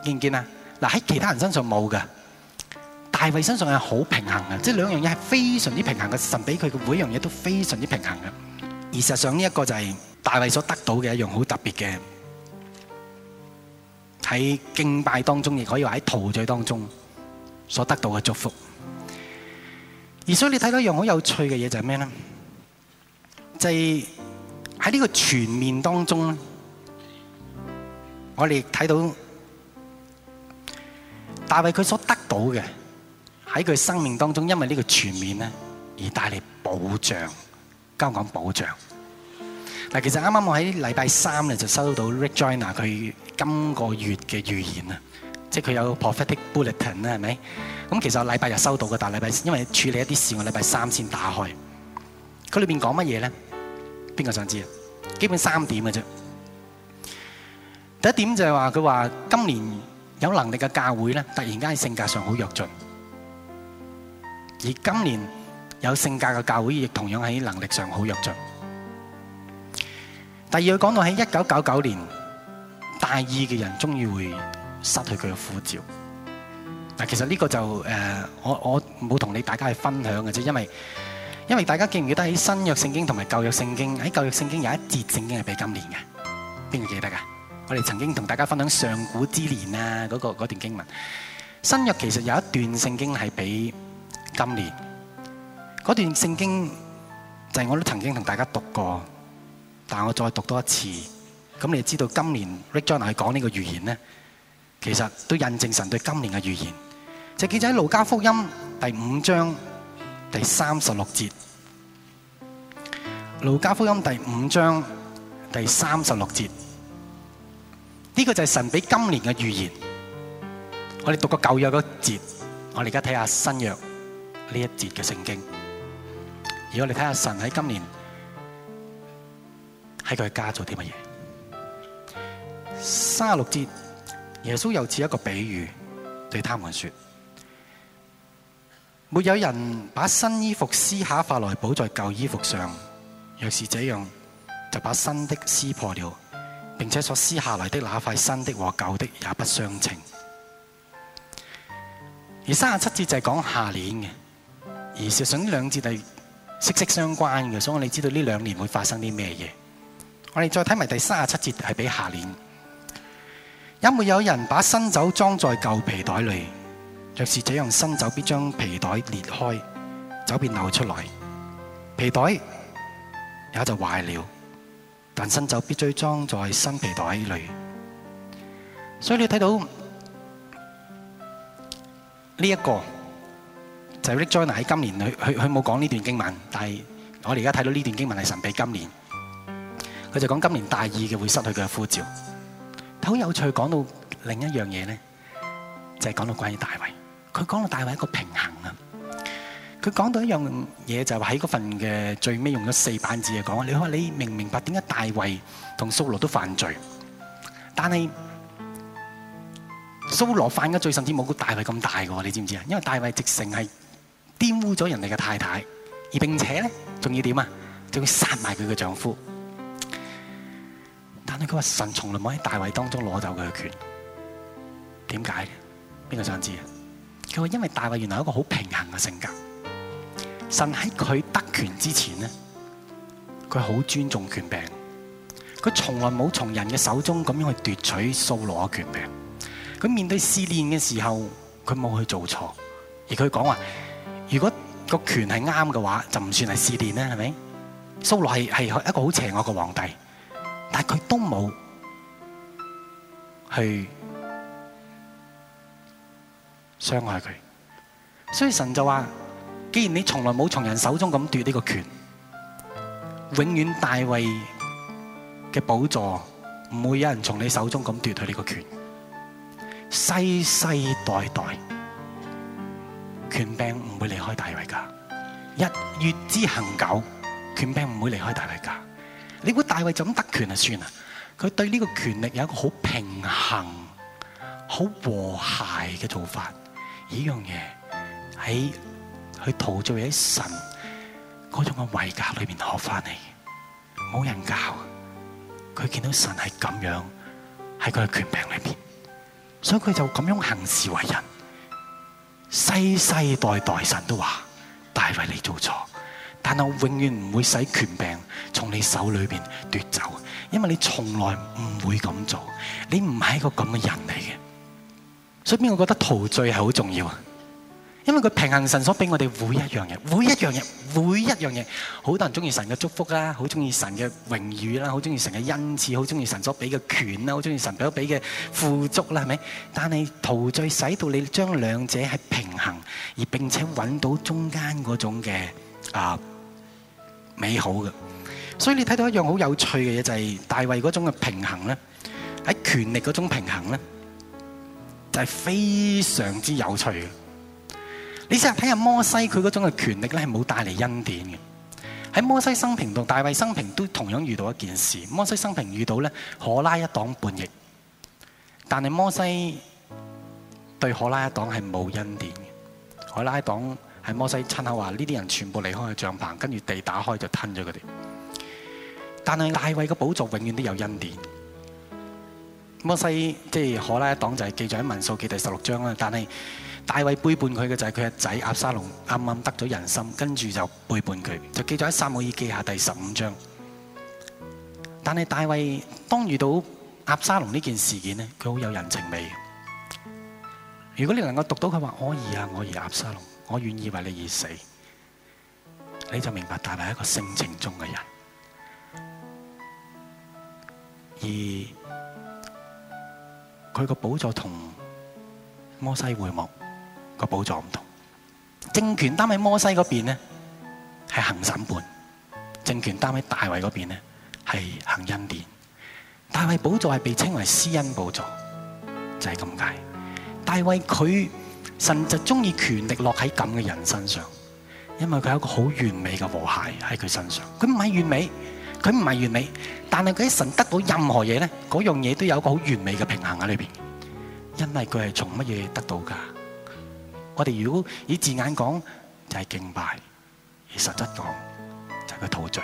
見唔見啊？嗱，喺其他人身上冇㗎。大衛身上係好平衡嘅，即係兩樣嘢係非常之平衡嘅。神俾佢嘅每樣嘢都非常之平衡嘅。而事實上呢一個就係大衛所得到嘅一樣好特別嘅，喺敬拜當中亦可以話喺陶醉當中所得到嘅祝福。而所以你睇到一樣好有趣嘅嘢就係咩咧？就係喺呢個全面當中咧，我哋睇到大衛佢所得到嘅。喺佢生命當中，因為呢個全面咧而帶嚟保障，交講保障。嗱，其實啱啱我喺禮拜三咧就收到 Rick Joyner 佢今個月嘅預言啊，即係佢有 Prophetic Bulletin 咧，係咪？咁其實我禮拜日收到嘅，但係禮拜因為處理一啲事，我禮拜三先打開。佢裏邊講乜嘢咧？邊個想知？基本三點嘅啫。第一點就係話，佢話今年有能力嘅教會咧，突然間性格上好躍進。而今年有性格嘅教會，亦同樣喺能力上好弱。第二，佢講到喺一九九九年大二嘅人，終於會失去佢嘅呼召。嗱，其實呢個就誒，我我冇同你大家去分享嘅啫，因為因為大家記唔記得喺新約聖經同埋舊約聖經喺舊約聖經有一節聖經係俾今年嘅，邊個記得噶？我哋曾經同大家分享上古之年啊，嗰個嗰段經文。新約其實有一段聖經係俾。今年嗰段聖經就係我都曾經同大家讀過，但我再讀多一次，咁你知道今年 Rick Joyner 去講呢個預言咧，其實都印證神對今年嘅預言。就記載喺路加福音第五章第三十六節，路加福音第五章第三十六節。呢、這個就係神俾今年嘅預言。我哋讀個舊約嗰節，我哋而家睇下新約。呢一節嘅聖經，如果你睇下神喺今年喺佢家做啲乜嘢。三十六節，耶穌又似一個比喻對，對他們說：沒有人把新衣服撕下發來補在舊衣服上，若是這樣，就把新的撕破了，並且所撕下來的那塊新的和舊的也不相稱。而三十七節就係講下年嘅。而事實上呢兩節係息息相關嘅，所以我哋知道呢兩年會發生啲咩嘢。我哋再睇埋第三十七節係俾下年。有冇有，有人把新酒裝在舊皮袋裏，若是這樣，新酒必將皮袋裂開，酒便漏出來，皮袋也就壞了。但新酒必須裝在新皮袋裏，所以你睇到呢一、這個。就係 Rick Joyner 喺今年，佢佢佢冇講呢段經文，但係我哋而家睇到呢段經文係神俾今年。佢就講今年大意嘅會失去佢嘅呼召。但係好有趣，講到另一樣嘢咧，就係講到關於大衛。佢講到大衛一個平衡啊。佢講到一樣嘢就係話喺嗰份嘅最尾用咗四版字嚟講。你話你明唔明白點解大衛同蘇羅都犯罪？但係蘇羅犯嘅罪甚至冇個大衛咁大嘅喎，你知唔知啊？因為大衛直情係。玷污咗人哋嘅太太，而並且咧，仲要點啊？仲要殺埋佢嘅丈夫。但係佢話神從來冇喺大衛當中攞走佢嘅權，點解？邊個想知啊？佢話因為大衛原來係一個好平衡嘅性格，神喺佢得權之前咧，佢好尊重權柄，佢從來冇從人嘅手中咁樣去奪取掃羅嘅權柄。佢面對試煉嘅時候，佢冇去做錯，而佢講話。如果個權係啱嘅話，就唔算係試煉啦，係咪？掃羅係係一個好邪惡嘅皇帝，但係佢都冇去傷害佢，所以神就話：既然你從來冇從人手中咁奪呢個權，永遠大衛嘅寶座唔會有人從你手中咁奪去呢個權，世世代代。權柄唔會離開大衛噶，日月之恒久，權柄唔會離開大衛噶。你估大衛就咁得權啊算啦，佢對呢個權力有一個好平衡、好和諧嘅做法。呢樣嘢喺佢陶醉喺神嗰種嘅偉格裏邊學翻嚟，冇人教。佢見到神係咁樣喺佢嘅權柄裏邊，所以佢就咁樣行事為人。世世代代神都話，大衛你做錯，但我永遠唔會使權柄從你手裏邊奪走，因為你從來唔會咁做，你唔係一個咁嘅人嚟嘅。所以我覺得陶醉係好重要。因為佢平衡神所俾我哋每一樣嘢，每一樣嘢，每一樣嘢，好多人中意神嘅祝福啦，好中意神嘅榮譽啦，好中意神嘅恩賜，好中意神所俾嘅權啦，好中意神所俾嘅富足啦，係咪？但係陶醉使到你將兩者係平衡，而並且揾到中間嗰種嘅啊美好嘅。所以你睇到一樣好有趣嘅嘢就係、是、大衛嗰種嘅平衡咧，喺權力嗰種平衡咧，就係、是、非常之有趣嘅。你試下睇下摩西佢嗰種嘅權力咧，係冇帶嚟恩典嘅。喺摩西生平同大衛生平都同樣遇到一件事。摩西生平遇到咧，可拉一黨叛逆，但係摩西對可拉一黨係冇恩典嘅。可拉一黨係摩西親口話呢啲人全部離開嘅帳棚，跟住地打開就吞咗佢哋。但係大衛嘅寶座永遠都有恩典。摩西即係可拉一黨就係記載喺民數記第十六章啦。但係，大衛背叛佢嘅就係佢嘅仔阿沙龍剛剛得咗人心，跟住就背叛佢。就記載喺《撒母耳記下》第十五章。但係大衛當遇到阿沙龍呢件事件呢，佢好有人情味。如果你能夠讀到佢話我兒啊，我兒阿沙龍，我願意為你而死。你就明白大衛係一個性情中嘅人。而佢個寶座同摩西會幕。個寶座唔同，政權擔喺摩西嗰邊呢，係行審判；政權擔喺大衛嗰邊呢，係行恩典。大衛寶座係被稱為施恩寶座，就係咁解。大衛佢神就中意權力落喺咁嘅人身上，因為佢有一個好完美嘅和諧喺佢身上。佢唔係完美，佢唔係完美，但係佢喺神得到任何嘢咧，嗰樣嘢都有一個好完美嘅平衡喺裏邊，因為佢係從乜嘢得到噶。我哋如果以字眼講就係敬拜，而實質講就係佢陶醉，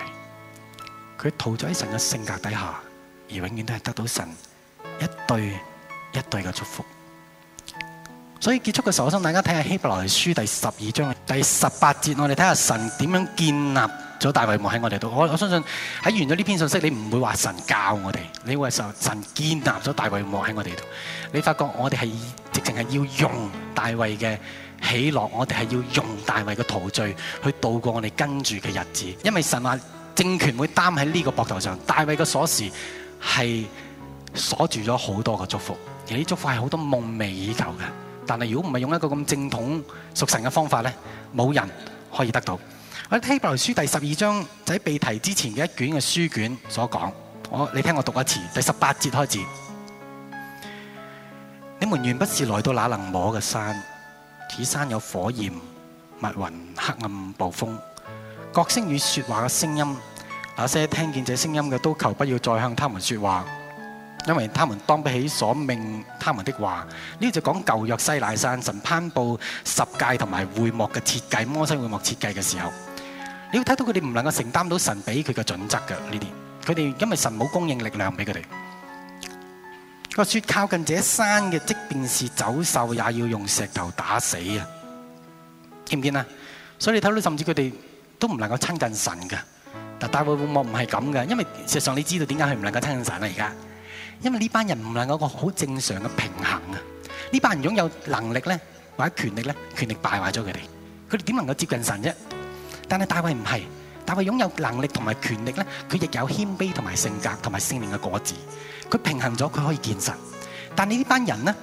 佢陶醉喺神嘅性格底下，而永遠都係得到神一對一對嘅祝福。所以結束嘅時候，我想大家睇下希伯來書第十二章第十八節，我哋睇下神點樣建立咗大衛會幕喺我哋度，我我相信喺完咗呢篇信息，你唔會話神教我哋，你會話神神建立咗大衛會幕喺我哋度。你發覺我哋係直情係要用大衛嘅喜樂，我哋係要用大衛嘅陶醉去度過我哋跟住嘅日子。因為神話政權會擔喺呢個膊頭上，大衛嘅鎖匙係鎖住咗好多嘅祝福，而呢啲祝福係好多夢寐以求嘅。但係如果唔係用一個咁正統屬神嘅方法咧，冇人可以得到。喺希伯來書第十二章就喺、是、被提之前嘅一卷嘅書卷所講，我，你聽我讀一次，第十八節開始，你們原不是來到那能摸嘅山，此山有火焰、密雲、黑暗、暴風、角聲與說話嘅聲音，那些聽見這聲音嘅都求不要再向他們說話，因為他們當不起所命他們的話。呢就講舊約西奈山神頒布十戒同埋會幕嘅設計，摩西會幕設計嘅時候。你要睇到佢哋唔能夠承擔到神俾佢嘅準則嘅呢啲，佢哋因為神冇供應力量俾佢哋。佢話：說靠近這山嘅，即便是走獸，也要用石頭打死啊！見唔見啊？所以你睇到，甚至佢哋都唔能夠親近神嘅。但大衛王唔係咁嘅，因為事實上你知道點解佢唔能夠親近神啦？而家，因為呢班人唔能夠一個好正常嘅平衡啊！呢班人擁有能力咧，或者權力咧，權力敗壞咗佢哋，佢哋點能夠接近神啫？但係大衛唔係，大衛擁有能力同埋權力咧，佢亦有謙卑同埋性格同埋生命嘅果子，佢平衡咗，佢可以見神。但係呢班人咧，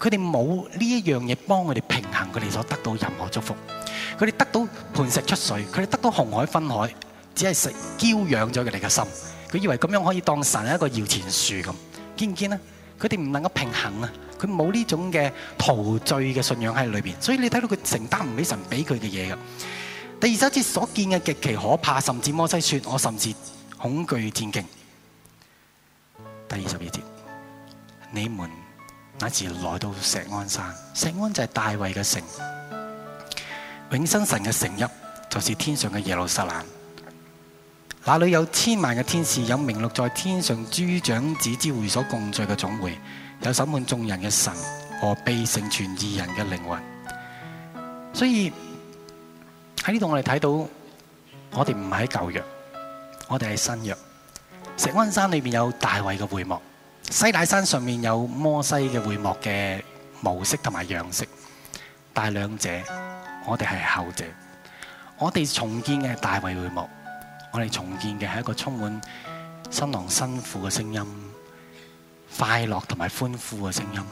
佢哋冇呢一樣嘢幫佢哋平衡佢哋所得到任何祝福，佢哋得到磐石出水，佢哋得到紅海分海，只係食驕養咗佢哋嘅心，佢以為咁樣可以當神係一個搖錢樹咁，見唔見咧？佢哋唔能夠平衡啊！佢冇呢種嘅陶醉嘅信仰喺裏邊，所以你睇到佢承擔唔起神俾佢嘅嘢噶。第二十一節所見嘅極其可怕，甚至摩西說，我甚至恐懼戰兢。第二十二節，你們那時來到錫安山，錫安就係大衛嘅城，永生神嘅城邑，就是天上嘅耶路撒冷，那裏有千萬嘅天使，有名錄在天上諸長子之會所共聚嘅總會，有審判眾人的神和被成全義人嘅靈魂，所以。喺呢度我哋睇到我，我哋唔係喺舊約，我哋係新約。錫安山裏邊有大衛嘅會幕，西乃山上面有摩西嘅會幕嘅模式同埋樣式，但係兩者我哋係後者。我哋重建嘅大衛會幕，我哋重建嘅係一個充滿新郎新婦、嘅聲音，快樂同埋歡呼嘅聲音，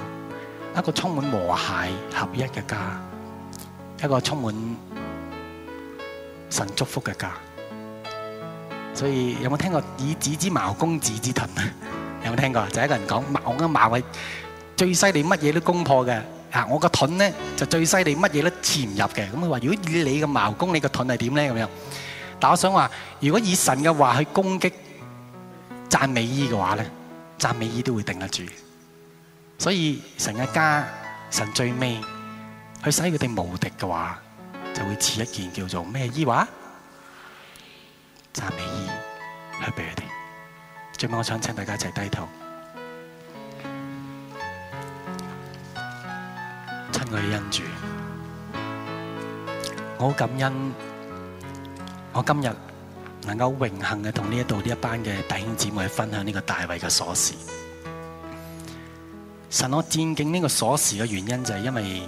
一個充滿和諧合一嘅家，一個充滿。神祝福嘅家，所以有冇聽過以子之矛攻子之盾啊？有冇聽過？就一個人講，我嘅矛係最犀利，乜嘢都攻破嘅。啊，我個盾咧，就最犀利，乜嘢都潛入嘅。咁佢話：如果以你嘅矛攻，你個盾係點咧？咁樣。但我想話，如果以神嘅話去攻擊讚美伊嘅話咧，讚美伊都會定得住。所以神嘅家，神最尾去使佢哋無敵嘅話。就會似一件叫做咩衣話，讚美衣去俾佢哋。最尾我想請大家一齊低頭，親愛嘅恩主，我好感恩，我今日能夠榮幸嘅同呢一度呢一班嘅弟兄姊妹分享呢個大衛嘅鎖匙。神，我尊敬呢個鎖匙嘅原因就係因為。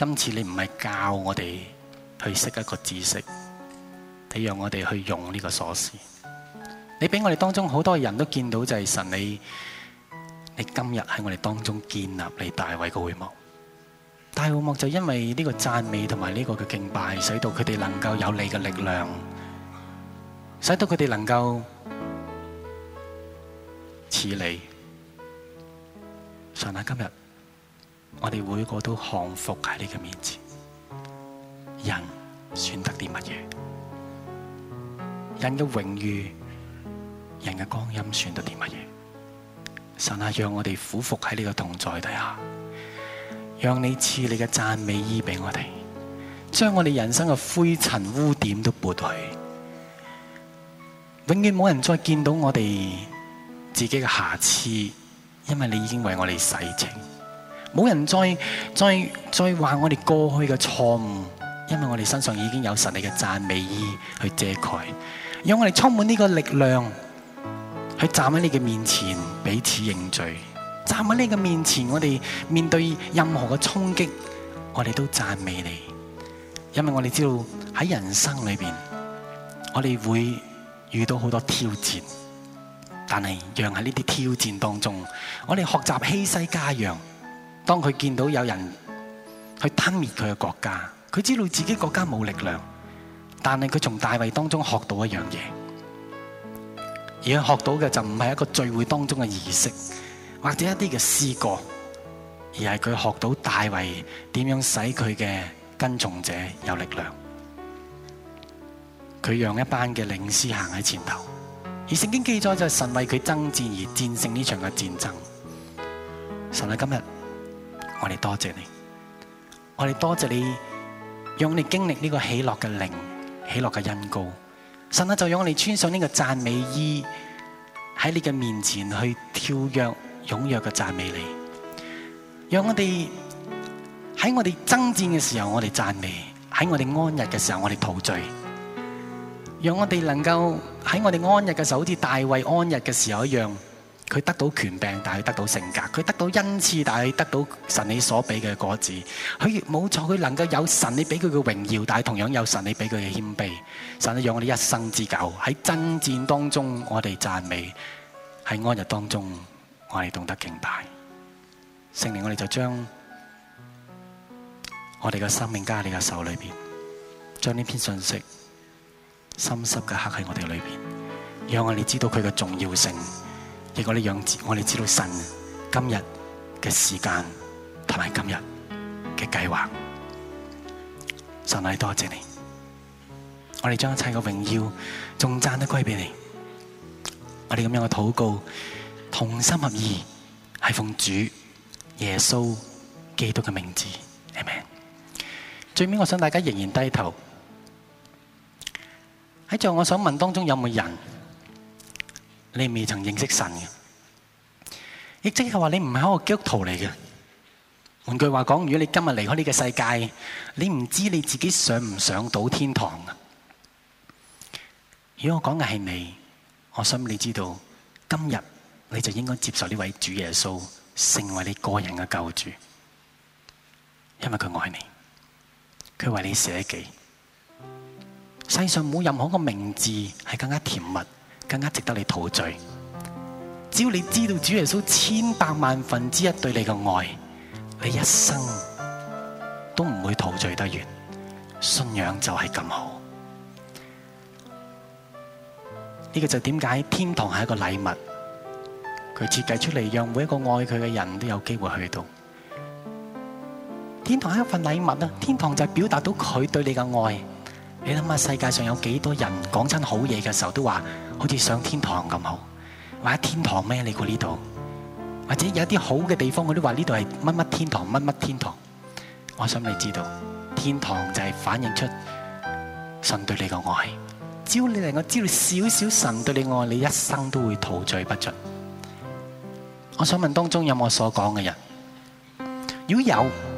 今次你唔係教我哋去識一個知識，你讓我哋去用呢個鎖匙。你俾我哋當中好多人都見到就係神，你，你今日喺我哋當中建立你大衛嘅會幕，大會幕就因為呢個讚美同埋呢個嘅敬拜，使到佢哋能夠有你嘅力量，使到佢哋能夠似你。上啊，嘗嘗今日！我哋每個都降服喺你嘅面前，人算得啲乜嘢？人嘅榮譽、人嘅光陰算得啲乜嘢？神啊，讓我哋俯伏喺你嘅同在底下，讓你賜你嘅讚美衣俾我哋，將我哋人生嘅灰塵污點都撥去，永遠冇人再見到我哋自己嘅瑕疵，因為你已經為我哋洗淨。冇人再再再話我哋過去嘅錯誤，因為我哋身上已經有神你嘅讚美衣去遮蓋，讓我哋充滿呢個力量去站喺你嘅面前彼此認罪，站喺你嘅面前，我哋面對任何嘅衝擊，我哋都讚美你，因為我哋知道喺人生裏邊，我哋會遇到好多挑戰，但係讓喺呢啲挑戰當中，我哋學習希西家陽。當佢見到有人去吞滅佢嘅國家，佢知道自己國家冇力量，但係佢從大衛當中學到一樣嘢，而佢學到嘅就唔係一個聚會當中嘅儀式或者一啲嘅詩歌，而係佢學到大衛點樣使佢嘅跟從者有力量。佢讓一班嘅領詩行喺前頭，而聖經記載就係神為佢爭戰而戰勝呢場嘅戰爭。神喺今日。我哋多謝，謝你，我哋多謝，謝你，讓我哋經歷呢個喜樂嘅靈，喜樂嘅恩膏。神啊，就讓我哋穿上呢個讚美衣，喺你嘅面前去跳躍、踊躍嘅讚美你。讓我哋喺我哋爭戰嘅時候，我哋讚美；喺我哋安逸嘅時候，我哋陶醉。讓我哋能夠喺我哋安逸嘅時候，好似大衛安逸嘅時候一樣。佢得到權柄，但係佢得到性格；佢得到恩賜，但係佢得到神你所俾嘅果子。佢冇錯，佢能夠有神你俾佢嘅榮耀，但係同樣有神你俾佢嘅謙卑。神你讓我哋一生之久喺爭戰當中，我哋讚美；喺安逸當中，我哋懂得敬拜。聖靈，我哋就將我哋嘅生命加喺你嘅手裏邊，將呢篇信息深深嘅刻喺我哋裏邊，讓我哋知道佢嘅重要性。俾我哋讓，我哋知道神今日嘅時間同埋今日嘅計劃。神啊，多謝你！我哋將一切嘅榮耀，仲讚得歸俾你。我哋咁樣嘅禱告，同心合意，係奉主耶穌基督嘅名字。阿門。最尾，我想大家仍然低頭。喺最後，我想問當中，有冇人？你未曾認識神嘅，亦即係話你唔係一個基督徒嚟嘅。換句話講，如果你今日離開呢個世界，你唔知道你自己上唔上到天堂。如果我講嘅係你，我想你知道，今日你就應該接受呢位主耶穌，成為你個人嘅救主，因為佢愛你，佢為你捨己。世上冇任何一個名字係更加甜蜜。更加值得你陶醉。只要你知道主耶穌千百萬分之一對你嘅愛，你一生都唔會陶醉得完。信仰就係咁好。呢個就點解天堂係一個禮物。佢設計出嚟，讓每一個愛佢嘅人都有機會去到。天堂係一份禮物啊！天堂就係表達到佢對你嘅愛。你諗下世界上有幾多人講真好嘢嘅時候都話好似上天堂咁好，或者天堂咩？你估呢度，或者有啲好嘅地方，佢都話呢度係乜乜天堂、乜乜天堂。我想你知道，天堂就係反映出神對你嘅愛。只要你能夠知道少少神對你嘅愛，你一生都會陶醉不盡。我想問當中有冇我所講嘅人，如果有。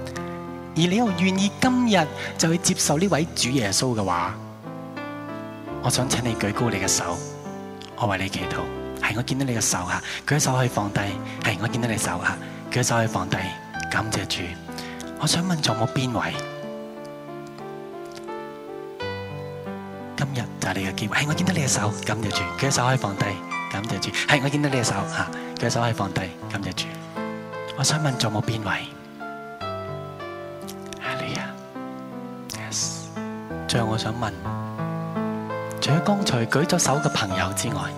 而你又願意今日就去接受呢位主耶穌嘅話，我想請你舉高你嘅手，我為你祈禱。係我見到你嘅手啊，舉手可以放低。係我見到你嘅手啊，舉手可以放低。感謝主，我想問仲有冇邊位？今日就係你嘅機會。係我見到你嘅手，感謝主，舉手可以放低，感謝主。係我見到你嘅手啊，舉手可以放低，感謝主。我想問仲有冇邊位？最後我想問，除咗剛才舉咗手嘅朋友之外，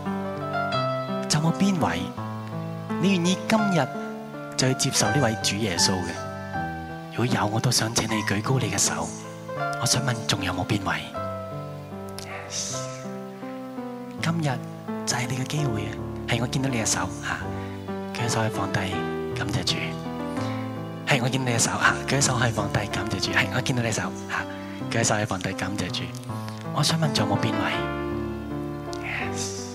就冇邊位你願意今日就去接受呢位主耶穌嘅？如果有，我都想請你舉高你嘅手。我想問，仲有冇邊位？Yes. 今日就係你嘅機會，係我見到你嘅手吓，舉手可以放低，感謝主。係我見到你嘅手吓，舉手可以放低，感謝主。係我見到你嘅手吓。嘅曬嘅羣體感謝主。我想問仲有冇邊位？Yes，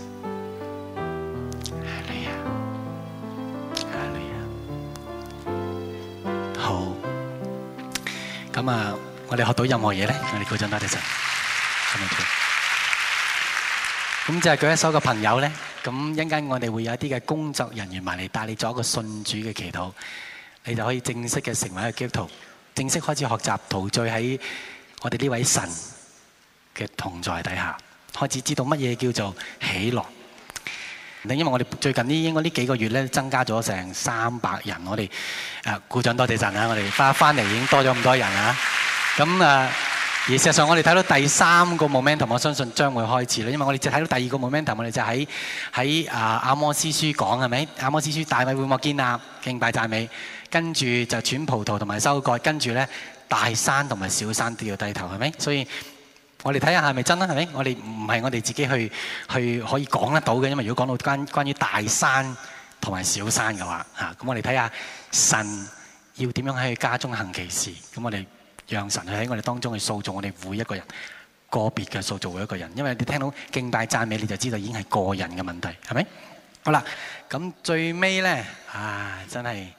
係你啊，係你啊，好。咁啊，我哋學到任何嘢咧，我哋舉咗手。咁就係舉一手嘅朋友咧。咁一陣間我哋會有一啲嘅工作人員埋嚟帶你做一個信主嘅祈禱，你就可以正式嘅成為一個基督徒，正式開始學習陶醉喺。我哋呢位神嘅同在底下，開始知道乜嘢叫做喜樂。因為我哋最近呢應該呢幾個月咧，增加咗成三百人。我哋誒、呃、鼓掌多謝神啦，我哋翻翻嚟已經多咗咁多人啦、啊。咁誒、呃，而事實上我哋睇到第三個 momentum，我相信將會開始啦。因為我哋就睇到第二個 momentum，我哋就喺喺啊亞摩斯書講係咪？亞摩斯書大衛會幕建立，敬拜讚美，跟住就轉葡萄同埋收割，跟住咧。大山同埋小山都要低頭，係咪？所以我哋睇下係咪真啦，係咪？我哋唔係我哋自己去去可以講得到嘅，因為如果講到關關於大山同埋小山嘅話，嚇、啊、咁我哋睇下神要點樣喺家中行其事。咁我哋讓神去喺我哋當中去塑造我哋每一個人，個別嘅塑造每一個人，因為你聽到敬拜讚美你就知道已經係個人嘅問題，係咪？好啦，咁最尾呢，啊，真係～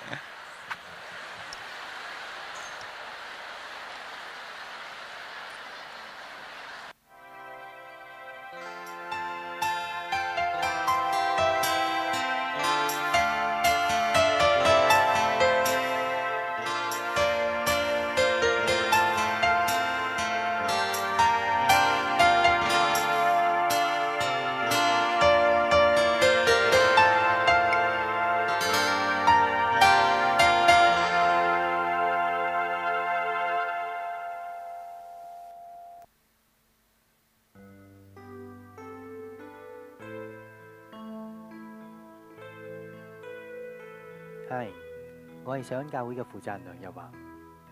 呢個負責人又話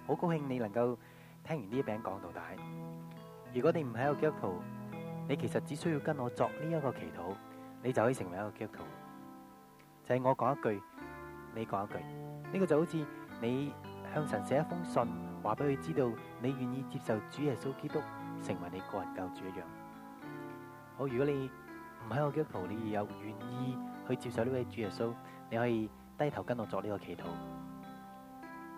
好高興，你能夠聽完呢一餅講道大。如果你唔係一個基督徒，你其實只需要跟我作呢一個祈禱，你就可以成為一個基督徒。就係我講一句，你講一句，呢個就好似你向神寫一封信，話俾佢知道你願意接受主耶穌基督成為你個人救主一樣。好，如果你唔係一個基督徒，你又願意去接受呢位主耶穌，你可以低頭跟我作呢個祈禱。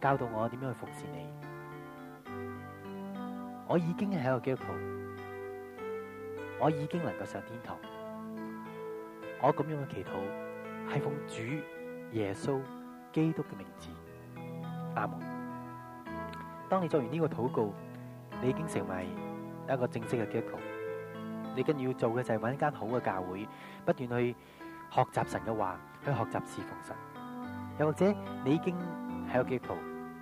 教導我點樣去服侍你，我已經喺個基督徒，我已經能夠上天堂。我咁樣嘅祈禱係奉主耶穌基督嘅名字，阿門。當你做完呢個禱告，你已經成為一個正式嘅基督徒。你跟住要做嘅就係揾一間好嘅教會，不斷去學習神嘅話，去學習侍奉神。又或者你已經喺個基督徒。